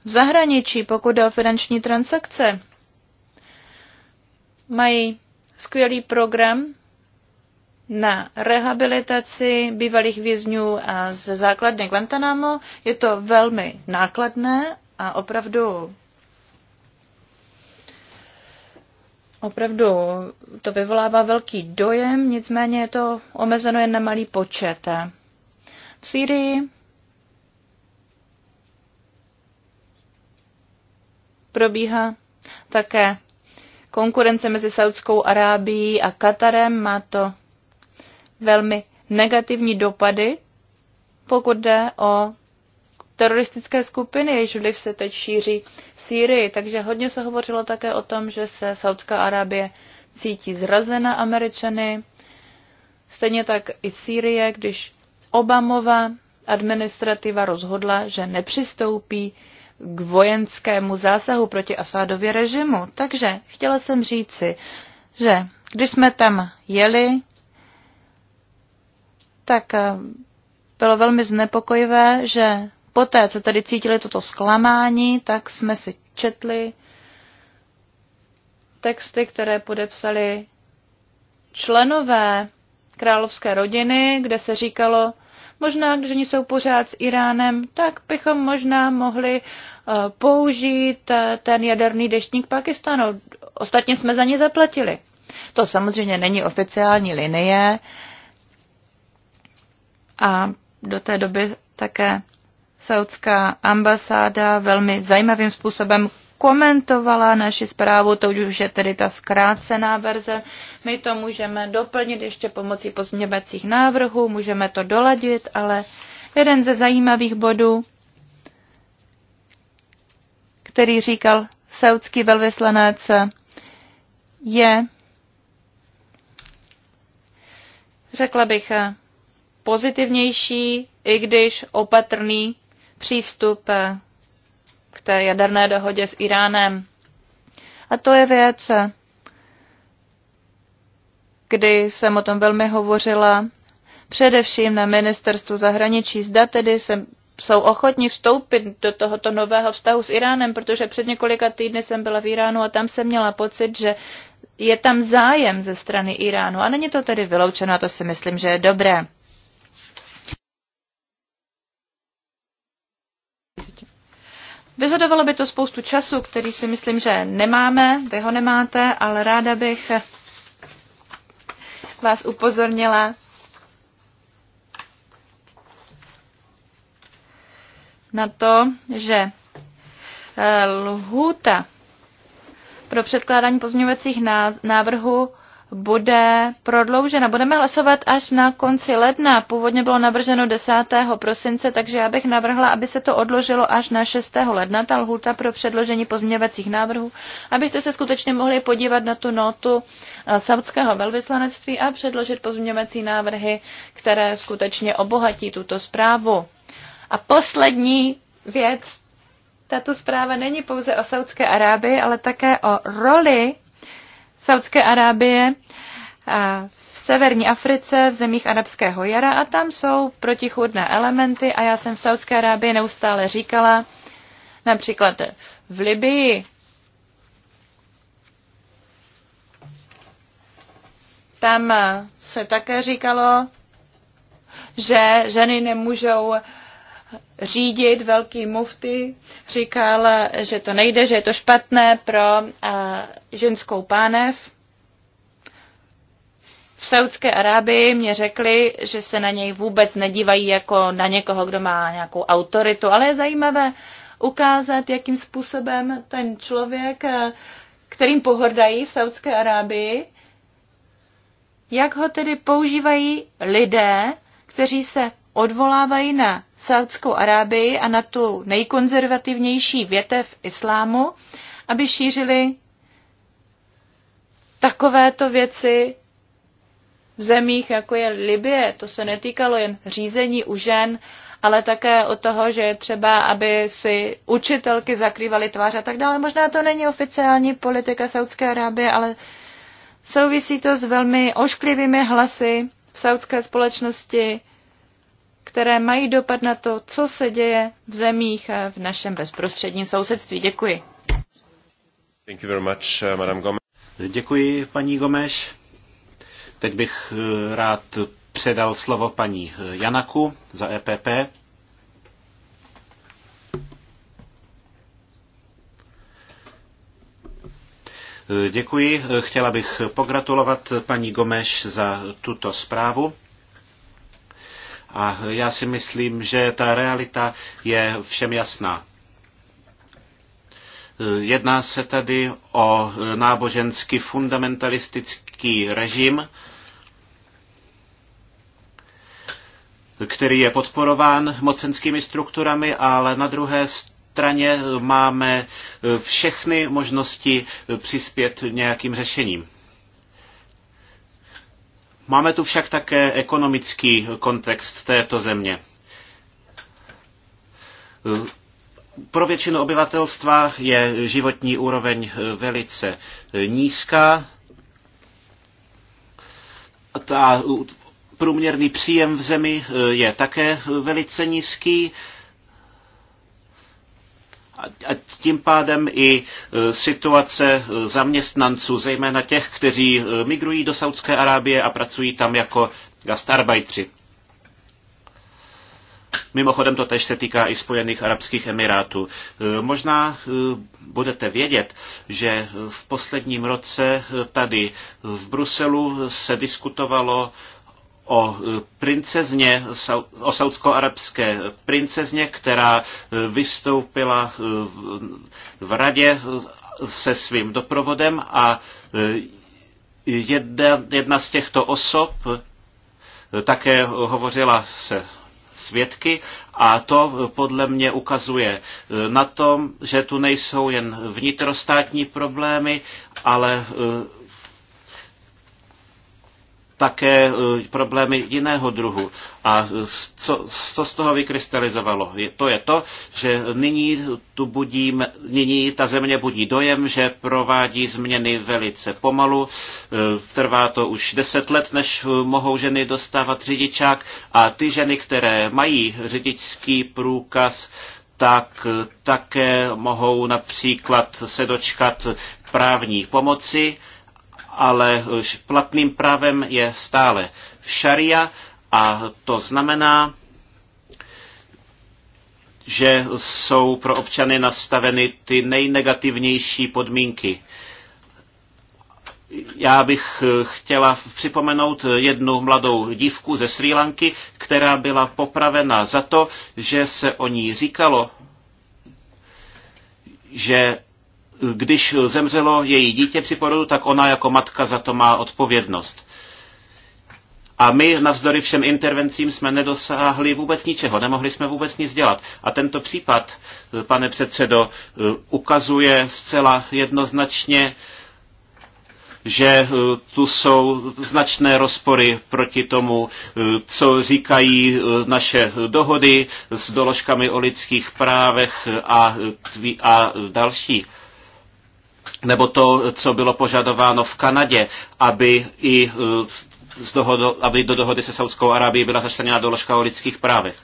v zahraničí, pokud jde o finanční transakce. Mají skvělý program na rehabilitaci bývalých vězňů a ze základny Guantanamo. Je to velmi nákladné a opravdu opravdu to vyvolává velký dojem, nicméně je to omezeno jen na malý počet. V Sýrii probíhá také konkurence mezi Saudskou Arábií a Katarem. Má to velmi negativní dopady, pokud jde o teroristické skupiny, jejichž vliv se teď šíří v Sýrii. Takže hodně se hovořilo také o tom, že se Saudská Arábie cítí zrazena Američany. Stejně tak i Sýrie, když Obamova administrativa rozhodla, že nepřistoupí k vojenskému zásahu proti Asádově režimu. Takže chtěla jsem říci, že když jsme tam jeli, tak eh, bylo velmi znepokojivé, že poté, co tady cítili toto zklamání, tak jsme si četli texty, které podepsali členové královské rodiny, kde se říkalo, možná, když oni jsou pořád s Iránem, tak bychom možná mohli eh, použít eh, ten jaderný deštník Pakistanu. Ostatně jsme za ně zaplatili. To samozřejmě není oficiální linie a do té doby také saudská ambasáda velmi zajímavým způsobem komentovala naši zprávu, to už je tedy ta zkrácená verze. My to můžeme doplnit ještě pomocí pozměňovacích návrhů, můžeme to doladit, ale jeden ze zajímavých bodů, který říkal saudský velvyslanec, je, řekla bych, pozitivnější, i když opatrný přístup eh, k té jaderné dohodě s Iránem. A to je věc, eh, kdy jsem o tom velmi hovořila, především na ministerstvu zahraničí. Zda tedy se, jsou ochotní vstoupit do tohoto nového vztahu s Iránem, protože před několika týdny jsem byla v Iránu a tam jsem měla pocit, že je tam zájem ze strany Iránu. A není to tedy vyloučeno, a to si myslím, že je dobré. Vyžadovalo by to spoustu času, který si myslím, že nemáme, vy ho nemáte, ale ráda bych vás upozornila na to, že eh, lhůta pro předkládání pozměňovacích návrhů bude prodloužena. Budeme hlasovat až na konci ledna. Původně bylo navrženo 10. prosince, takže já bych navrhla, aby se to odložilo až na 6. ledna, ta lhůta pro předložení pozměňovacích návrhů, abyste se skutečně mohli podívat na tu notu eh, saudského velvyslanectví a předložit pozměňovací návrhy, které skutečně obohatí tuto zprávu. A poslední věc, tato zpráva není pouze o Saudské Arábii, ale také o roli Saudské Arábie v severní Africe, v zemích arabského jara a tam jsou protichůdné elementy a já jsem v Saudské Arábii neustále říkala, například v Libii, tam se také říkalo, že ženy nemůžou řídit velký mufty, říkal, že to nejde, že je to špatné pro ženskou pánev. V Saudské Arábii mě řekli, že se na něj vůbec nedívají jako na někoho, kdo má nějakou autoritu, ale je zajímavé ukázat, jakým způsobem ten člověk, kterým pohordají v Saudské Arábii, jak ho tedy používají lidé, kteří se odvolávají na Saudskou Arábii a na tu nejkonzervativnější větev islámu, aby šířili takovéto věci v zemích, jako je Libie. To se netýkalo jen řízení u žen, ale také o toho, že je třeba, aby si učitelky zakrývaly tvář a tak dále. Možná to není oficiální politika Saudské Arábie, ale souvisí to s velmi ošklivými hlasy v saudské společnosti, které mají dopad na to, co se děje v zemích v našem bezprostředním sousedství. Děkuji. Thank you very much, uh, Madame Gomes. Děkuji, paní Gomeš. Teď bych uh, rád předal slovo paní uh, Janaku za EPP. Děkuji. Chtěla bych pogratulovat paní Gomeš za tuto zprávu. A já si myslím, že ta realita je všem jasná. Jedná se tady o nábožensky fundamentalistický režim, který je podporován mocenskými strukturami, ale na druhé straně máme všechny možnosti přispět nějakým řešením. Máme tu však také ekonomický kontext této země. Pro většinu obyvatelstva je životní úroveň velice nízká Ta průměrný příjem v zemi je také velice nízký a tím pádem i e, situace e, zaměstnanců, zejména těch, kteří e, migrují do Saudské Arábie a pracují tam jako gastarbeitři. Mimochodem to tež se týká i Spojených Arabských Emirátů. Možná budete vědět, že v posledním roce tady v Bruselu se diskutovalo o e, princezně, o saudsko-arabské princezně, která e, vystoupila e, v radě se svým doprovodem a jedna, jedna z těchto osob také hovořila se svědky a to podle mě ukazuje na tom, že tu nejsou jen vnitrostátní problémy, ale také e, problémy jiného druhu. A co, co z toho vykrystalizovalo? Je, to je to, že nyní, tu budím, nyní ta země budí dojem, že provádí změny velice pomalu. E, trvá to už deset let, než e, mohou ženy dostávat řidičák a ty ženy, které mají řidičský průkaz, tak také mohou například se dočkat právní pomoci ale platným právem je stále šaria a to znamená, že jsou pro občany nastaveny ty nejnegativnější podmínky. Já bych chtěla připomenout jednu mladou dívku ze Sri Lanky, která byla popravena za to, že se o ní říkalo, že když zemřelo její dítě při porodu, tak ona jako matka za to má odpovědnost. A my navzdory všem intervencím jsme nedosáhli vůbec ničeho, nemohli jsme vůbec nic dělat. A tento případ, pane předsedo, ukazuje zcela jednoznačně, že tu jsou značné rozpory proti tomu, co říkají naše dohody s doložkami o lidských právech a, a další nebo to, co bylo požadováno v Kanadě, aby i e, z dohodu, aby do dohody se Saudskou Arábií byla začleněna doložka o lidských právech.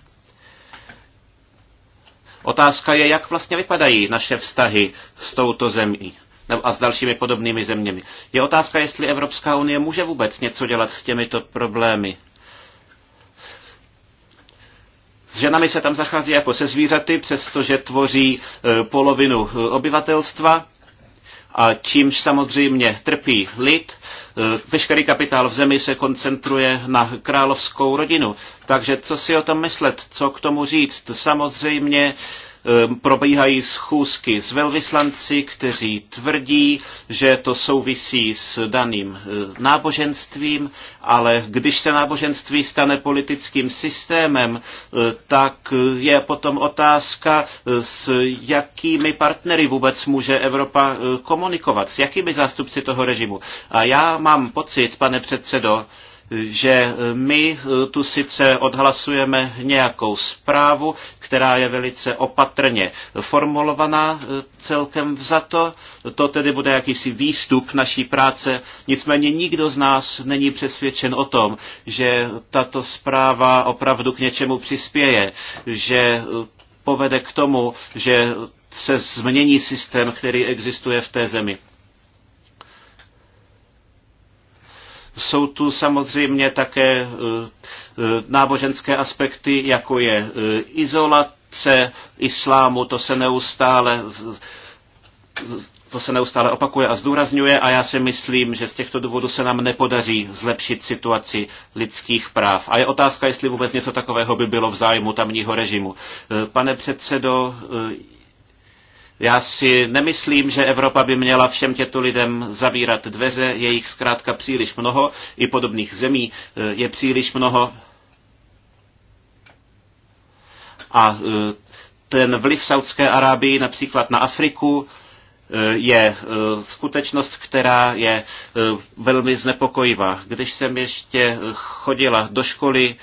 Otázka je, jak vlastně vypadají naše vztahy s touto zemí a s dalšími podobnými zeměmi. Je otázka, jestli Evropská unie může vůbec něco dělat s těmito problémy. S ženami se tam zachází jako se zvířaty, přestože tvoří e, polovinu e, obyvatelstva a čímž samozřejmě trpí lid, eh, veškerý kapitál v zemi se koncentruje na královskou rodinu. Takže co si o tom myslet, co k tomu říct? Samozřejmě Ehm, probíhají schůzky s velvyslanci, kteří tvrdí, že to souvisí s daným eh, náboženstvím, ale když se náboženství stane politickým systémem, eh, tak je potom otázka, eh, s jakými partnery vůbec může Evropa komunikovat, s jakými zástupci toho režimu. A já mám pocit, pane předsedo, že my eh, tu sice odhlasujeme nějakou zprávu, která je velice opatrně formulovaná eh, celkem vzato. To tedy bude jakýsi výstup naší práce. Nicméně nikdo z nás není přesvědčen o tom, že tato zpráva opravdu k něčemu přispěje, že eh, povede k tomu, že se změní systém, který existuje v té zemi. Jsou tu samozřejmě také e, e, náboženské aspekty, jako je e, izolace islámu, to se neustále to se neustále opakuje a zdůrazňuje a já si myslím, že z těchto důvodů se nám nepodaří zlepšit situaci lidských práv. A je otázka, jestli vůbec něco takového by bylo v zájmu tamního režimu. Pane předsedo, já si nemyslím, že Evropa by měla všem těmto lidem zavírat dveře, je jich zkrátka příliš mnoho, i podobných zemí eh, je příliš mnoho. A eh, ten vliv Saudské Arábii například na Afriku eh, je skutečnost, která je velmi znepokojivá. Když jsem ještě chodila do školy,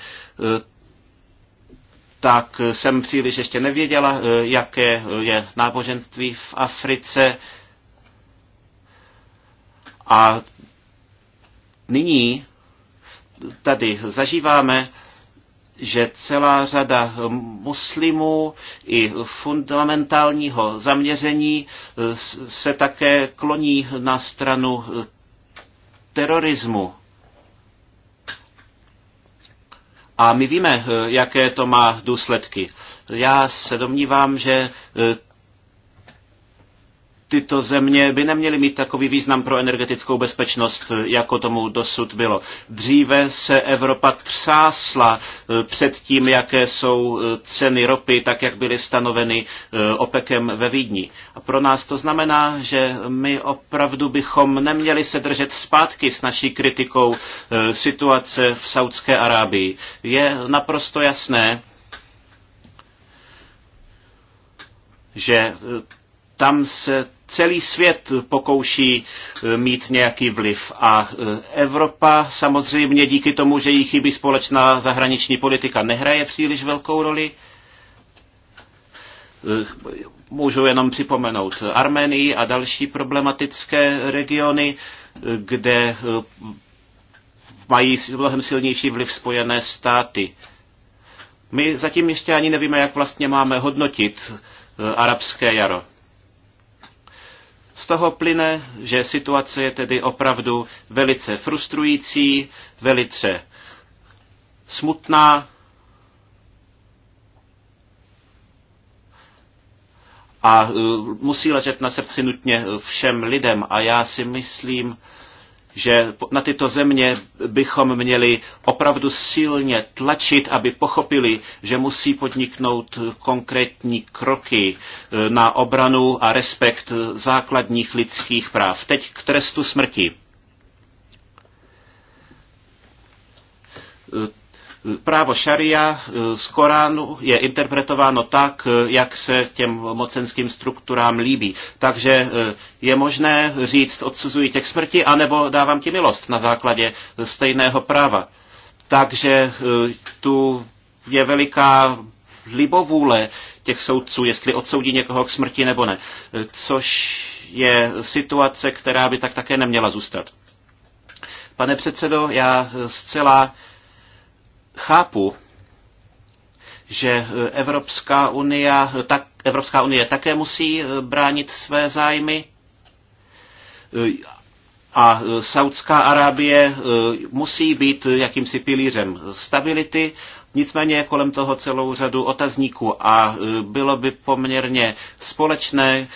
tak jsem příliš ještě nevěděla, eh, jaké eh, je náboženství v Africe. A nyní tady zažíváme, že celá řada muslimů i fundamentálního zaměření eh, se také kloní na stranu terorismu. A my víme, eh, jaké to má důsledky. Já se domnívám, že eh, tyto země by neměly mít takový význam pro energetickou bezpečnost, jako tomu dosud bylo. Dříve se Evropa třásla e, před tím, jaké jsou e, ceny ropy, tak jak byly stanoveny e, OPEKem ve Vídni. A pro nás to znamená, že my opravdu bychom neměli se držet zpátky s naší kritikou situace v Saudské Arábii. Je naprosto jasné, že tam se celý svět pokouší e, mít nějaký vliv. A e, Evropa samozřejmě díky tomu, že jí chybí společná zahraniční politika, nehraje příliš velkou roli. E, můžu jenom připomenout Armenii a další problematické regiony, kde mají mnohem silnější vliv spojené státy. My zatím ještě ani nevíme, jak vlastně máme hodnotit arabské jaro. Z toho plyne, že situace je tedy opravdu velice frustrující, velice smutná a e, musí ležet na srdci nutně všem lidem. A já si myslím, že na tyto země bychom měli opravdu silně tlačit, aby pochopili, že musí podniknout konkrétní kroky e, na obranu a respekt základních lidských práv. Teď k trestu smrti. E, Právo šaria eh, z Koránu je interpretováno tak, eh, jak se těm mocenským strukturám líbí. Takže eh, je možné říct, odsuzují tě k smrti, anebo dávám ti milost na základě stejného práva. Takže tu je veliká libovůle těch soudců, jestli odsoudí někoho k smrti nebo ne. Což je situace, která by tak také neměla zůstat. Pane předsedo, já zcela Chápu, že Evropská unie, tak, Evropská unie také musí eh, bránit své zájmy eh, a Saudská Arábie eh, musí být jakýmsi pilířem stability, Nicméně kolem toho celou řadu otazníků a bylo by poměrně společné,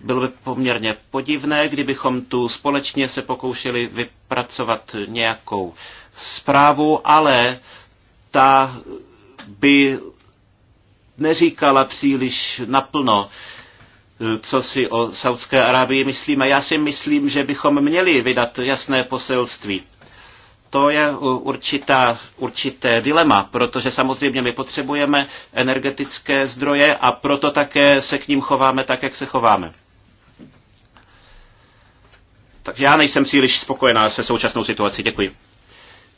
bylo by poměrně podivné, kdybychom tu společně se pokoušeli vypracovat nějakou zprávu, ale ta by neříkala příliš naplno, co si o Saudské Arábii myslíme. Já si myslím, že bychom měli vydat jasné poselství. To je určitá, určité dilema, protože samozřejmě my potřebujeme energetické zdroje a proto také se k ním chováme tak, jak se chováme. Tak já nejsem příliš spokojená se současnou situací. Děkuji.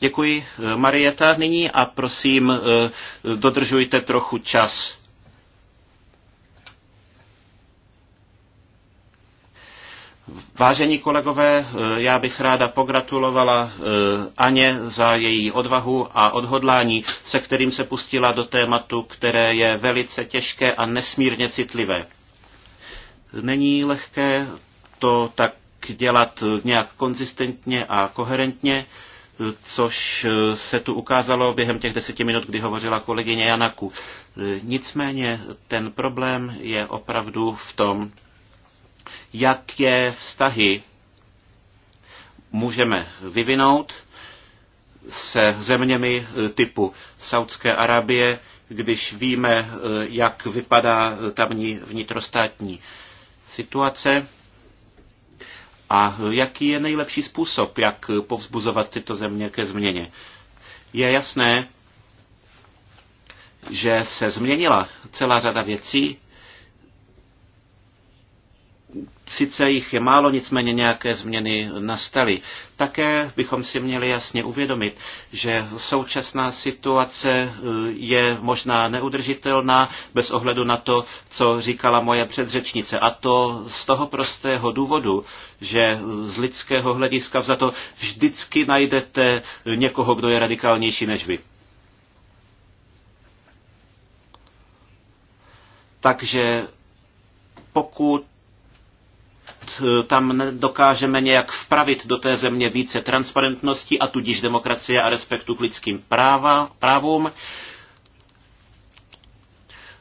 Děkuji, eh, Marieta, nyní a prosím, eh, dodržujte trochu čas. Vážení kolegové, eh, já bych ráda pogratulovala Aně za její odvahu a odhodlání, se kterým se pustila do tématu, které je velice těžké a nesmírně citlivé. Není lehké to tak dělat nějak konzistentně a koherentně, což eh, se tu ukázalo během těch deseti minut, kdy hovořila kolegyně Janaku. Eh, nicméně ten problém je opravdu v tom, jaké vztahy můžeme vyvinout se zeměmi eh, typu Saudské Arábie, když víme, jak vypadá tamní vnitrostátní situace a jaký je nejlepší způsob, jak povzbuzovat tyto země ke změně? Je jasné, že se změnila celá řada věcí, Sice jich je málo, nicméně nějaké změny nastaly. Také bychom si měli jasně uvědomit, že současná situace e, je možná neudržitelná bez ohledu na to, co říkala moje předřečnice. A to z toho prostého důvodu, že z lidského hlediska za to vždycky najdete někoho, kdo je radikálnější než vy. Takže pokud Eh, tam dokážeme nějak vpravit do té země více transparentnosti a tudíž demokracie a respektu k lidským práva, právům,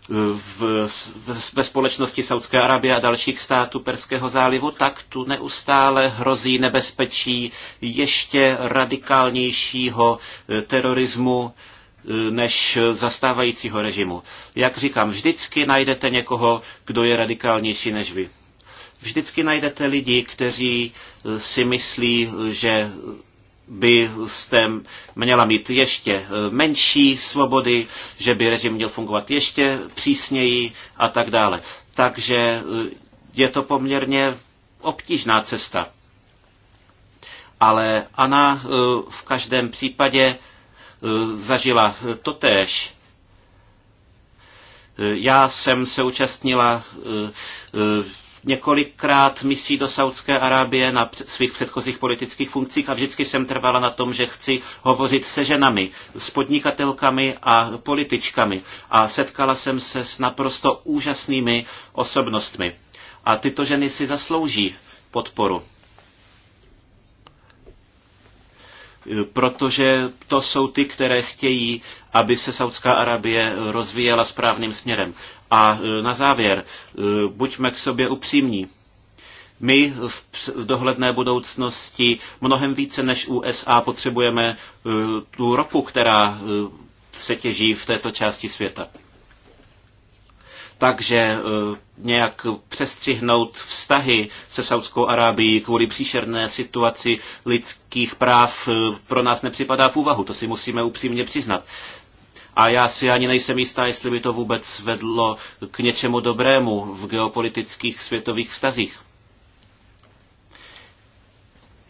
eh, v, v, ve společnosti Saudské Arabie a dalších států Perského zálivu, tak tu neustále hrozí nebezpečí ještě radikálnějšího eh, terorismu než zastávajícího režimu. Jak říkám, vždycky najdete někoho, kdo je radikálnější než vy. Vždycky najdete lidi, kteří eh, si myslí, že byste měla mít ještě eh, menší svobody, že by režim měl fungovat ještě přísněji a tak dále. Takže eh, je to poměrně obtížná cesta. Ale Anna v každém případě zažila totéž. Já jsem se účastnila několikrát misí do Saudské Arábie na svých předchozích politických funkcích a vždycky jsem trvala na tom, že chci hovořit se ženami, s podnikatelkami a političkami. A setkala jsem se s naprosto úžasnými osobnostmi. A tyto ženy si zaslouží podporu. protože to jsou ty, které chtějí, aby se Saudská Arabie rozvíjela správným směrem. A e, na závěr, e, buďme k sobě upřímní. My v dohledné budoucnosti mnohem více než USA potřebujeme e, tu ropu, která se těží v této části světa. Takže nějak přestřihnout vztahy se Saudskou Arábií kvůli příšerné situaci lidských práv pro nás nepřipadá v úvahu, to si musíme upřímně přiznat. A já si ani nejsem jistá, jestli by to vůbec vedlo k něčemu dobrému v geopolitických světových vztazích.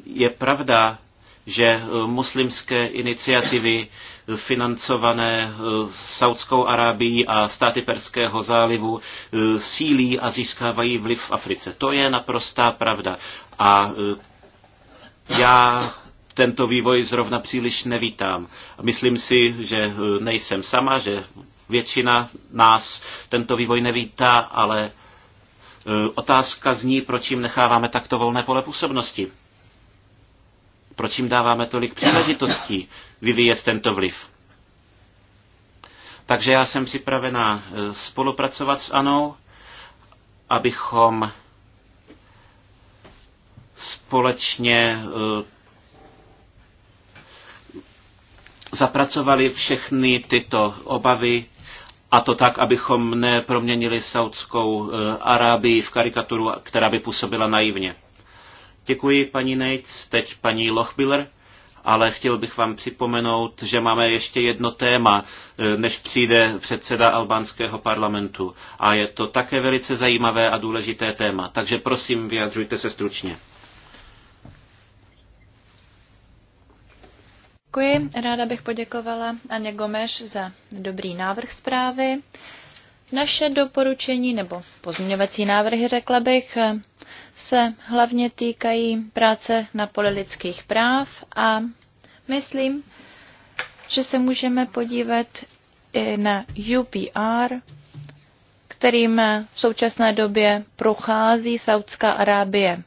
Je pravda, že eh, muslimské iniciativy eh, financované eh, Saudskou Arábií a státy Perského zálivu sílí a získávají vliv v Africe. To je naprostá pravda. A já tento vývoj zrovna příliš nevítám. Myslím si, že eh, nejsem sama, že většina nás tento vývoj nevítá, ale eh, otázka zní, proč jim necháváme takto volné pole působnosti. Proč jim dáváme tolik příležitostí vyvíjet tento vliv? Takže já jsem připravená eh, spolupracovat s Anou, abychom společně zapracovali všechny tyto obavy a to tak, abychom neproměnili Saudskou eh, Arábii v karikaturu, která by působila naivně. Děkuji paní Nates, teď paní Lochbiller, ale chtěl bych vám připomenout, že máme ještě jedno téma, eh, než přijde předseda albánského parlamentu. A je to také velice zajímavé a důležité téma. Takže prosím, vyjadřujte se stručně. Děkuji. Ráda bych poděkovala Aně Gomeš za dobrý návrh zprávy. Naše doporučení nebo pozměňovací návrhy, řekla bych, se hlavně týkají práce na poli lidských práv a myslím, že se můžeme podívat i na UPR, kterým v současné době prochází Saudská Arábie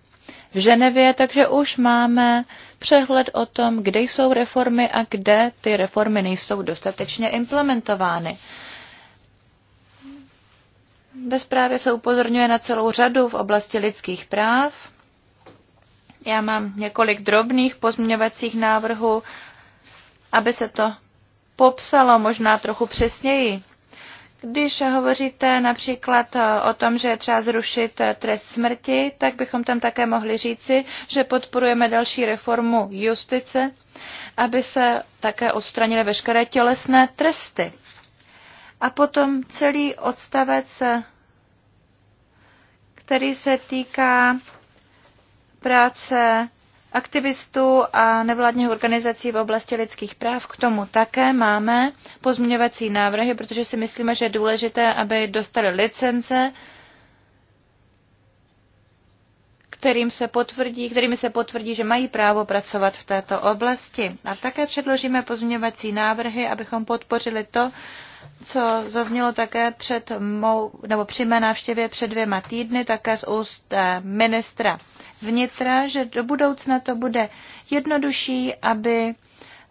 v Ženevě, takže už máme přehled o tom, kde jsou reformy a kde ty reformy nejsou dostatečně implementovány. Ve zprávě se upozorňuje na celou řadu v oblasti lidských práv. Já mám několik drobných pozměňovacích návrhů, aby se to popsalo možná trochu přesněji. Když hovoříte například eh, o tom, že je třeba zrušit eh, trest smrti, tak bychom tam také mohli říci, že podporujeme další reformu justice, aby se také odstranily veškeré tělesné tresty. A potom celý odstavec, eh, který se týká práce aktivistů a nevládních organizací v oblasti lidských práv. K tomu také máme pozměňovací návrhy, protože si myslíme, že je důležité, aby dostali licence, kterým se potvrdí, kterými se potvrdí, že mají právo pracovat v této oblasti. A také předložíme pozměňovací návrhy, abychom podpořili to, co zaznělo také před mou, nebo při mé návštěvě před dvěma týdny, také z úst eh, ministra vnitra, že do budoucna to bude jednodušší, aby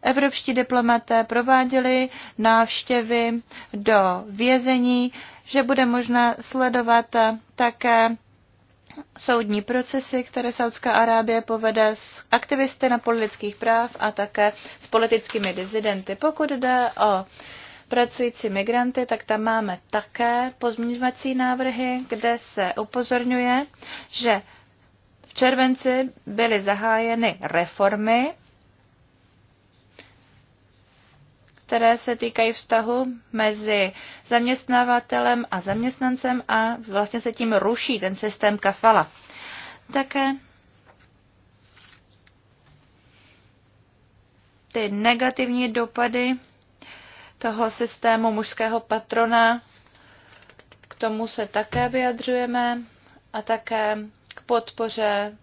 evropští diplomaté prováděli návštěvy do vězení, že bude možné sledovat eh, také soudní procesy, které Saudská Arábie povede s aktivisty na politických práv a také s politickými dizidenty. Pokud jde o pracující migranty, tak tam máme také pozměňovací návrhy, kde se upozorňuje, že v červenci byly zahájeny reformy, které se týkají vztahu mezi zaměstnavatelem a zaměstnancem a vlastně se tím ruší ten systém kafala. Také ty negativní dopady toho systému mužského patrona. K tomu se také vyjadřujeme a také k podpoře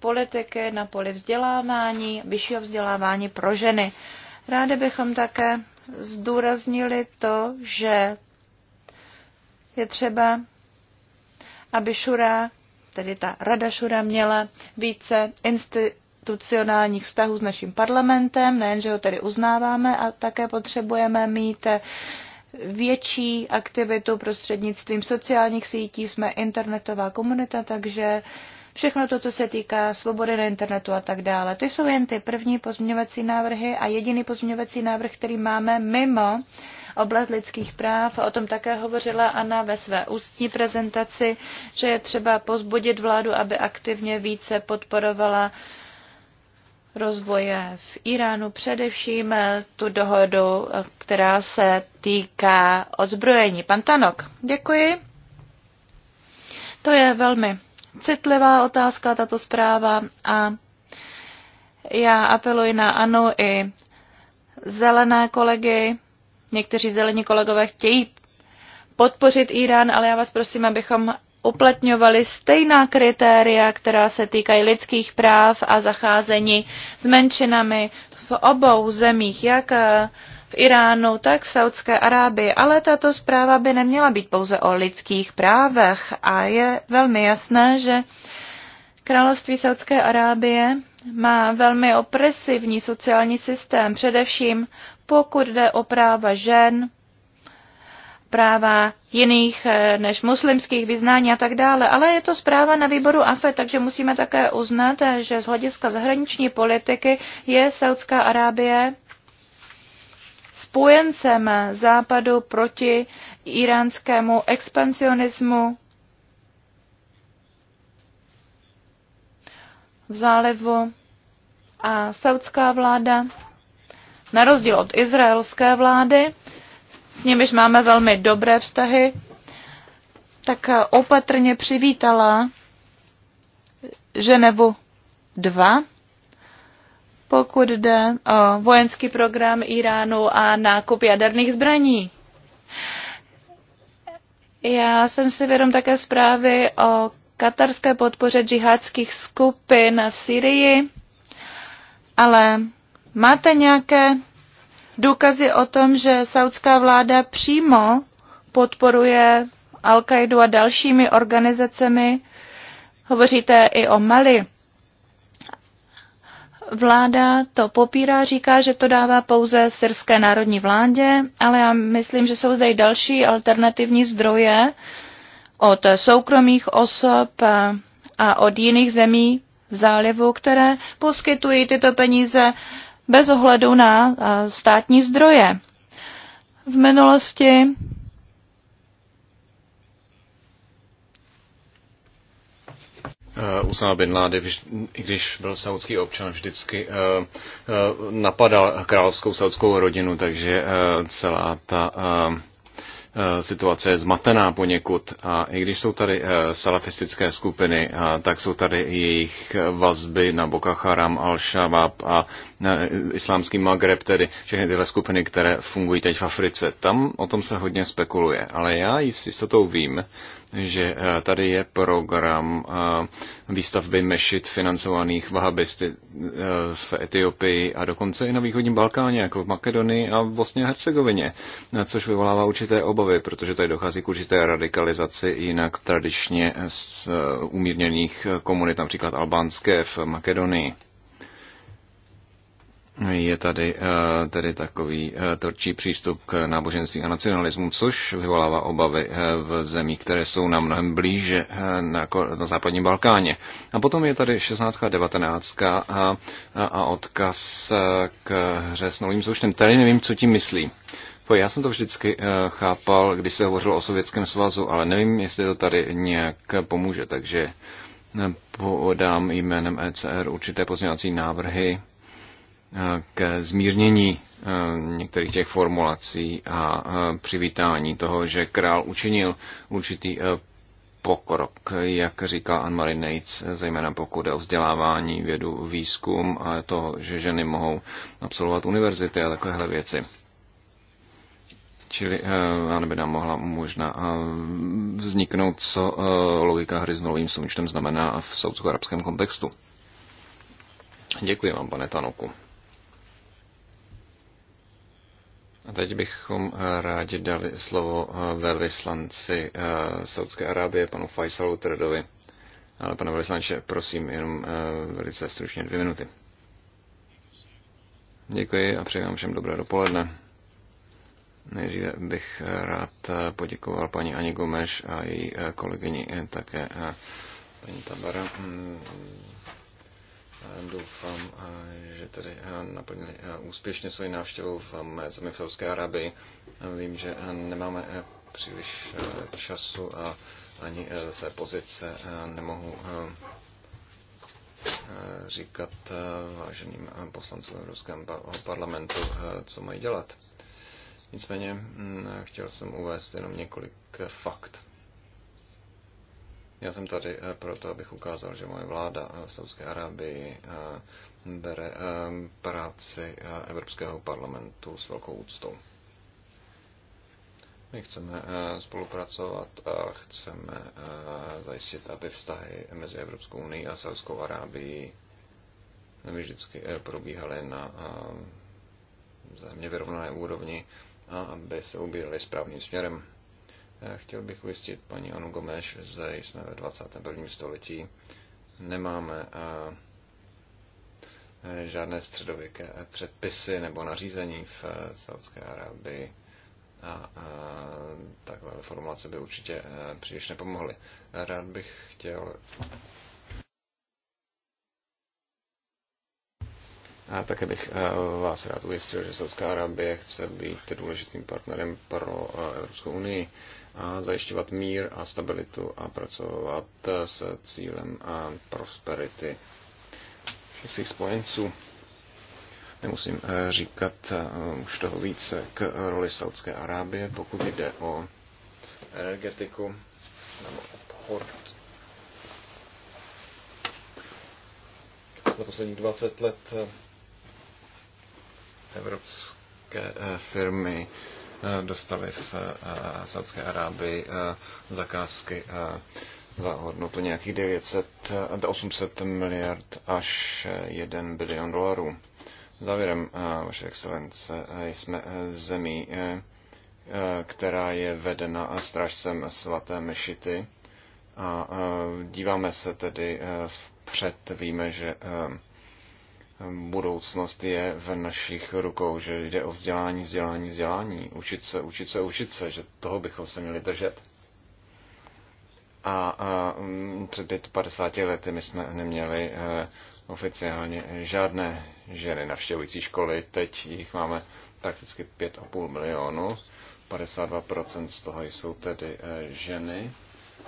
politiky na poli vzdělávání, vyššího vzdělávání pro ženy. Rádi bychom také zdůraznili to, že je třeba, aby Šura, tedy ta Rada Šura, měla více insti- institucionálních vztahů s naším parlamentem, nejenže ho tedy uznáváme a také potřebujeme mít větší aktivitu prostřednictvím sociálních sítí, jsme internetová komunita, takže všechno to, co se týká svobody na internetu a tak dále. To jsou jen ty první pozměňovací návrhy a jediný pozměňovací návrh, který máme mimo oblast lidských práv. O tom také hovořila Anna ve své ústní prezentaci, že je třeba pozbudit vládu, aby aktivně více podporovala rozvoje v Iránu, především eh, tu dohodu, eh, která se týká odzbrojení. Pan Tanok, děkuji. To je velmi citlivá otázka, tato zpráva a já apeluji na ANO i zelené kolegy. Někteří zelení kolegové chtějí podpořit Irán, ale já vás prosím, abychom uplatňovaly stejná kritéria, která se týkají lidských práv a zacházení s menšinami v obou zemích, jak eh, v Iránu, tak v Saudské Arábii. Ale tato zpráva by neměla být pouze o lidských právech a je velmi jasné, že Království Saudské Arábie má velmi opresivní sociální systém, především pokud jde o práva žen, práva jiných eh, než muslimských vyznání a tak dále. Ale je to zpráva na výboru AFE, takže musíme také uznat, eh, že z hlediska zahraniční politiky je Saudská Arábie spojencem západu proti iránskému expansionismu v zálivu a saudská vláda, na rozdíl od izraelské vlády, s nimiž máme velmi dobré vztahy, tak eh, opatrně přivítala Ženevu 2, pokud jde o vojenský program Iránu a nákup jaderných zbraní. Já jsem si vědom také zprávy o katarské podpoře džihadských skupin v Syrii, ale máte nějaké důkazy o tom, že saudská vláda přímo podporuje Al-Kaidu a dalšími organizacemi. Hovoříte i o Mali. Vláda to popírá, říká, že to dává pouze syrské národní vládě, ale já myslím, že jsou zde i další alternativní zdroje od soukromých osob a od jiných zemí v zálivu, které poskytují tyto peníze bez ohledu na státní zdroje. V minulosti eh, Usama bin Laden, i když byl saudský občan, vždycky eh, eh, napadal královskou saudskou rodinu, takže celá ta situace je zmatená poněkud. A i když jsou tady salafistické skupiny, tak jsou tady jejich vazby na Boko Haram, al shabaab a Eh, islámský Magreb, tedy všechny tyhle skupiny, které fungují teď v Africe. Tam o tom se hodně spekuluje, ale já s jistotou vím, že eh, tady je program eh, výstavby mešit financovaných vahabisty v Etiopii a dokonce i na východním Balkáně, jako v Makedonii a v Bosně a Hercegovině, což vyvolává určité obavy, protože tady dochází k určité radikalizaci jinak tradičně z umírněných komunit, například albánské v Makedonii je tady eh, tedy takový eh, tvrdší přístup k náboženství a nacionalismu, což vyvolává obavy eh, v zemích, které jsou nám mnohem blíže na, na západním Balkáně. A potom je tady 16. a 19. a, a odkaz k hře s novým součtem. Tady nevím, co tím myslí. Já jsem to vždycky chápal, když se hovořilo o Sovětském svazu, ale nevím, jestli to tady nějak pomůže, takže podám jménem ECR určité pozměňovací návrhy k zmírnění eh, některých těch formulací a eh, přivítání toho, že král učinil určitý eh, pokrok, jak říká Anne-Marie Nates, zejména pokud je o vzdělávání, vědu, výzkum a to, že ženy mohou absolvovat univerzity a takovéhle věci. Čili uh, by nám mohla možná vzniknout, co logika hry s novým součtem znamená v soudsko-arabském kontextu. Děkuji vám, pane Tanoku. A teď bychom eh, rádi dali slovo eh, velvyslanci eh, Saudské Arábie, panu Faisalu Tredovi. Ale pane velvyslanče, prosím, jenom velice stručně dvě minuty. Děkuji a přeji vám všem dobré dopoledne. Nejdříve bych rád poděkoval paní Ani Gomeš a její kolegyni také paní Tabara Doufám, že tedy naplnili úspěšně svoji návštěvu v mé zemi v Saudské Arabii. Vím, že nemáme e, příliš e, času a ani e, své pozice nemohu říkat váženým poslancům Evropského parlamentu, co mají dělat. Nicméně chtěl jsem uvést jenom několik fakt. Já jsem tady eh, proto, abych ukázal, že moje vláda eh, v Saudské Arábii eh, bere práci Evropského parlamentu s velkou úctou. My chceme spolupracovat a chceme zajistit, aby vztahy mezi Evropskou unii a Saudskou Arábií vždycky probíhaly na vzájemně vyrovnané úrovni a aby se ubíraly správným směrem. Chtěl bych ujistit paní Anu Gomeš, že jsme ve 21. století. Nemáme eh, žádné středověké předpisy nebo nařízení v eh, Saudské Arábii a, a takové formulace by určitě eh, příliš nepomohly. Rád bych chtěl A také bych eh, vás rád ujistil, že Saudská Arábie chce být důležitým partnerem pro eh, Evropskou unii a zajišťovat mír a stabilitu a pracovat eh, s cílem a prosperity všech svých spojenců. Nemusím říkat už toho více k roli Saudské Arábie, pokud jde o energetiku nebo obchod. Za posledních 20 let Evropské eh, firmy eh, dostaly v eh, Saudské Arábii zakázky za hodnotu nějakých 900, 800 miliard až 1 bilion dolarů. Závěrem, vaše excelence, jsme zemí, která je vedena strážcem svaté Mešity a díváme se tedy vpřed, víme, že budoucnost je v našich rukou, že jde o vzdělání, vzdělání, vzdělání, učit se, učit se, učit se, že toho bychom se měli držet. A, a mm, před 50 lety my jsme neměli e, oficiálně žádné ženy navštěvující školy, teď jich máme prakticky 5,5 milionu, 52% z toho jsou tedy e, ženy.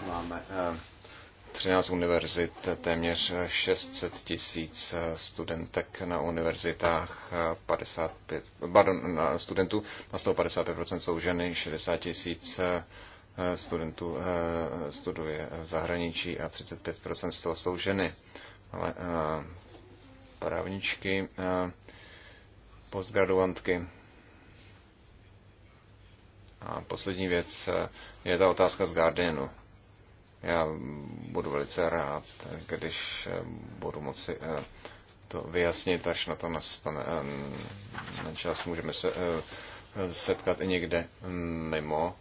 Máme e, 13 univerzit, téměř 600 tisíc eh, studentek na univerzitách, 55, eh, pardon, na studentů, na 155 jsou ženy, 60 tisíc eh, studentů studuje v zahraničí a 35% z toho jsou ženy. Ale právničky, postgraduantky. A poslední věc je ta otázka z Guardianu já budu velice rád, když eh, budu moci eh, to vyjasnit, až na to nastane eh, na čas. Můžeme se setkat i někde mm, mimo,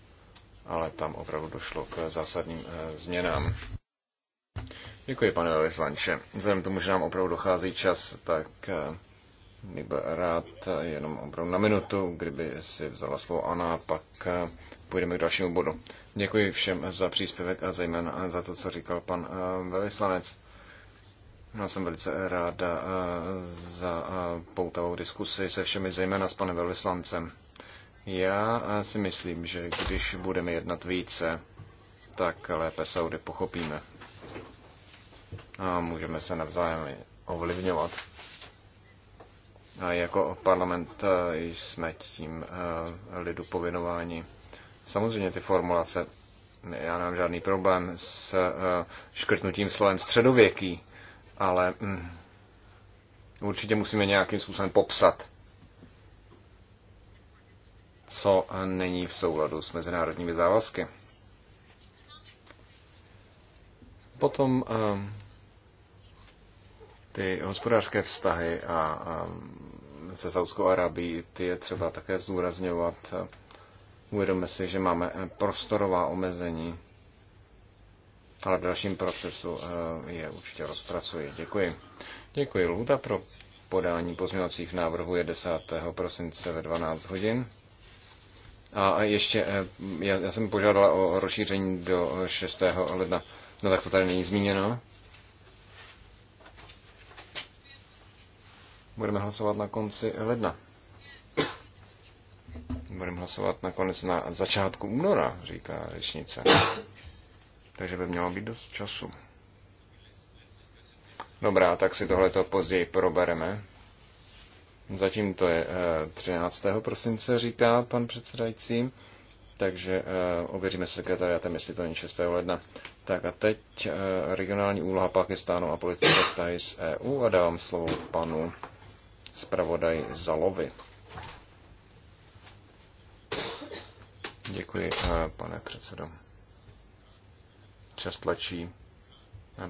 ale tam opravdu došlo k zásadním změnám. Děkuji, pane vyslanče. Vzhledem tomu, že nám opravdu dochází čas, tak bych byl rád jenom opravdu na minutu, kdyby si vzala slovo Ana, pak půjdeme k dalšímu bodu. Děkuji všem za příspěvek a zejména za to, co říkal pan eh, velvyslanec. Já jsem velice ráda eh, za eh, poutavou diskusi se všemi, zejména s panem velvyslancem. Já si myslím, že když budeme jednat více, tak lépe Saudy pochopíme. A můžeme se navzájem ovlivňovat. A jako parlament e, jsme tím e, lidu povinováni. Samozřejmě ty formulace, já nemám žádný problém s e, škrtnutím slovem středověký, ale mm, určitě musíme nějakým způsobem popsat, co není v souladu s mezinárodními závazky. Potom ty hospodářské vztahy a, a se Saudskou Arabií, ty je třeba také zdůrazňovat. Uvědomme si, že máme eh, prostorová omezení, ale v dalším procesu eh, je určitě rozpracuji. Děkuji. Děkuji. Lhuta pro podání pozměňovacích návrhů je 10. prosince ve 12 hodin. A ještě, eh, já, já jsem požádala o rozšíření do 6. ledna. No tak to tady není zmíněno. Budeme hlasovat na konci ledna. Budeme hlasovat nakonec na začátku února, říká řečnice. Takže by mělo být dost času. Dobrá, tak si tohleto později probereme. Zatím to je 13. Eh, prosince, říká pan předsedající, takže eh, ověříme se sekretariatem, jestli to není 6. ledna. Tak a teď eh, regionální úloha Pakistánu a politické vztahy s EU a dávám slovo panu zpravodaj Zalovi. Děkuji, eh, pane předsedo. Čas tlačí,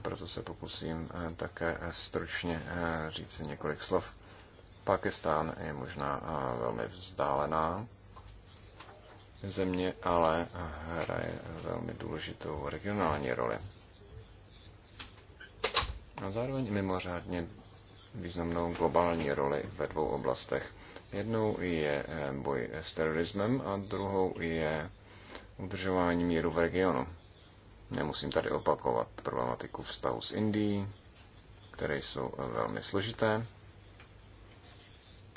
proto se pokusím eh, také eh, stručně říct několik slov. Pakistán je možná velmi vzdálená země, ale hraje velmi důležitou regionální roli. A zároveň mimořádně významnou globální roli ve dvou oblastech. Jednou je eh, boj s terorismem a druhou je udržování míru v regionu. Nemusím tady opakovat problematiku vztahu s Indií, které jsou eh, velmi složité,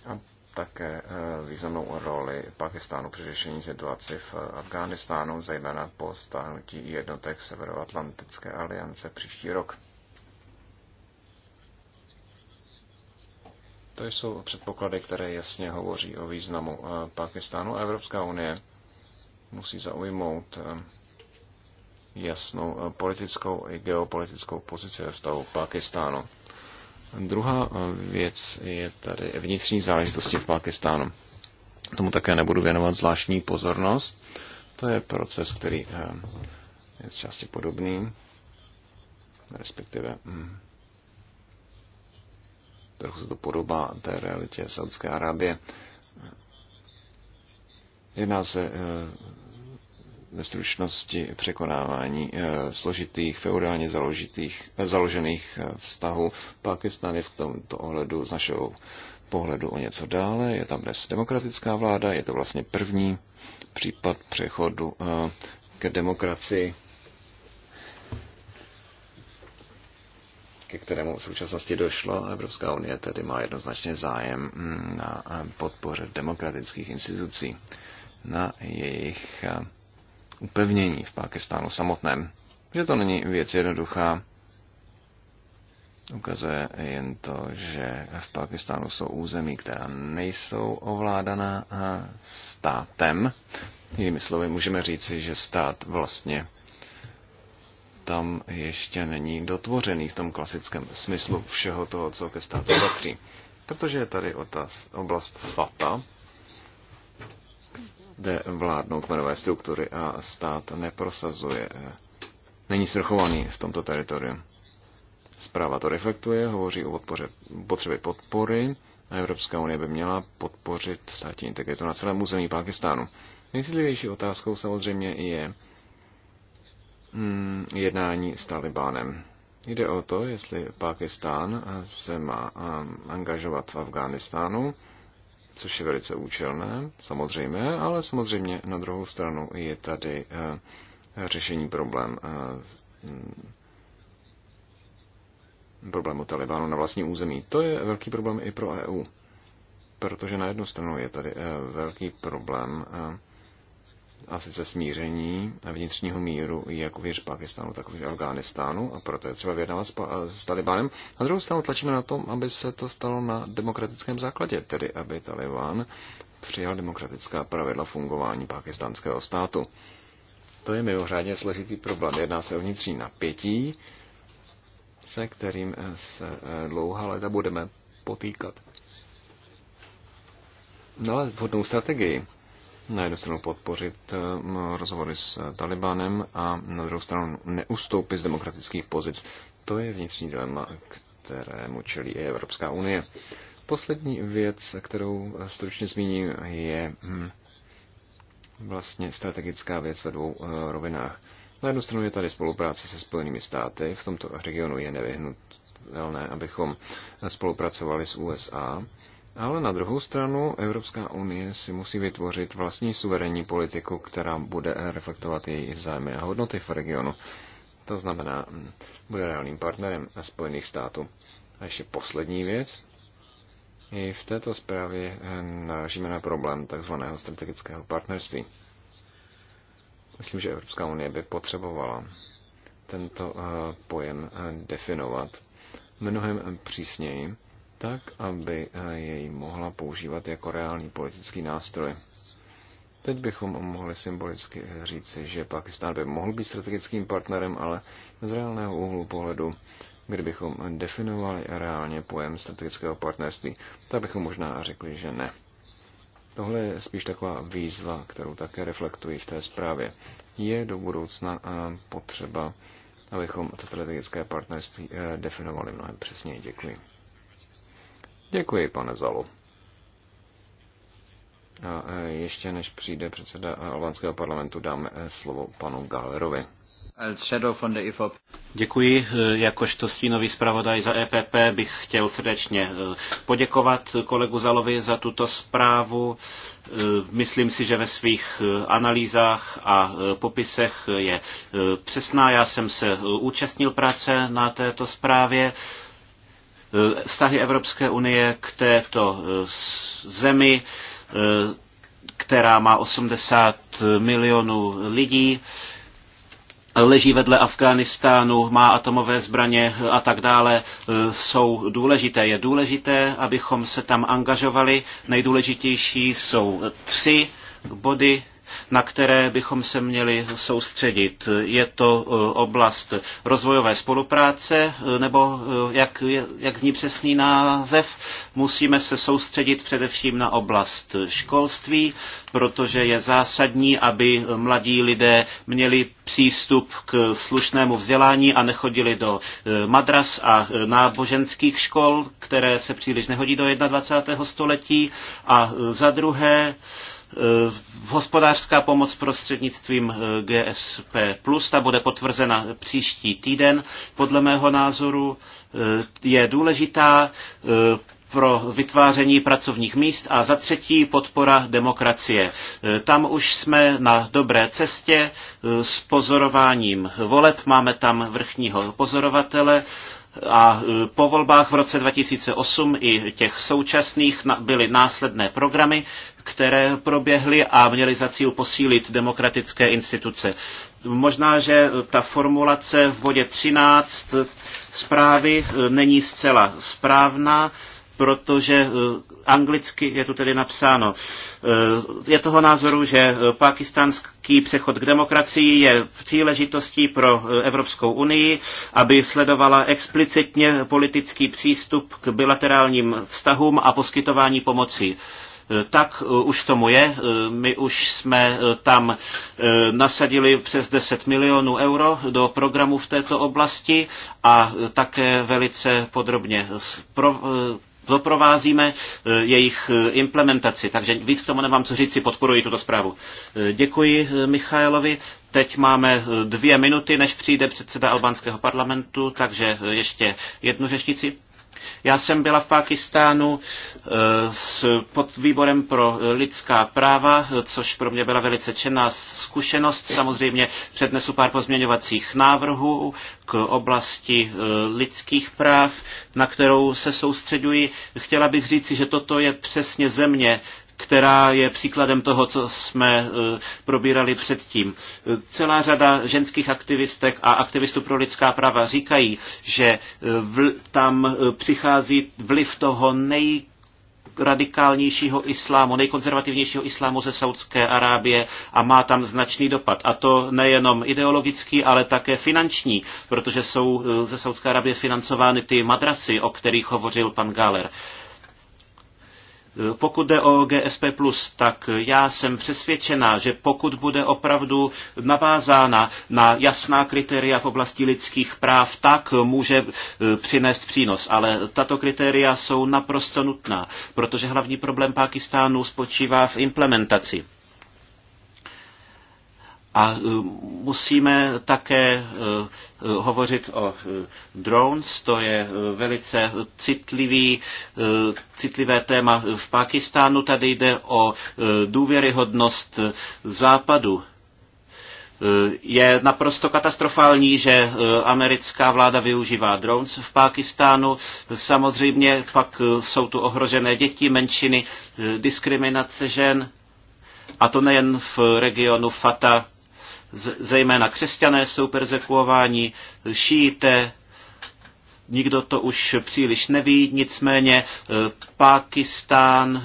a také eh, významnou roli Pakistánu při řešení situaci v Afghánistánu, zejména po stáhnutí jednotek Severoatlantické aliance příští rok. To jsou předpoklady, které jasně hovoří o významu eh, Pakistánu a Evropská unie musí zaujmout eh, jasnou eh, politickou i geopolitickou pozici ve vztahu Pakistánu. Druhá věc je tady vnitřní záležitosti v Pakistánu. Tomu také nebudu věnovat zvláštní pozornost. To je proces, který je z části podobný, respektive hm, trochu se to podobá té realitě Saudské Arábie. Jedná se eh, ve stručnosti překonávání eh, složitých, feudálně založitých, eh, založených vztahů. Pakistan je v tomto ohledu z našeho pohledu o něco dále. Je tam dnes demokratická vláda, je to vlastně první případ přechodu k demokracii ke kterému v současnosti došlo. Evropská unie tedy má jednoznačně zájem mm, na eh, podpoře demokratických institucí, na jejich eh, upevnění v Pákistánu samotném. Že to není věc jednoduchá, ukazuje jen to, že v Pakistánu jsou území, která nejsou ovládaná eh, státem. Jinými slovy, můžeme říci, že stát vlastně tam ještě není dotvořený v tom klasickém smyslu všeho toho, co ke státu patří. Protože je tady otaz, oblast FATA, kde vládnou kmenové struktury a stát neprosazuje, eh, není svrchovaný v tomto teritoriu. Zpráva to reflektuje, hovoří o podpoře, potřebě podpory a Evropská unie by měla podpořit státní integritu na celém území Pákistánu. Nejcitlivější otázkou samozřejmě je, Hmm, jednání s Talibánem. Jde o to, jestli Pákistán se má um, angažovat v Afghánistánu, což je velice účelné, samozřejmě, ale samozřejmě na druhou stranu je tady eh, řešení problém eh, hmm, problému Talibánu na vlastní území. To je velký problém i pro EU, protože na jednu stranu je tady eh, velký problém a sice smíření a vnitřního míru jak uvnitř Pakistánu, tak uvnitř Afghánistánu a proto je třeba vyjednávat s, s Talibánem. Na druhou stranu tlačíme na tom, aby se to stalo na demokratickém základě, tedy aby Taliban přijal demokratická pravidla fungování pakistánského státu. To je mimořádně složitý problém. Jedná se o vnitřní napětí, se kterým eh, se eh, dlouhá léta budeme potýkat. Nalézt no, vhodnou strategii na jednu stranu podpořit eh, rozhovory s eh, Talibanem a na druhou stranu neustoupit z demokratických pozic. To je vnitřní dilema, kterému čelí i Evropská unie. Poslední věc, kterou stručně zmíním, je hm, vlastně strategická věc ve dvou eh, rovinách. Na jednu stranu je tady spolupráce se Spojenými státy. V tomto regionu je nevyhnutelné, abychom spolupracovali s USA ale na druhou stranu Evropská unie si musí vytvořit vlastní suverénní politiku, která bude reflektovat její zájmy a hodnoty v regionu. To znamená, hm, bude reálným partnerem Spojených států. A ještě poslední věc. I v této zprávě hm, narážíme na problém takzvaného strategického partnerství. Myslím, že Evropská unie by potřebovala tento eh, pojem eh, definovat mnohem přísněji tak, aby eh, jej mohla používat jako reálný politický nástroj. Teď bychom mohli symbolicky eh, říci, že Pakistán by mohl být strategickým partnerem, ale z reálného úhlu pohledu, kdybychom definovali reálně pojem strategického partnerství, tak bychom možná řekli, že ne. Tohle je spíš taková výzva, kterou také reflektuji v té zprávě. Je do budoucna eh, potřeba, abychom to strategické partnerství definovali mnohem přesněji. Děkuji. Děkuji, pane Zalu. A e, ještě než přijde předseda e, albánského parlamentu, dáme slovo panu Gallerovi. Děkuji. E, jakožto stínový zpravodaj za EPP bych chtěl srdečně poděkovat kolegu Zalovi za tuto zprávu. Myslím si, že ve svých analýzách a popisech je přesná. Já jsem se účastnil práce na této zprávě. Eh, vztahy Evropské unie k této eh, zemi, eh, která má 80 milionů lidí, leží vedle Afghánistánu, má atomové zbraně a tak dále, jsou důležité. Je důležité, abychom se tam angažovali. Nejdůležitější jsou tři body na které bychom se měli soustředit. Je to e, oblast rozvojové spolupráce, e, nebo e, jak, jak zní přesný název, musíme se soustředit především na oblast školství, protože je zásadní, aby mladí lidé měli přístup k slušnému vzdělání a nechodili do madras a náboženských škol, které se příliš nehodí do 21. století. A za druhé, Eh, hospodářská pomoc prostřednictvím eh, GSP+, plus, ta bude potvrzena příští týden. Podle mého názoru eh, je důležitá pro vytváření pracovních míst a za třetí podpora demokracie. Tam už jsme na dobré cestě s pozorováním voleb, máme tam vrchního pozorovatele a e, po volbách v roce 2008 i těch současných byly následné programy, které proběhly a měly za cíl posílit demokratické instituce. Možná, že ta formulace v bodě 13 zprávy e, není zcela správná protože eh, anglicky je tu tedy napsáno. Eh, je toho názoru, že eh, pakistánský přechod k demokracii je příležitostí pro Evropskou unii, aby sledovala explicitně politický přístup k bilaterálním vztahům a poskytování pomoci tak už tomu je. My už jsme tam nasadili přes 10 milionů euro do programu v této oblasti a také velice podrobně doprovázíme eh, jejich eh, implementaci. Takže víc k tomu nemám co říct, si podporuji tuto zprávu. Eh, děkuji Michailovi. Teď máme dvě minuty, než přijde předseda albánského parlamentu, takže ještě jednu řešnici. Já jsem byla v Pakistánu eh, s podvýborem pro lidská práva, což pro mě byla velice černá zkušenost. Samozřejmě přednesu pár pozměňovacích návrhů k oblasti eh, lidských práv, na kterou se soustředuji. Chtěla bych říci, že toto je přesně země, která je příkladem toho, co jsme eh, probírali předtím. Celá řada ženských aktivistek a aktivistů pro lidská práva říkají, že eh, vl- tam eh, přichází vliv toho nej radikálnějšího islámu, nejkonzervativnějšího islámu ze Saudské Arábie a má tam značný dopad. A to nejenom ideologický, ale také finanční, protože jsou ze Saudské Arábie financovány ty madrasy, o kterých hovořil pan Galer. Uh, pokud jde o GSP+, tak já jsem přesvědčená, že pokud bude opravdu navázána na jasná kritéria v oblasti lidských práv, tak může eh, přinést přínos. Ale tato kritéria jsou naprosto nutná, protože hlavní problém Pákistánu spočívá v implementaci. A e, musíme také e, e, hovořit o drones, to je velice citlivý, citlivé téma v Pakistánu. Tady jde o důvěryhodnost západu je naprosto katastrofální, že americká vláda využívá drones v Pákistánu. Samozřejmě pak jsou tu ohrožené děti, menšiny, diskriminace žen. A to nejen v regionu Fata, zejména křesťané jsou persekuováni, šíité, nikdo to už příliš neví, nicméně e, Pákistán e,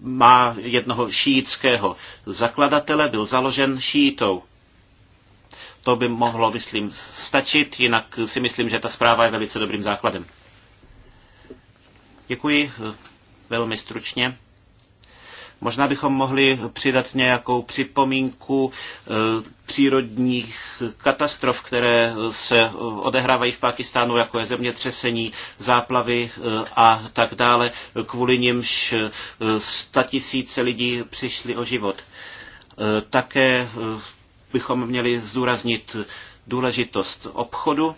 má jednoho šíjického zakladatele, byl založen šítou. To by mohlo, myslím, stačit, jinak si myslím, že ta zpráva je velice dobrým základem. Děkuji e, velmi stručně. Možná bychom mohli přidat nějakou připomínku eh, přírodních katastrof, které eh, se eh, odehrávají v Pakistánu, jako je zemětřesení, záplavy a tak dále. Kvůli nimž tisíce lidí přišli o život. Také bychom měli zdůraznit důležitost obchodu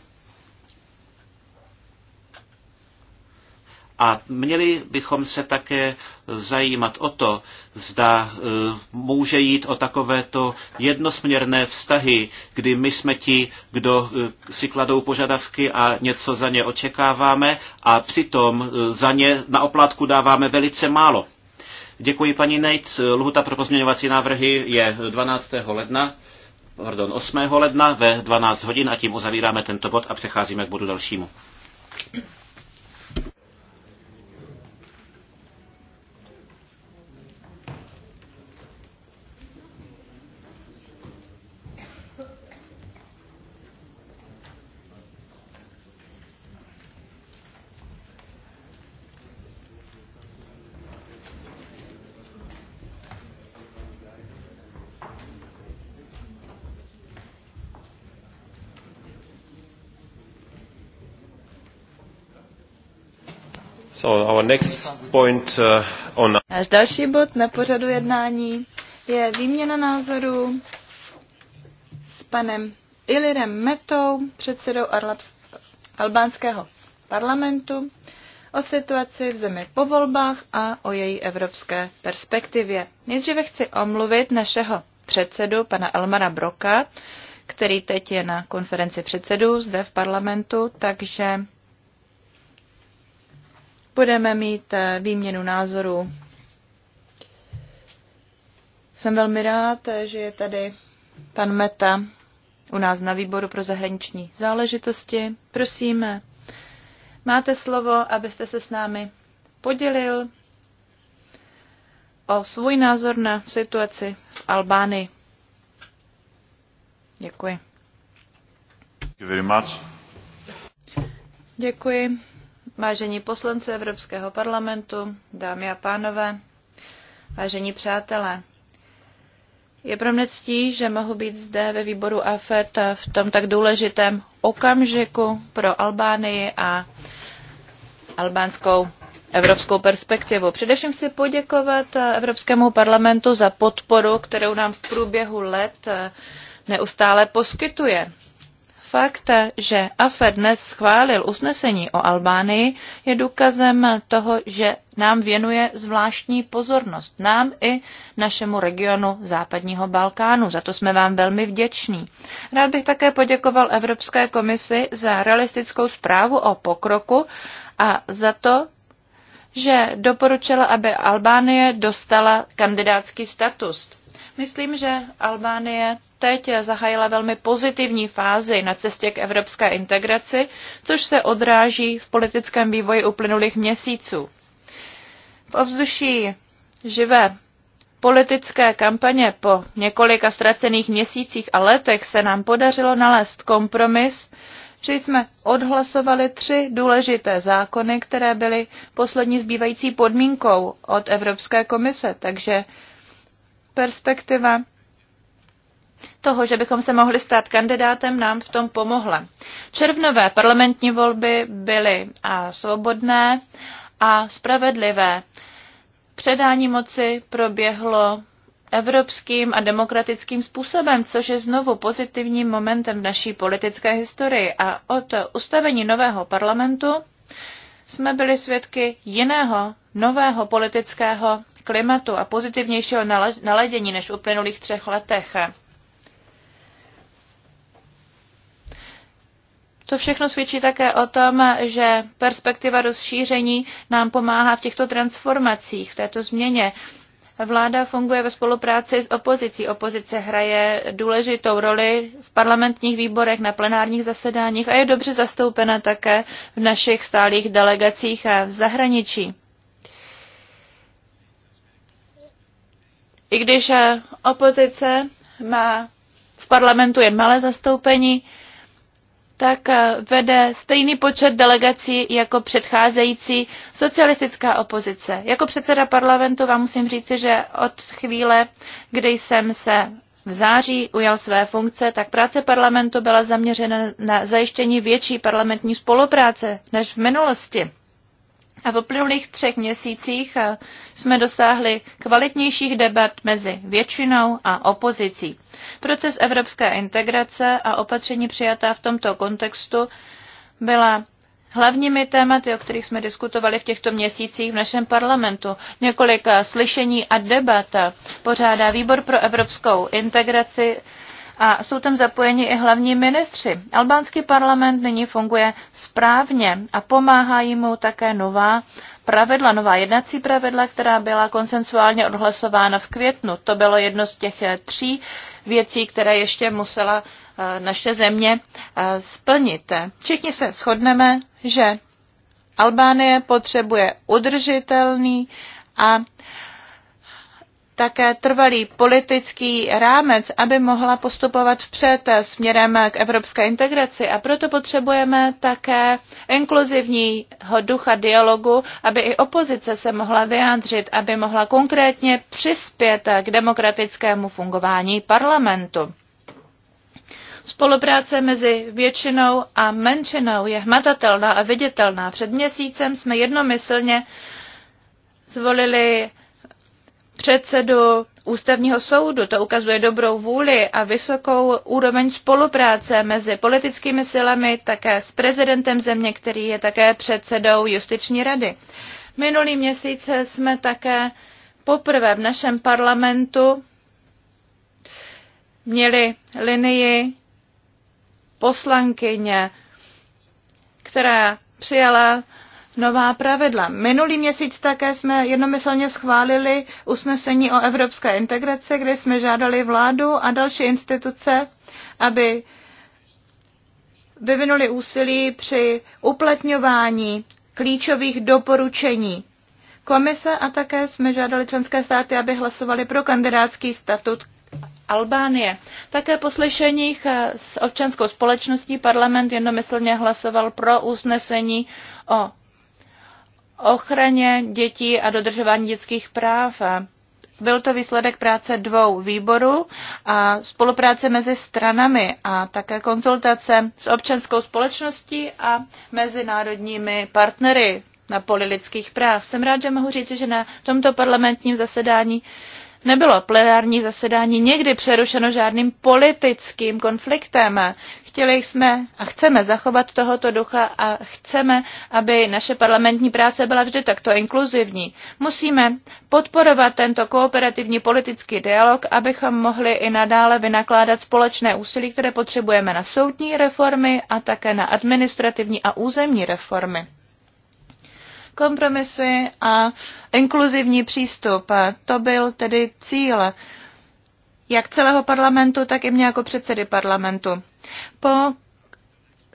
A měli bychom se také zajímat o to, zda e, může jít o takovéto jednosměrné vztahy, kdy my jsme ti, kdo e, si kladou požadavky a něco za ně očekáváme a přitom e, za ně na oplátku dáváme velice málo. Děkuji paní Nejc. Lhuta pro pozměňovací návrhy je 12. ledna, pardon, 8. ledna ve 12 hodin a tím uzavíráme tento bod a přecházíme k bodu dalšímu. So our next point, uh, on... Až další bod na pořadu jednání je výměna názorů s panem Ilirem Metou, předsedou Arlaps- albánského parlamentu, o situaci v zemi po volbách a o její evropské perspektivě. Nejdříve chci omluvit našeho předsedu, pana Elmara Broka, který teď je na konferenci předsedů zde v parlamentu, takže budeme mít eh, výměnu názorů. Jsem velmi rád, eh, že je tady pan Meta u nás na výboru pro zahraniční záležitosti. Prosíme, eh, máte slovo, abyste se s námi podělil o svůj názor na situaci v Albánii. Děkuji. Děkuji. Vážení poslanci Evropského parlamentu, dámy a pánové, vážení přátelé, je pro mě ctí, že mohu být zde ve výboru AFET v tom tak důležitém okamžiku pro Albánii a albánskou evropskou perspektivu. Především chci poděkovat Evropskému parlamentu za podporu, kterou nám v průběhu let neustále poskytuje. Fakt, že AFE dnes schválil usnesení o Albánii, je důkazem toho, že nám věnuje zvláštní pozornost, nám i našemu regionu západního Balkánu. Za to jsme vám velmi vděční. Rád bych také poděkoval Evropské komisi za realistickou zprávu o pokroku a za to, že doporučila, aby Albánie dostala kandidátský status. Myslím, že Albánie teď zahájila velmi pozitivní fázi na cestě k evropské integraci, což se odráží v politickém vývoji uplynulých měsíců. V ovzduší živé politické kampaně po několika ztracených měsících a letech se nám podařilo nalézt kompromis, že jsme odhlasovali tři důležité zákony, které byly poslední zbývající podmínkou od Evropské komise, takže perspektiva toho, že bychom se mohli stát kandidátem, nám v tom pomohla. Červnové parlamentní volby byly a svobodné a spravedlivé. Předání moci proběhlo evropským a demokratickým způsobem, což je znovu pozitivním momentem v naší politické historii. A od ustavení nového parlamentu jsme byli svědky jiného, nového politického klimatu a pozitivnějšího naladění než v uplynulých třech letech. To všechno svědčí také o tom, že perspektiva rozšíření nám pomáhá v těchto transformacích, v této změně. Vláda funguje ve spolupráci s opozicí. Opozice hraje důležitou roli v parlamentních výborech, na plenárních zasedáních a je dobře zastoupena také v našich stálých delegacích a v zahraničí. I když eh, opozice má v parlamentu jen malé zastoupení, tak eh, vede stejný počet delegací jako předcházející socialistická opozice. Jako předseda parlamentu vám musím říci, že od chvíle, kdy jsem se v září ujal své funkce, tak práce parlamentu byla zaměřena na zajištění větší parlamentní spolupráce než v minulosti. A v uplynulých třech měsících eh, jsme dosáhli kvalitnějších debat mezi většinou a opozicí. Proces evropské integrace a opatření přijatá v tomto kontextu byla hlavními tématy, o kterých jsme diskutovali v těchto měsících v našem parlamentu. Několik eh, slyšení a debat eh, pořádá Výbor pro evropskou integraci a jsou tam zapojeni i hlavní ministři. Albánský parlament nyní funguje správně a pomáhá mu také nová pravidla, nová jednací pravidla, která byla konsensuálně odhlasována v květnu. To bylo jedno z těch eh, tří věcí, které ještě musela eh, naše země eh, splnit. Všichni se shodneme, že Albánie potřebuje udržitelný a také trvalý politický rámec, aby mohla postupovat vpřed směrem k evropské integraci. A proto potřebujeme také inkluzivního ducha dialogu, aby i opozice se mohla vyjádřit, aby mohla konkrétně přispět k demokratickému fungování parlamentu. Spolupráce mezi většinou a menšinou je hmatatelná a viditelná. Před měsícem jsme jednomyslně zvolili předsedu ústavního soudu. To ukazuje dobrou vůli a vysokou úroveň spolupráce mezi politickými silami, také s prezidentem země, který je také předsedou justiční rady. Minulý měsíc jsme také poprvé v našem parlamentu měli linii poslankyně, která přijala nová pravidla. Minulý měsíc také jsme jednomyslně schválili usnesení o evropské integraci, kde jsme žádali vládu a další instituce, aby vyvinuli úsilí při uplatňování klíčových doporučení komise a také jsme žádali členské státy, aby hlasovali pro kandidátský statut Albánie. Také po slyšeních eh, s občanskou společností parlament jednomyslně hlasoval pro usnesení o ochraně dětí a dodržování dětských práv. Byl to výsledek práce dvou výborů a spolupráce mezi stranami a také konzultace s občanskou společností a mezinárodními partnery na poli lidských práv. Jsem rád, že mohu říct, že na tomto parlamentním zasedání nebylo plenární zasedání někdy přerušeno žádným politickým konfliktem. Chtěli jsme a chceme zachovat tohoto ducha a chceme, aby naše parlamentní práce byla vždy takto inkluzivní. Musíme podporovat tento kooperativní politický dialog, abychom mohli i nadále vynakládat společné úsilí, které potřebujeme na soudní reformy a také na administrativní a územní reformy kompromisy a inkluzivní přístup. To byl tedy cíl jak celého parlamentu, tak i mě jako předsedy parlamentu. Po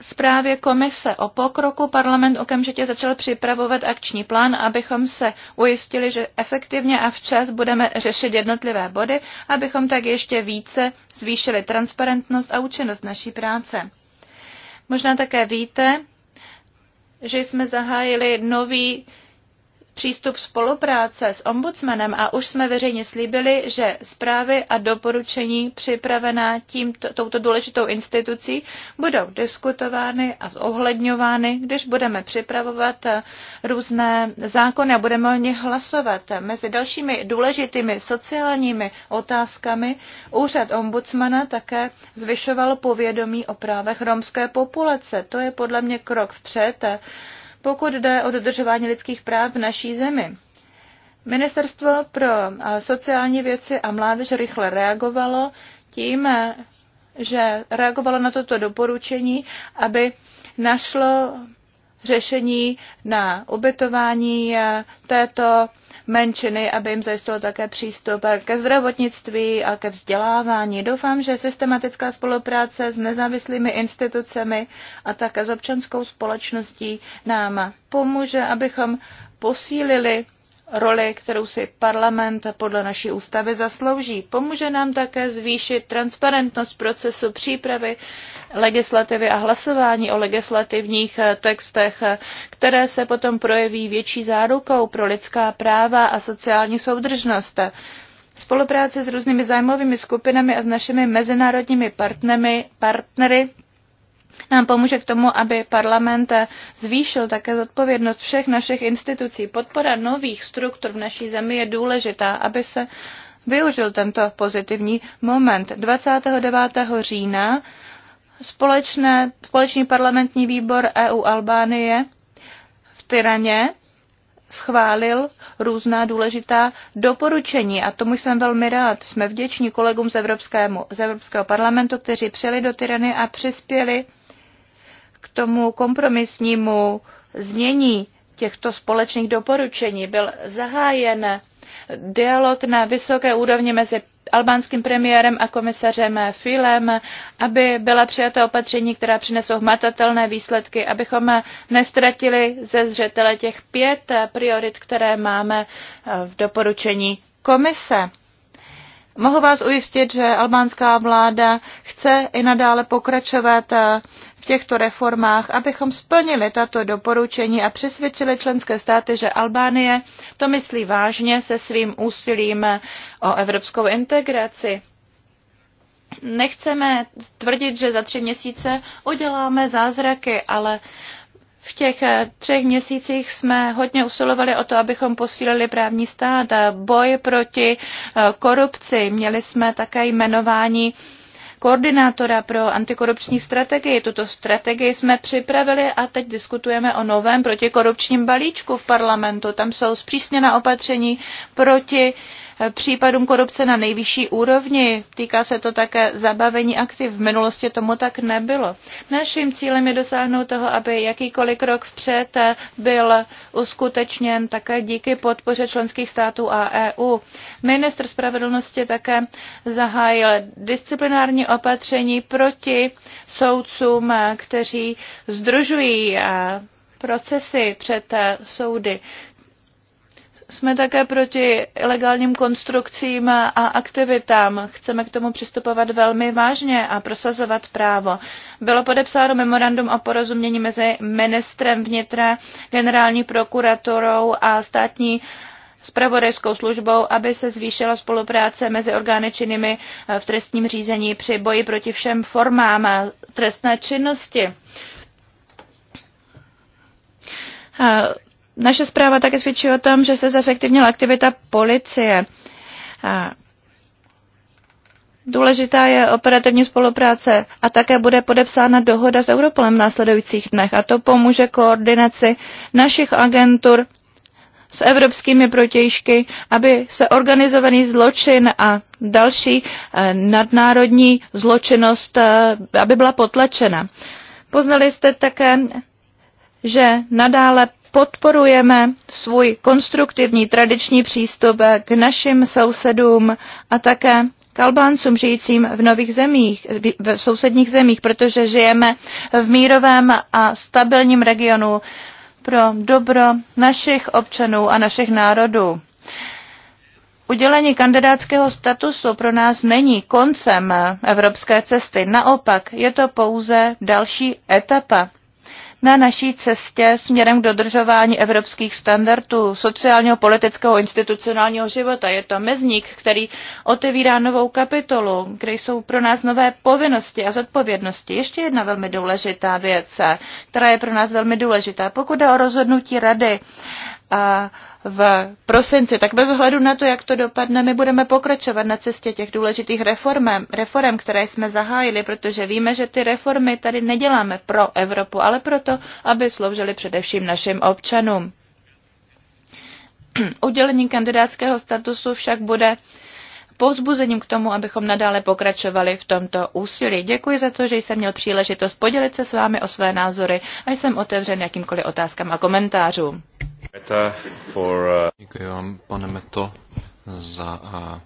zprávě komise o pokroku parlament okamžitě začal připravovat akční plán, abychom se ujistili, že efektivně a včas budeme řešit jednotlivé body, abychom tak ještě více zvýšili transparentnost a účinnost naší práce. Možná také víte, že jsme zahájili nový přístup spolupráce s ombudsmanem a už jsme veřejně slíbili, že zprávy a doporučení připravená tím, touto důležitou institucí budou diskutovány a zohledňovány, když budeme připravovat eh, různé zákony a budeme o nich hlasovat. Mezi dalšími důležitými sociálními otázkami úřad ombudsmana také zvyšoval povědomí o právech romské populace. To je podle mě krok vpřed pokud jde o dodržování lidských práv v naší zemi. Ministerstvo pro eh, sociální věci a mládež rychle reagovalo tím, eh, že reagovalo na toto doporučení, aby našlo řešení na ubytování eh, této menšiny, aby jim zajistilo také přístup ke zdravotnictví a ke vzdělávání. Doufám, že systematická spolupráce s nezávislými institucemi a také s občanskou společností nám pomůže, abychom posílili roli, kterou si parlament podle naší ústavy zaslouží. Pomůže nám také zvýšit transparentnost procesu přípravy legislativy a hlasování o legislativních textech, které se potom projeví větší zárukou pro lidská práva a sociální soudržnost. Spolupráce s různými zájmovými skupinami a s našimi mezinárodními partnery, partnery nám pomůže k tomu, aby parlament zvýšil také zodpovědnost všech našich institucí. Podpora nových struktur v naší zemi je důležitá, aby se využil tento pozitivní moment. 29. října společné, společný parlamentní výbor EU Albánie v Tyraně schválil různá důležitá doporučení a tomu jsem velmi rád. Jsme vděční kolegům z, Evropskému, z Evropského parlamentu, kteří přijeli do Tyrany a přispěli tomu kompromisnímu znění těchto společných doporučení byl zahájen dialog na vysoké úrovni mezi albánským premiérem a komisařem Filem, aby byla přijata opatření, která přinesou hmatatelné výsledky, abychom nestratili ze zřetele těch pět priorit, které máme v doporučení komise. Mohu vás ujistit, že albánská vláda chce i nadále pokračovat v těchto reformách, abychom splnili tato doporučení a přesvědčili členské státy, že Albánie to myslí vážně se svým úsilím o evropskou integraci. Nechceme tvrdit, že za tři měsíce uděláme zázraky, ale v těch eh, třech měsících jsme hodně usilovali o to, abychom posílili právní stát, boj proti eh, korupci. Měli jsme také jmenování koordinátora pro antikorupční strategii. Tuto strategii jsme připravili a teď diskutujeme o novém protikorupčním balíčku v parlamentu. Tam jsou zpřísněna opatření proti případům korupce na nejvyšší úrovni. Týká se to také zabavení aktiv. V minulosti tomu tak nebylo. Naším cílem je dosáhnout toho, aby jakýkoliv krok vpřed byl uskutečněn také díky podpoře členských států a EU. Ministr spravedlnosti také zahájil disciplinární opatření proti soudcům, kteří združují eh, procesy před eh, soudy. Jsme také proti ilegálním konstrukcím a aktivitám. Chceme k tomu přistupovat velmi vážně a prosazovat právo. Bylo podepsáno memorandum o porozumění mezi ministrem vnitra, generální prokuratorou a státní spravodajskou službou, aby se zvýšila spolupráce mezi orgány činnými eh, v trestním řízení při boji proti všem formám eh, trestné činnosti eh, naše zpráva také svědčí o tom, že se zefektivnila aktivita policie. Důležitá je operativní spolupráce a také bude podepsána dohoda s Europolem v následujících dnech a to pomůže koordinaci našich agentur s evropskými protějšky, aby se organizovaný zločin a další eh, nadnárodní zločinnost, eh, aby byla potlačena. Poznali jste také, že nadále podporujeme svůj konstruktivní tradiční přístup k našim sousedům a také k Albáncům žijícím v nových zemích, v sousedních zemích, protože žijeme v mírovém a stabilním regionu pro dobro našich občanů a našich národů. Udělení kandidátského statusu pro nás není koncem evropské cesty, naopak je to pouze další etapa na naší cestě směrem k dodržování evropských standardů sociálního, politického, institucionálního života. Je to mezník, který otevírá novou kapitolu, kde jsou pro nás nové povinnosti a zodpovědnosti. Ještě jedna velmi důležitá věc, která je pro nás velmi důležitá. Pokud jde o rozhodnutí rady v prosinci, tak bez ohledu na to, jak to dopadne, my budeme pokračovat na cestě těch důležitých reformem, reform, které jsme zahájili, protože víme, že ty reformy tady neděláme pro Evropu, ale proto, aby sloužily především našim občanům. Udělení kandidátského statusu však bude povzbuzením k tomu, abychom nadále pokračovali v tomto úsilí. Děkuji za to, že jsem měl příležitost podělit se s vámi o své názory a jsem otevřen jakýmkoliv otázkám a komentářům. Uh, Děkuji vám, pane Meto, za a, uh,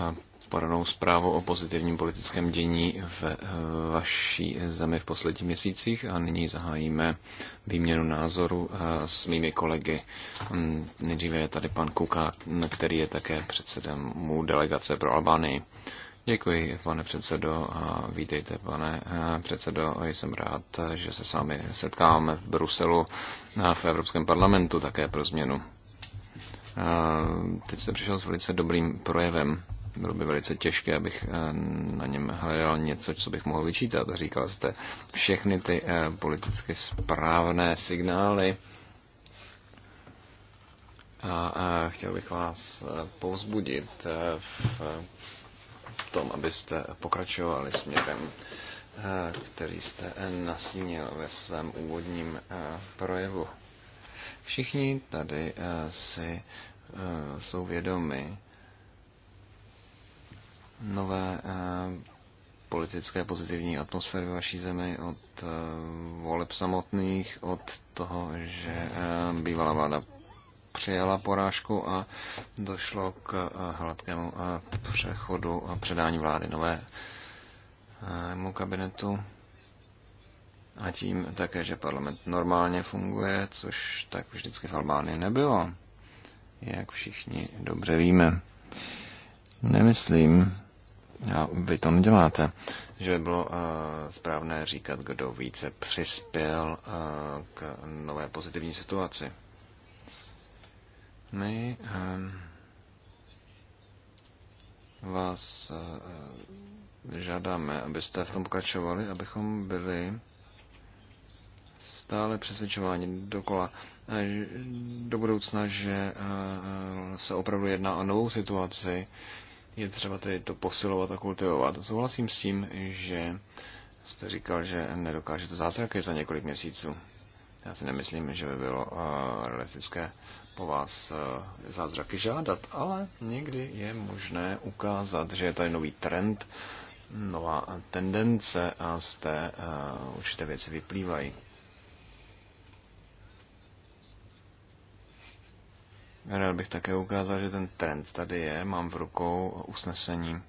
a uh, poranou zprávu o pozitivním politickém dění v vaší zemi v posledních měsících a nyní zahájíme výměnu názoru s mými kolegy. Mm, nejdříve je tady pan Kuka, který je také předsedem mu delegace pro Albánii. Děkuji, pane předsedo, a vítejte, pane eh, předsedo. Jsem rád, že se s vámi setkáme v Bruselu a v Evropském parlamentu také pro změnu. Eh, teď jste přišel s velice dobrým projevem. Bylo by velice těžké, abych eh, na něm hledal něco, co bych mohl vyčítat. Říkal jste všechny ty politicky správné signály. A chtěl bych vás povzbudit v tom, abyste pokračovali směrem, eh, který jste nasínil ve svém úvodním eh, projevu. Všichni tady eh, si jsou vědomi nové politické pozitivní atmosféry ve vaší zemi, od voleb samotných, od toho, že bývalá vláda přijala porážku a došlo k eh, hladkému eh, přechodu a předání vlády novému kabinetu. A tím také, že parlament normálně funguje, což tak vždycky v Albánii nebylo, jak všichni dobře víme. Nemyslím, a vy to neděláte, že by bylo uh, správné říkat, kdo více přispěl uh, k nové pozitivní situaci. My ehm, vás eh, žádáme, abyste v tom pokračovali, abychom byli stále přesvědčováni dokola eh, do budoucna, že eh, se opravdu jedná o novou situaci, je třeba tedy to posilovat a kultivovat. Souhlasím s tím, že jste říkal, že nedokážete zázraky za několik měsíců. Já si nemyslím, že by bylo uh, realistické po vás uh, zázraky žádat, ale někdy je možné ukázat, že je tady nový trend, nová tendence a z té uh, určité věci vyplývají. Rád bych také ukázal, že ten trend tady je. Mám v rukou usnesení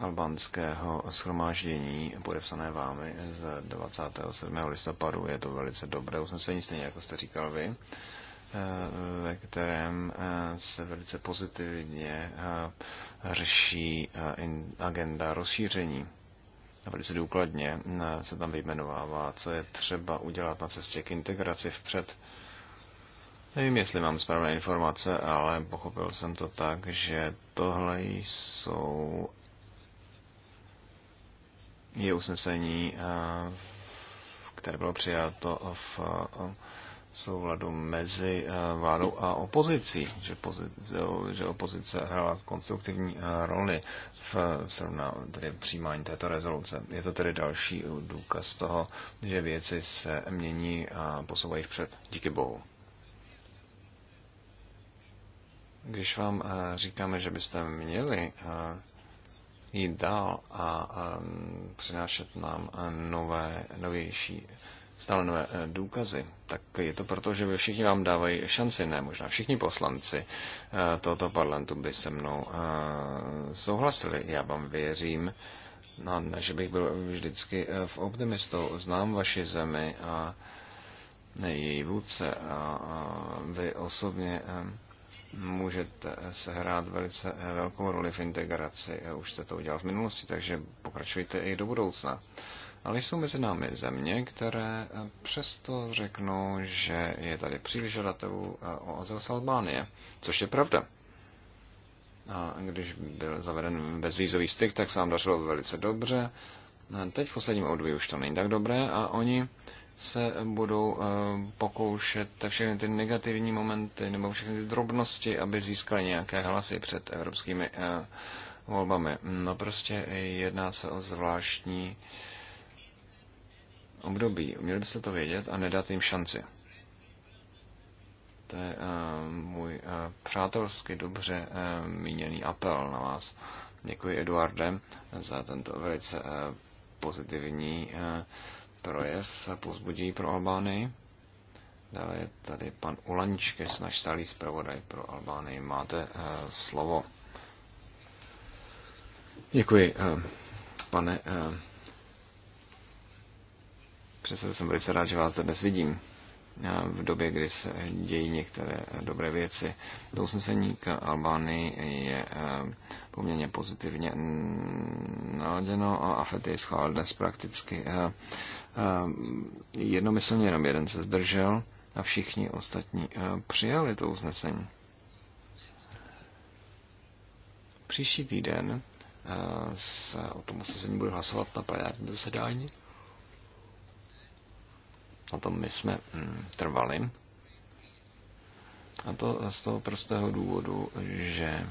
albánského schromáždění podepsané vámi z 27. listopadu. Je to velice dobré usnesení, stejně jako jste říkal vy, eh, ve kterém eh, se velice pozitivně eh, řeší agenda rozšíření. A velice důkladně se tam vyjmenovává, co je třeba udělat na cestě k integraci vpřed. Nevím, jestli mám správné informace, ale pochopil jsem to tak, že tohle jsou je usnesení, eh, které bylo přijato v eh, souladu mezi eh, vládou a opozicí, že, pozice, že opozice hrála konstruktivní roli v srovna, tedy přijímání této rezoluce. Je to tedy další důkaz toho, že věci se mění a posouvají vpřed. Díky bohu. Když vám říkáme, že byste měli jít dál a přinášet nám nové, novější, stále nové e, důkazy, tak je to proto, že všichni vám dávají šanci, ne možná všichni poslanci e, tohoto parlamentu by se mnou e, souhlasili. Já vám věřím, no, ne, že bych byl vždycky v optimistou, znám vaši zemi a její vůdce a vy osobně můžete sehrát velice velkou roli v integraci. Už jste to udělal v minulosti, takže pokračujte i do budoucna. Ale jsou mezi námi země, které přesto řeknou, že je tady příliš žadatelů o azyl z Albánie, což je pravda. A když byl zaveden bezvízový styk, tak se nám dařilo velice dobře. Teď v posledním období už to není tak dobré a oni se budou eh, pokoušet všechny ty negativní momenty nebo všechny ty drobnosti, aby získali nějaké hlasy před evropskými eh, volbami. No prostě jedná se o zvláštní období. Měli byste to vědět a nedat jim šanci. To je eh, můj přátelsky dobře míněný apel na vás. Děkuji Eduardem za tento velice pozitivní uh, projev pozbudějí pro Albánii. Dále je tady pan Ulančkes, náš stálý zpravodaj pro Albánii. Máte eh, slovo. Děkuji, eh, pane eh, Přece Jsem velice rád, že vás zde dnes vidím v době, kdy se dějí některé dobré věci. To usnesení k Albánii je poměrně pozitivně naladěno a AFET je schválil dnes prakticky eh, eh, jednomyslně, jenom jeden se zdržel a všichni ostatní eh, přijali to usnesení. Příští týden se o tom usnesení bude hlasovat na plenárním zasedání. Na tom my jsme mm, trvali. A to z toho prostého důvodu, že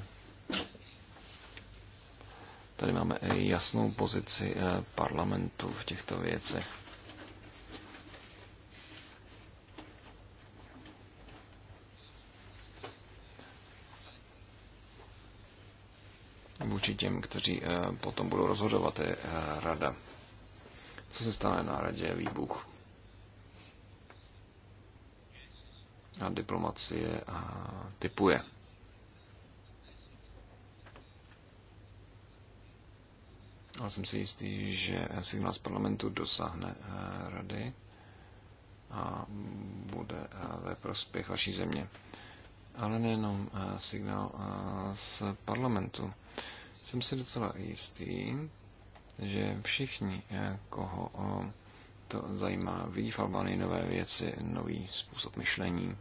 Tady máme jasnou pozici eh, parlamentu v těchto věcech. vůči těm, kteří eh, potom budou rozhodovat, je eh, rada. Co se stane na radě výbuch? A diplomacie a typuje. ale jsem si jistý, že signál z parlamentu dosáhne eh, rady a bude eh, ve prospěch vaší země. Ale nejenom eh, signál z parlamentu. Jsem si docela jistý, že všichni, koho to zajímá, vidí v Albánii nové věci, nový způsob myšlení.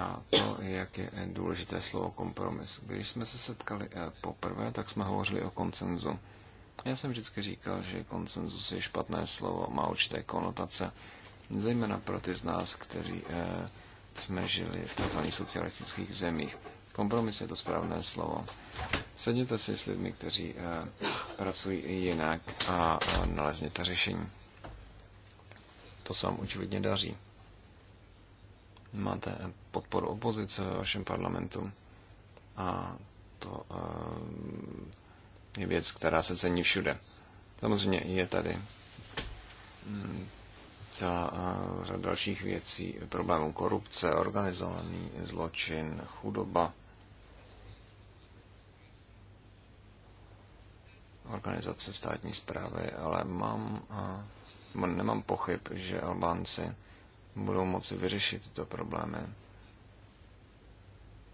a to, jak je důležité slovo kompromis. Když jsme se setkali eh, poprvé, tak jsme hovořili o koncenzu. Já jsem vždycky říkal, že koncenzus je špatné slovo, má určité konotace, zejména pro ty z nás, kteří eh, jsme žili v tzv. socialistických zemích. Kompromis je to správné slovo. Sedněte si s lidmi, kteří eh, pracují jinak a nalezněte řešení. To se vám určitě daří. Máte podporu opozice ve vašem parlamentu a to eh, je věc, která se cení všude. Samozřejmě je tady mm, celá eh, řada dalších věcí, problémů korupce, organizovaný zločin, chudoba, organizace státní zprávy, ale mám, eh, nemám pochyb, že Albánci budou moci vyřešit tyto problémy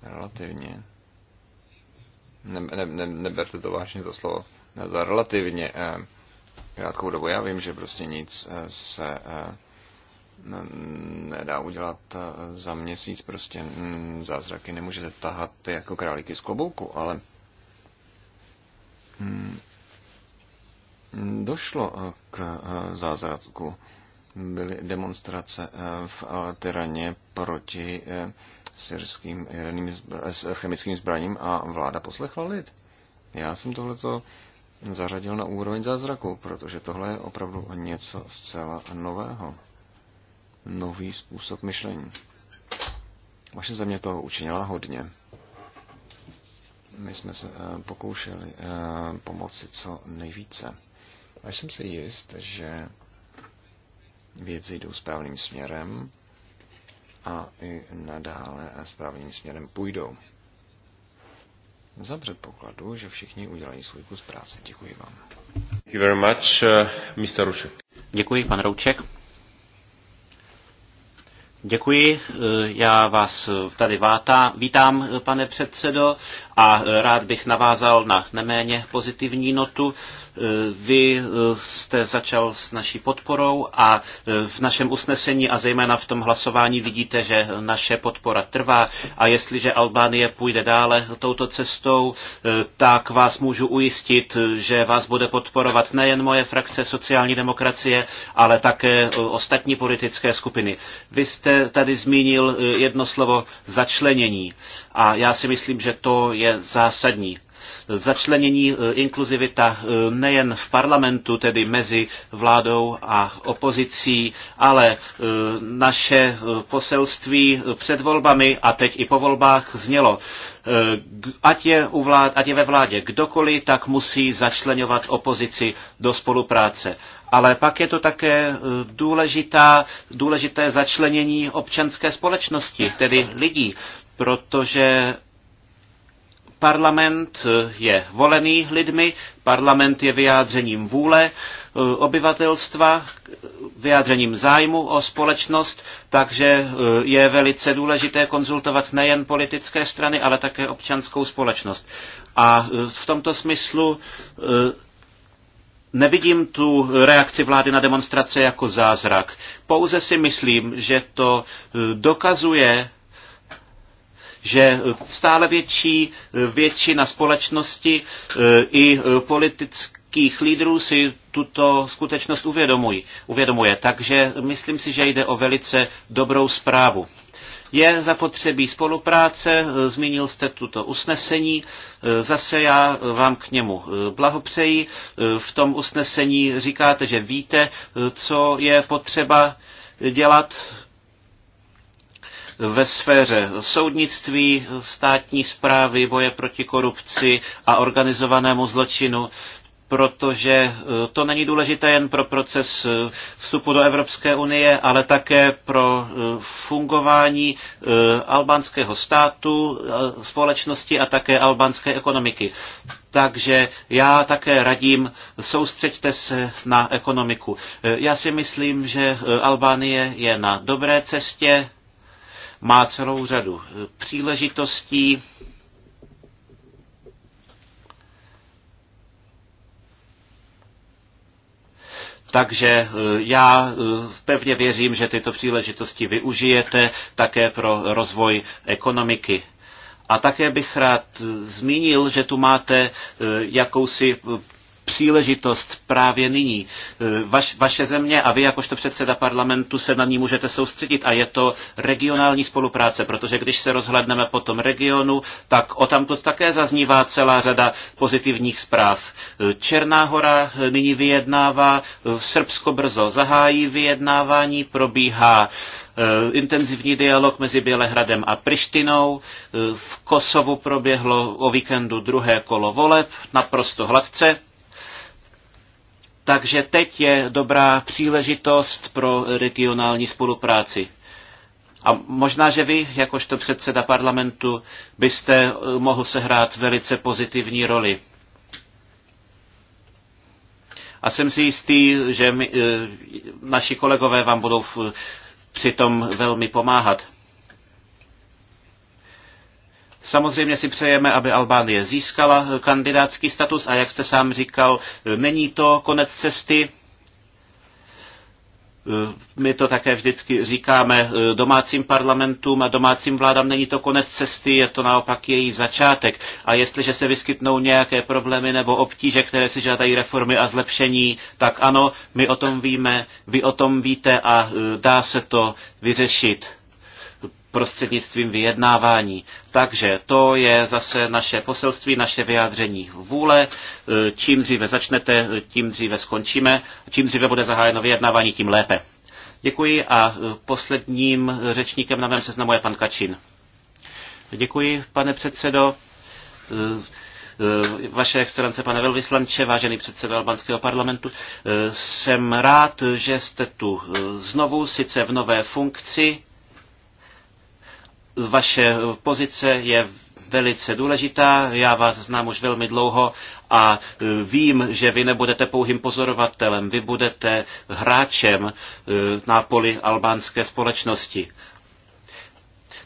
relativně. Ne, ne, ne, neberte to vážně to slovo. Ne, za relativně eh, krátkou dobu. Já vím, že prostě nic eh, se eh, nedá udělat eh, za měsíc, prostě mm, zázraky nemůžete tahat jako králíky z klobouku, ale mm, došlo eh, k eh, zázraku byly demonstrace eh, v eh, Tyraně proti eh, syrským jaderným chemickým zbraním a vláda poslechla lid. Já jsem tohleto zařadil na úroveň zázraku, protože tohle je opravdu něco zcela nového. Nový způsob myšlení. Vaše země toho učinila hodně. My jsme se pokoušeli pomoci co nejvíce. A jsem si jist, že věci jdou správným směrem a i nadále správným směrem půjdou. Za předpokladu, že všichni udělají svůj kus práce. Děkuji vám. Thank you very much, uh, Mr. Ruček. Děkuji, pan Rouček. Děkuji, uh, já vás tady vátá, vítám, uh, pane předsedo, a uh, rád bych navázal na neméně pozitivní notu. Eh, vy eh, jste začal s naší podporou a eh, v našem usnesení a zejména v tom hlasování vidíte, že naše podpora trvá a jestliže Albánie půjde dále touto cestou, tak vás můžu ujistit, že vás bude podporovat nejen moje frakce sociální demokracie, ale také ostatní politické skupiny. Vy jste tady zmínil jedno slovo začlenění a já si myslím, že to je zásadní začlenění e, inkluzivita e, nejen v parlamentu, tedy mezi vládou a opozicí, ale e, naše poselství před volbami a teď i po volbách znělo, ať je, u vlád, ať je ve vládě kdokoliv, tak musí začlenovat opozici do spolupráce. Ale pak je to také důležitá, důležité začlenění občanské společnosti, tedy lidí, protože Parlament eh, je volený lidmi, parlament je vyjádřením vůle eh, obyvatelstva, vyjádřením zájmu o společnost, takže eh, je velice důležité konzultovat nejen politické strany, ale také občanskou společnost. A v tomto smyslu Nevidím tu reakci vlády na demonstrace jako zázrak. Pouze si myslím, že to dokazuje že stále větší většina společnosti e, i politických lídrů si tuto skutečnost uvědomují, uvědomuje. Takže myslím si, že jde o velice dobrou zprávu. Je zapotřebí spolupráce, e, zmínil jste tuto usnesení, e, zase já vám k němu blahopřeji. V tom usnesení říkáte, že víte, co je potřeba dělat ve sféře soudnictví, státní zprávy, boje proti korupci a organizovanému zločinu, protože e, to není důležité jen pro proces e, vstupu do Evropské unie, ale také pro e, fungování albánského státu, společnosti a také albánské ekonomiky. Takže já také radím, soustřeďte se na ekonomiku. Já si myslím, že Albánie je na dobré cestě, má celou řadu příležitostí. Takže eh, já eh, pevně věřím, že tyto příležitosti využijete také pro rozvoj ekonomiky. A také bych rád eh, zmínil, že tu máte jakousi příležitost právě nyní. E, vaš, vaše země a vy jakožto předseda parlamentu se na ní můžete soustředit a je to regionální spolupráce, protože když se rozhledneme po tom regionu, tak o tamtud také zaznívá celá řada pozitivních zpráv. E, Černá hora e, nyní vyjednává, Srbsko brzo zahájí vyjednávání, probíhá intenzivní dialog mezi Bělehradem a Prištinou. V Kosovu proběhlo o víkendu druhé kolo voleb, naprosto hladce. Takže teď je dobrá příležitost pro regionální spolupráci. A možná, že vy, jakožto předseda parlamentu, byste eh, mohl sehrát velice pozitivní roli. A jsem si jistý, že my, eh, naši kolegové vám budou přitom velmi pomáhat. Samozřejmě si přejeme, aby Albánie získala kandidátský status a jak jste sám říkal, není to konec cesty. My to také vždycky říkáme domácím parlamentům a domácím vládám, není to konec cesty, je to naopak její začátek. A jestliže se vyskytnou nějaké problémy nebo obtíže, které si žádají reformy a zlepšení, tak ano, my o tom víme, vy o tom víte a e, dá se to vyřešit prostřednictvím vyjednávání. Takže to je zase naše poselství, naše vyjádření vůle. E, Čím dříve začnete, tím dříve skončíme. Čím dříve bude zahájeno vyjednávání, tím lépe. Děkuji a e, posledním řečníkem na mém seznamu je pan Kačin. Děkuji, pane předsedo. E, vaše excelence, pane velvyslanče, vážený předseda albanského parlamentu, jsem rád, že jste tu znovu, sice v nové funkci, vaše pozice je velice důležitá. Já vás znám už velmi dlouho a e, vím, že vy nebudete pouhým pozorovatelem, vy budete hráčem e, na poli albánské společnosti.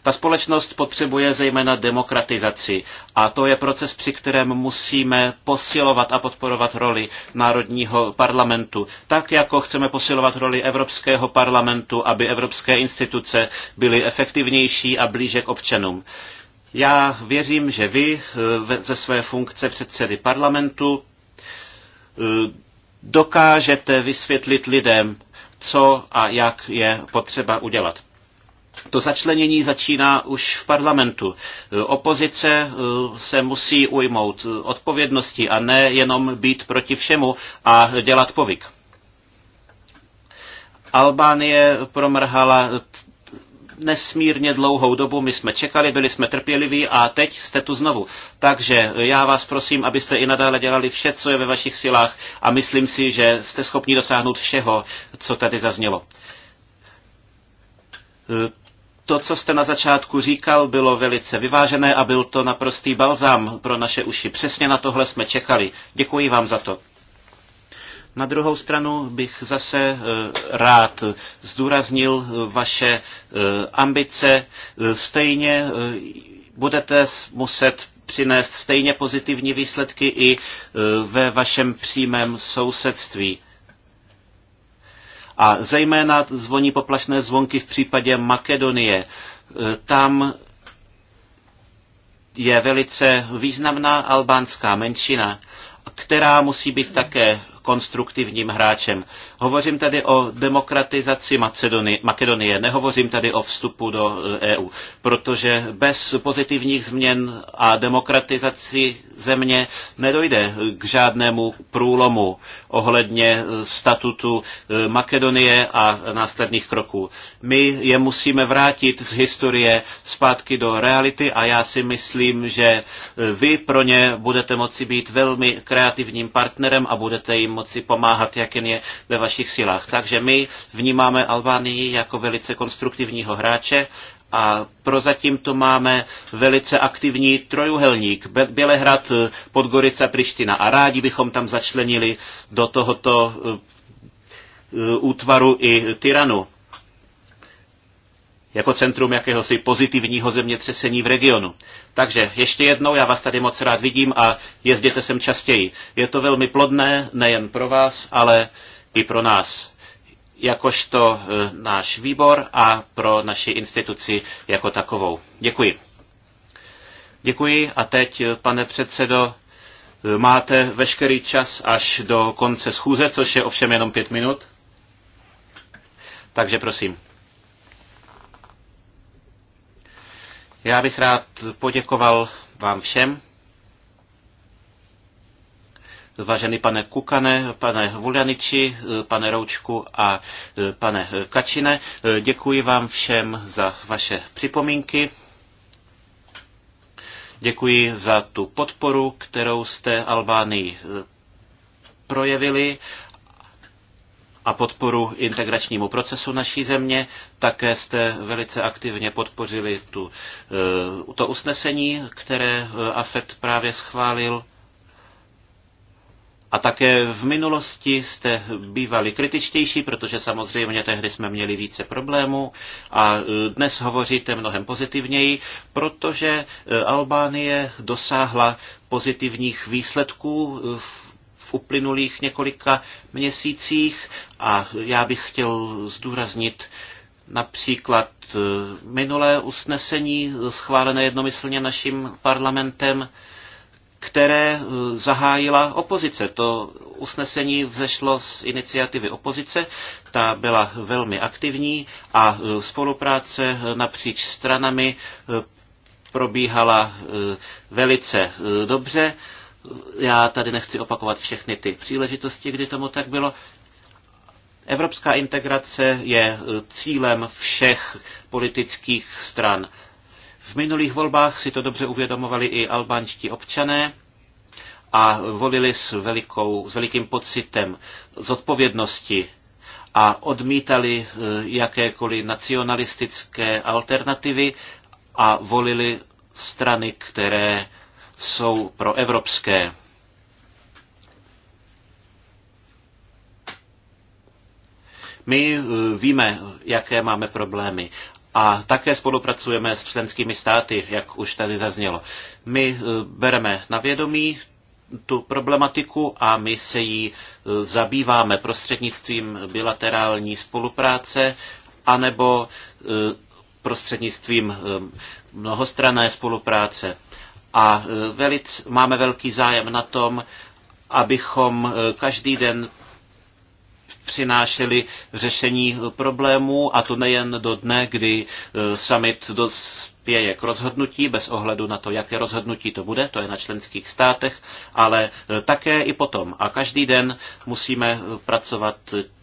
Ta společnost potřebuje zejména demokratizaci a to je proces, při kterém musíme posilovat a podporovat roli národního parlamentu, tak jako chceme posilovat roli Evropského parlamentu, aby evropské instituce byly efektivnější a blíže k občanům. Já věřím, že vy eh, ze své funkce předsedy parlamentu eh, dokážete vysvětlit lidem, co a jak je potřeba udělat. To začlenění začíná už v parlamentu. Opozice eh, se musí ujmout odpovědnosti a ne jenom být proti všemu a dělat povyk. Albánie promrhala nesmírně dlouhou dobu. My jsme čekali, byli jsme trpěliví a teď jste tu znovu. Takže já vás prosím, abyste i nadále dělali vše, co je ve vašich silách a myslím si, že jste schopni dosáhnout všeho, co tady zaznělo to, co jste na začátku říkal, bylo velice vyvážené a byl to naprostý balzám pro naše uši. Přesně na tohle jsme čekali. Děkuji vám za to. Na druhou stranu bych zase e, rád zdůraznil e, vaše e, ambice. Stejně budete muset přinést stejně pozitivní výsledky i ve vašem přímém sousedství. A zejména zvoní poplašné zvonky v případě Makedonie. E, tam je velice významná albánská menšina, která musí být také konstruktivním hráčem. Hovořím tady o demokratizaci Macedony, Makedonie, nehovořím tady o vstupu do EU, eh, e protože bez pozitivních změn a demokratizaci země nedojde k žádnému průlomu ohledně eh, statutu eh, Makedonie a následných kroků. My je musíme vrátit z historie zpátky do reality a já si myslím, že vy pro ně budete moci být velmi kreativním partnerem a budete jim moci pomáhat, jak jen je ve vaší vašich silách. Takže my vnímáme Albánii jako velice konstruktivního hráče a prozatím to máme velice aktivní trojuhelník. Bělehrad, eh, Podgorica, Priština a rádi bychom tam začlenili do tohoto eh, útvaru i Tyranu jako centrum jakéhosi pozitivního zemětřesení v regionu. Takže ještě jednou, já vás tady moc rád vidím a jezděte sem častěji. Je to velmi plodné, nejen pro vás, ale i pro nás jakožto e, náš výbor a pro naši instituci jako takovou. Děkuji. Děkuji a teď, e, pane předsedo, e, máte veškerý čas až do konce schůze, což je ovšem jenom pět minut. Takže prosím. Já bych rád poděkoval vám všem Vážený pane Kukane, pane Vuljaniči, pane Roučku a e, pane Kačine, e, děkuji vám všem za vaše připomínky. Děkuji za tu podporu, kterou jste Albánii e, projevili a podporu integračnímu procesu naší země. Také jste velice aktivně podpořili tu, to usnesení, které AFET právě schválil. A také v minulosti jste bývali kritičtější, protože samozřejmě tehdy jsme měli více problémů a e, dnes hovoříte mnohem pozitivněji, protože e, Albánie dosáhla pozitivních výsledků e, v v uplynulých několika měsících a já bych chtěl zdůraznit například minulé usnesení schválené jednomyslně naším parlamentem, které eh, zahájila opozice. To usnesení vzešlo z iniciativy opozice, ta byla velmi aktivní a eh, spolupráce napříč stranami eh, probíhala velice dobře. Já tady nechci opakovat všechny ty příležitosti, kdy tomu tak bylo. Evropská integrace je cílem všech politických stran v minulých volbách si to dobře uvědomovali i albánští občané a volili s, velikou, s velikým pocitem zodpovědnosti a odmítali eh, jakékoliv nacionalistické alternativy a volili strany, které jsou proevropské. My eh, víme, jaké máme problémy a také spolupracujeme s členskými státy, jak už tady zaznělo. My eh, bereme na vědomí tu problematiku a my se jí eh, zabýváme prostřednictvím bilaterální spolupráce anebo eh, prostřednictvím mnohostrané spolupráce. A velic, máme velký zájem na tom, abychom každý den přinášely řešení problémů a to nejen do dne, kdy e, summit dospěje k rozhodnutí, bez ohledu na to, jaké rozhodnutí to bude, to je na členských státech, ale e, také i potom. A každý den musíme e, pracovat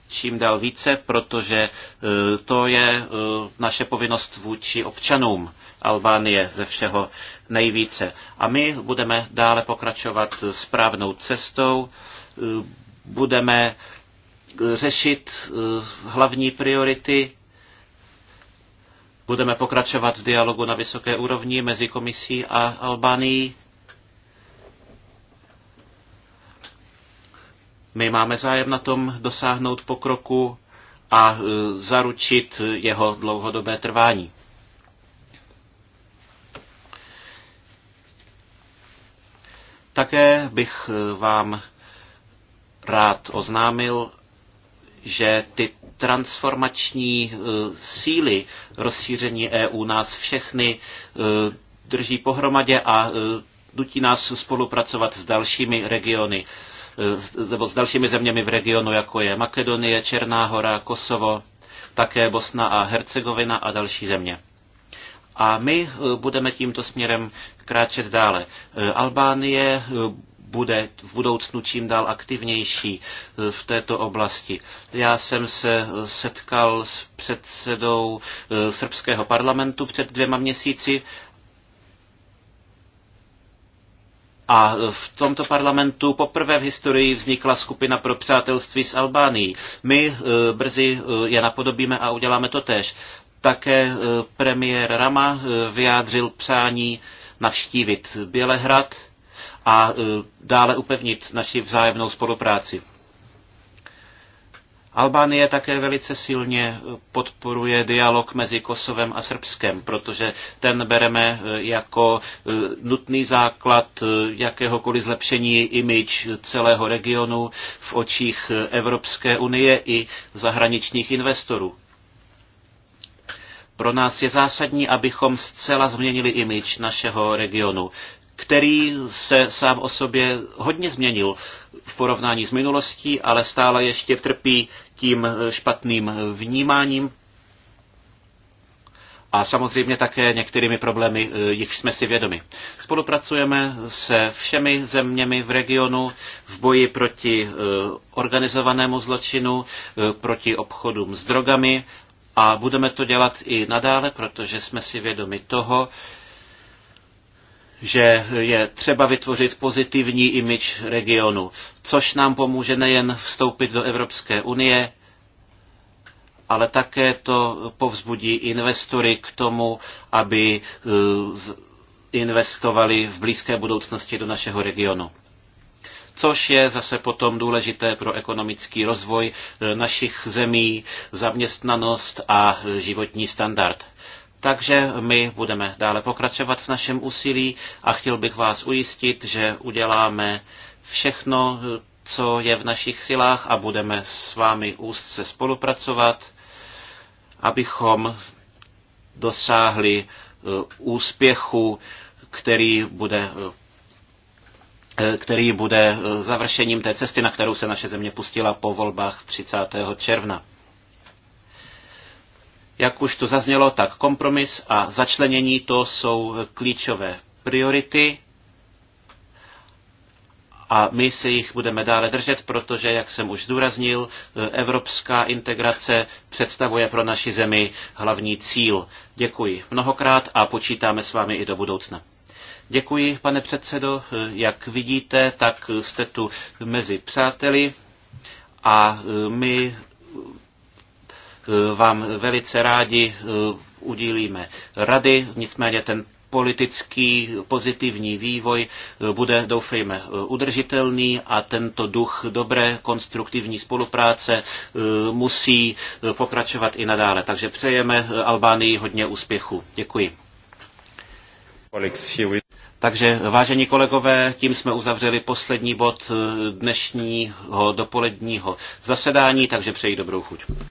čím dál více, protože to je naše povinnost vůči občanům Albánie ze všeho nejvíce. A my budeme dále pokračovat správnou cestou, budeme řešit eh, hlavní priority. Budeme pokračovat v dialogu na vysoké úrovni mezi komisí a Albánií. My máme zájem na tom dosáhnout pokroku a eh, zaručit jeho dlouhodobé trvání. Také bych eh, vám rád oznámil, že ty transformační eh, síly rozšíření EU nás všechny eh, drží pohromadě a eh, nutí nás spolupracovat s dalšími regiony nebo s dalšími zeměmi v regionu, jako je Makedonie, Černá hora, Kosovo, také Bosna a Hercegovina a další země. A my budeme tímto směrem kráčet dále. Albánie bude v budoucnu čím dál aktivnější eh, v této oblasti. Já jsem se eh, setkal s předsedou eh, srbského parlamentu před dvěma měsíci A v tomto parlamentu poprvé v historii vznikla skupina pro přátelství s Albánií. My brzy je napodobíme a uděláme to tež. Také premiér Rama vyjádřil přání navštívit Bělehrad a e, dále upevnit naši vzájemnou spolupráci. Albánie také velice silně e, podporuje dialog mezi Kosovem a Srbskem, protože ten bereme e, jako nutný základ jakéhokoliv zlepšení imič celého regionu v očích Evropské unie i zahraničních investorů. Pro nás je zásadní, abychom zcela změnili imič našeho regionu který se sám o sobě hodně změnil v porovnání s minulostí, ale stále ještě trpí tím špatným vnímáním a samozřejmě také některými problémy, eh, jich jsme si vědomi. Spolupracujeme se všemi zeměmi v regionu v boji proti eh, organizovanému zločinu, eh, proti obchodům s drogami a budeme to dělat i nadále, protože jsme si vědomi toho, že je třeba vytvořit pozitivní imič regionu, což nám pomůže nejen vstoupit do Evropské unie, ale také to povzbudí investory k tomu, aby e, investovali v blízké budoucnosti do našeho regionu. Což je zase potom důležité pro ekonomický rozvoj e, našich zemí, zaměstnanost a e, životní standard. Takže my budeme dále pokračovat v našem úsilí a chtěl bych vás ujistit, že uděláme všechno, co je v našich silách a budeme s vámi úzce spolupracovat, abychom dosáhli eh, úspěchu, který bude eh, který bude eh, završením té cesty, na kterou se naše země pustila po volbách 30. června. Jak už tu zaznělo, tak kompromis a začlenění to jsou klíčové priority a my se jich budeme dále držet, protože, jak jsem už zdůraznil, evropská integrace představuje pro naši zemi hlavní cíl. Děkuji mnohokrát a počítáme s vámi i do budoucna. Děkuji, pane předsedo. Jak vidíte, tak jste tu mezi přáteli a my Eh, vám velice rádi eh, udílíme rady, nicméně ten politický pozitivní vývoj eh, bude, doufejme, udržitelný a tento duch dobré konstruktivní spolupráce musí pokračovat i nadále. Takže přejeme Albánii hodně úspěchu. Děkuji. Takže, vážení kolegové, tím jsme uzavřeli poslední bod dnešního dopoledního zasedání, takže přeji dobrou chuť.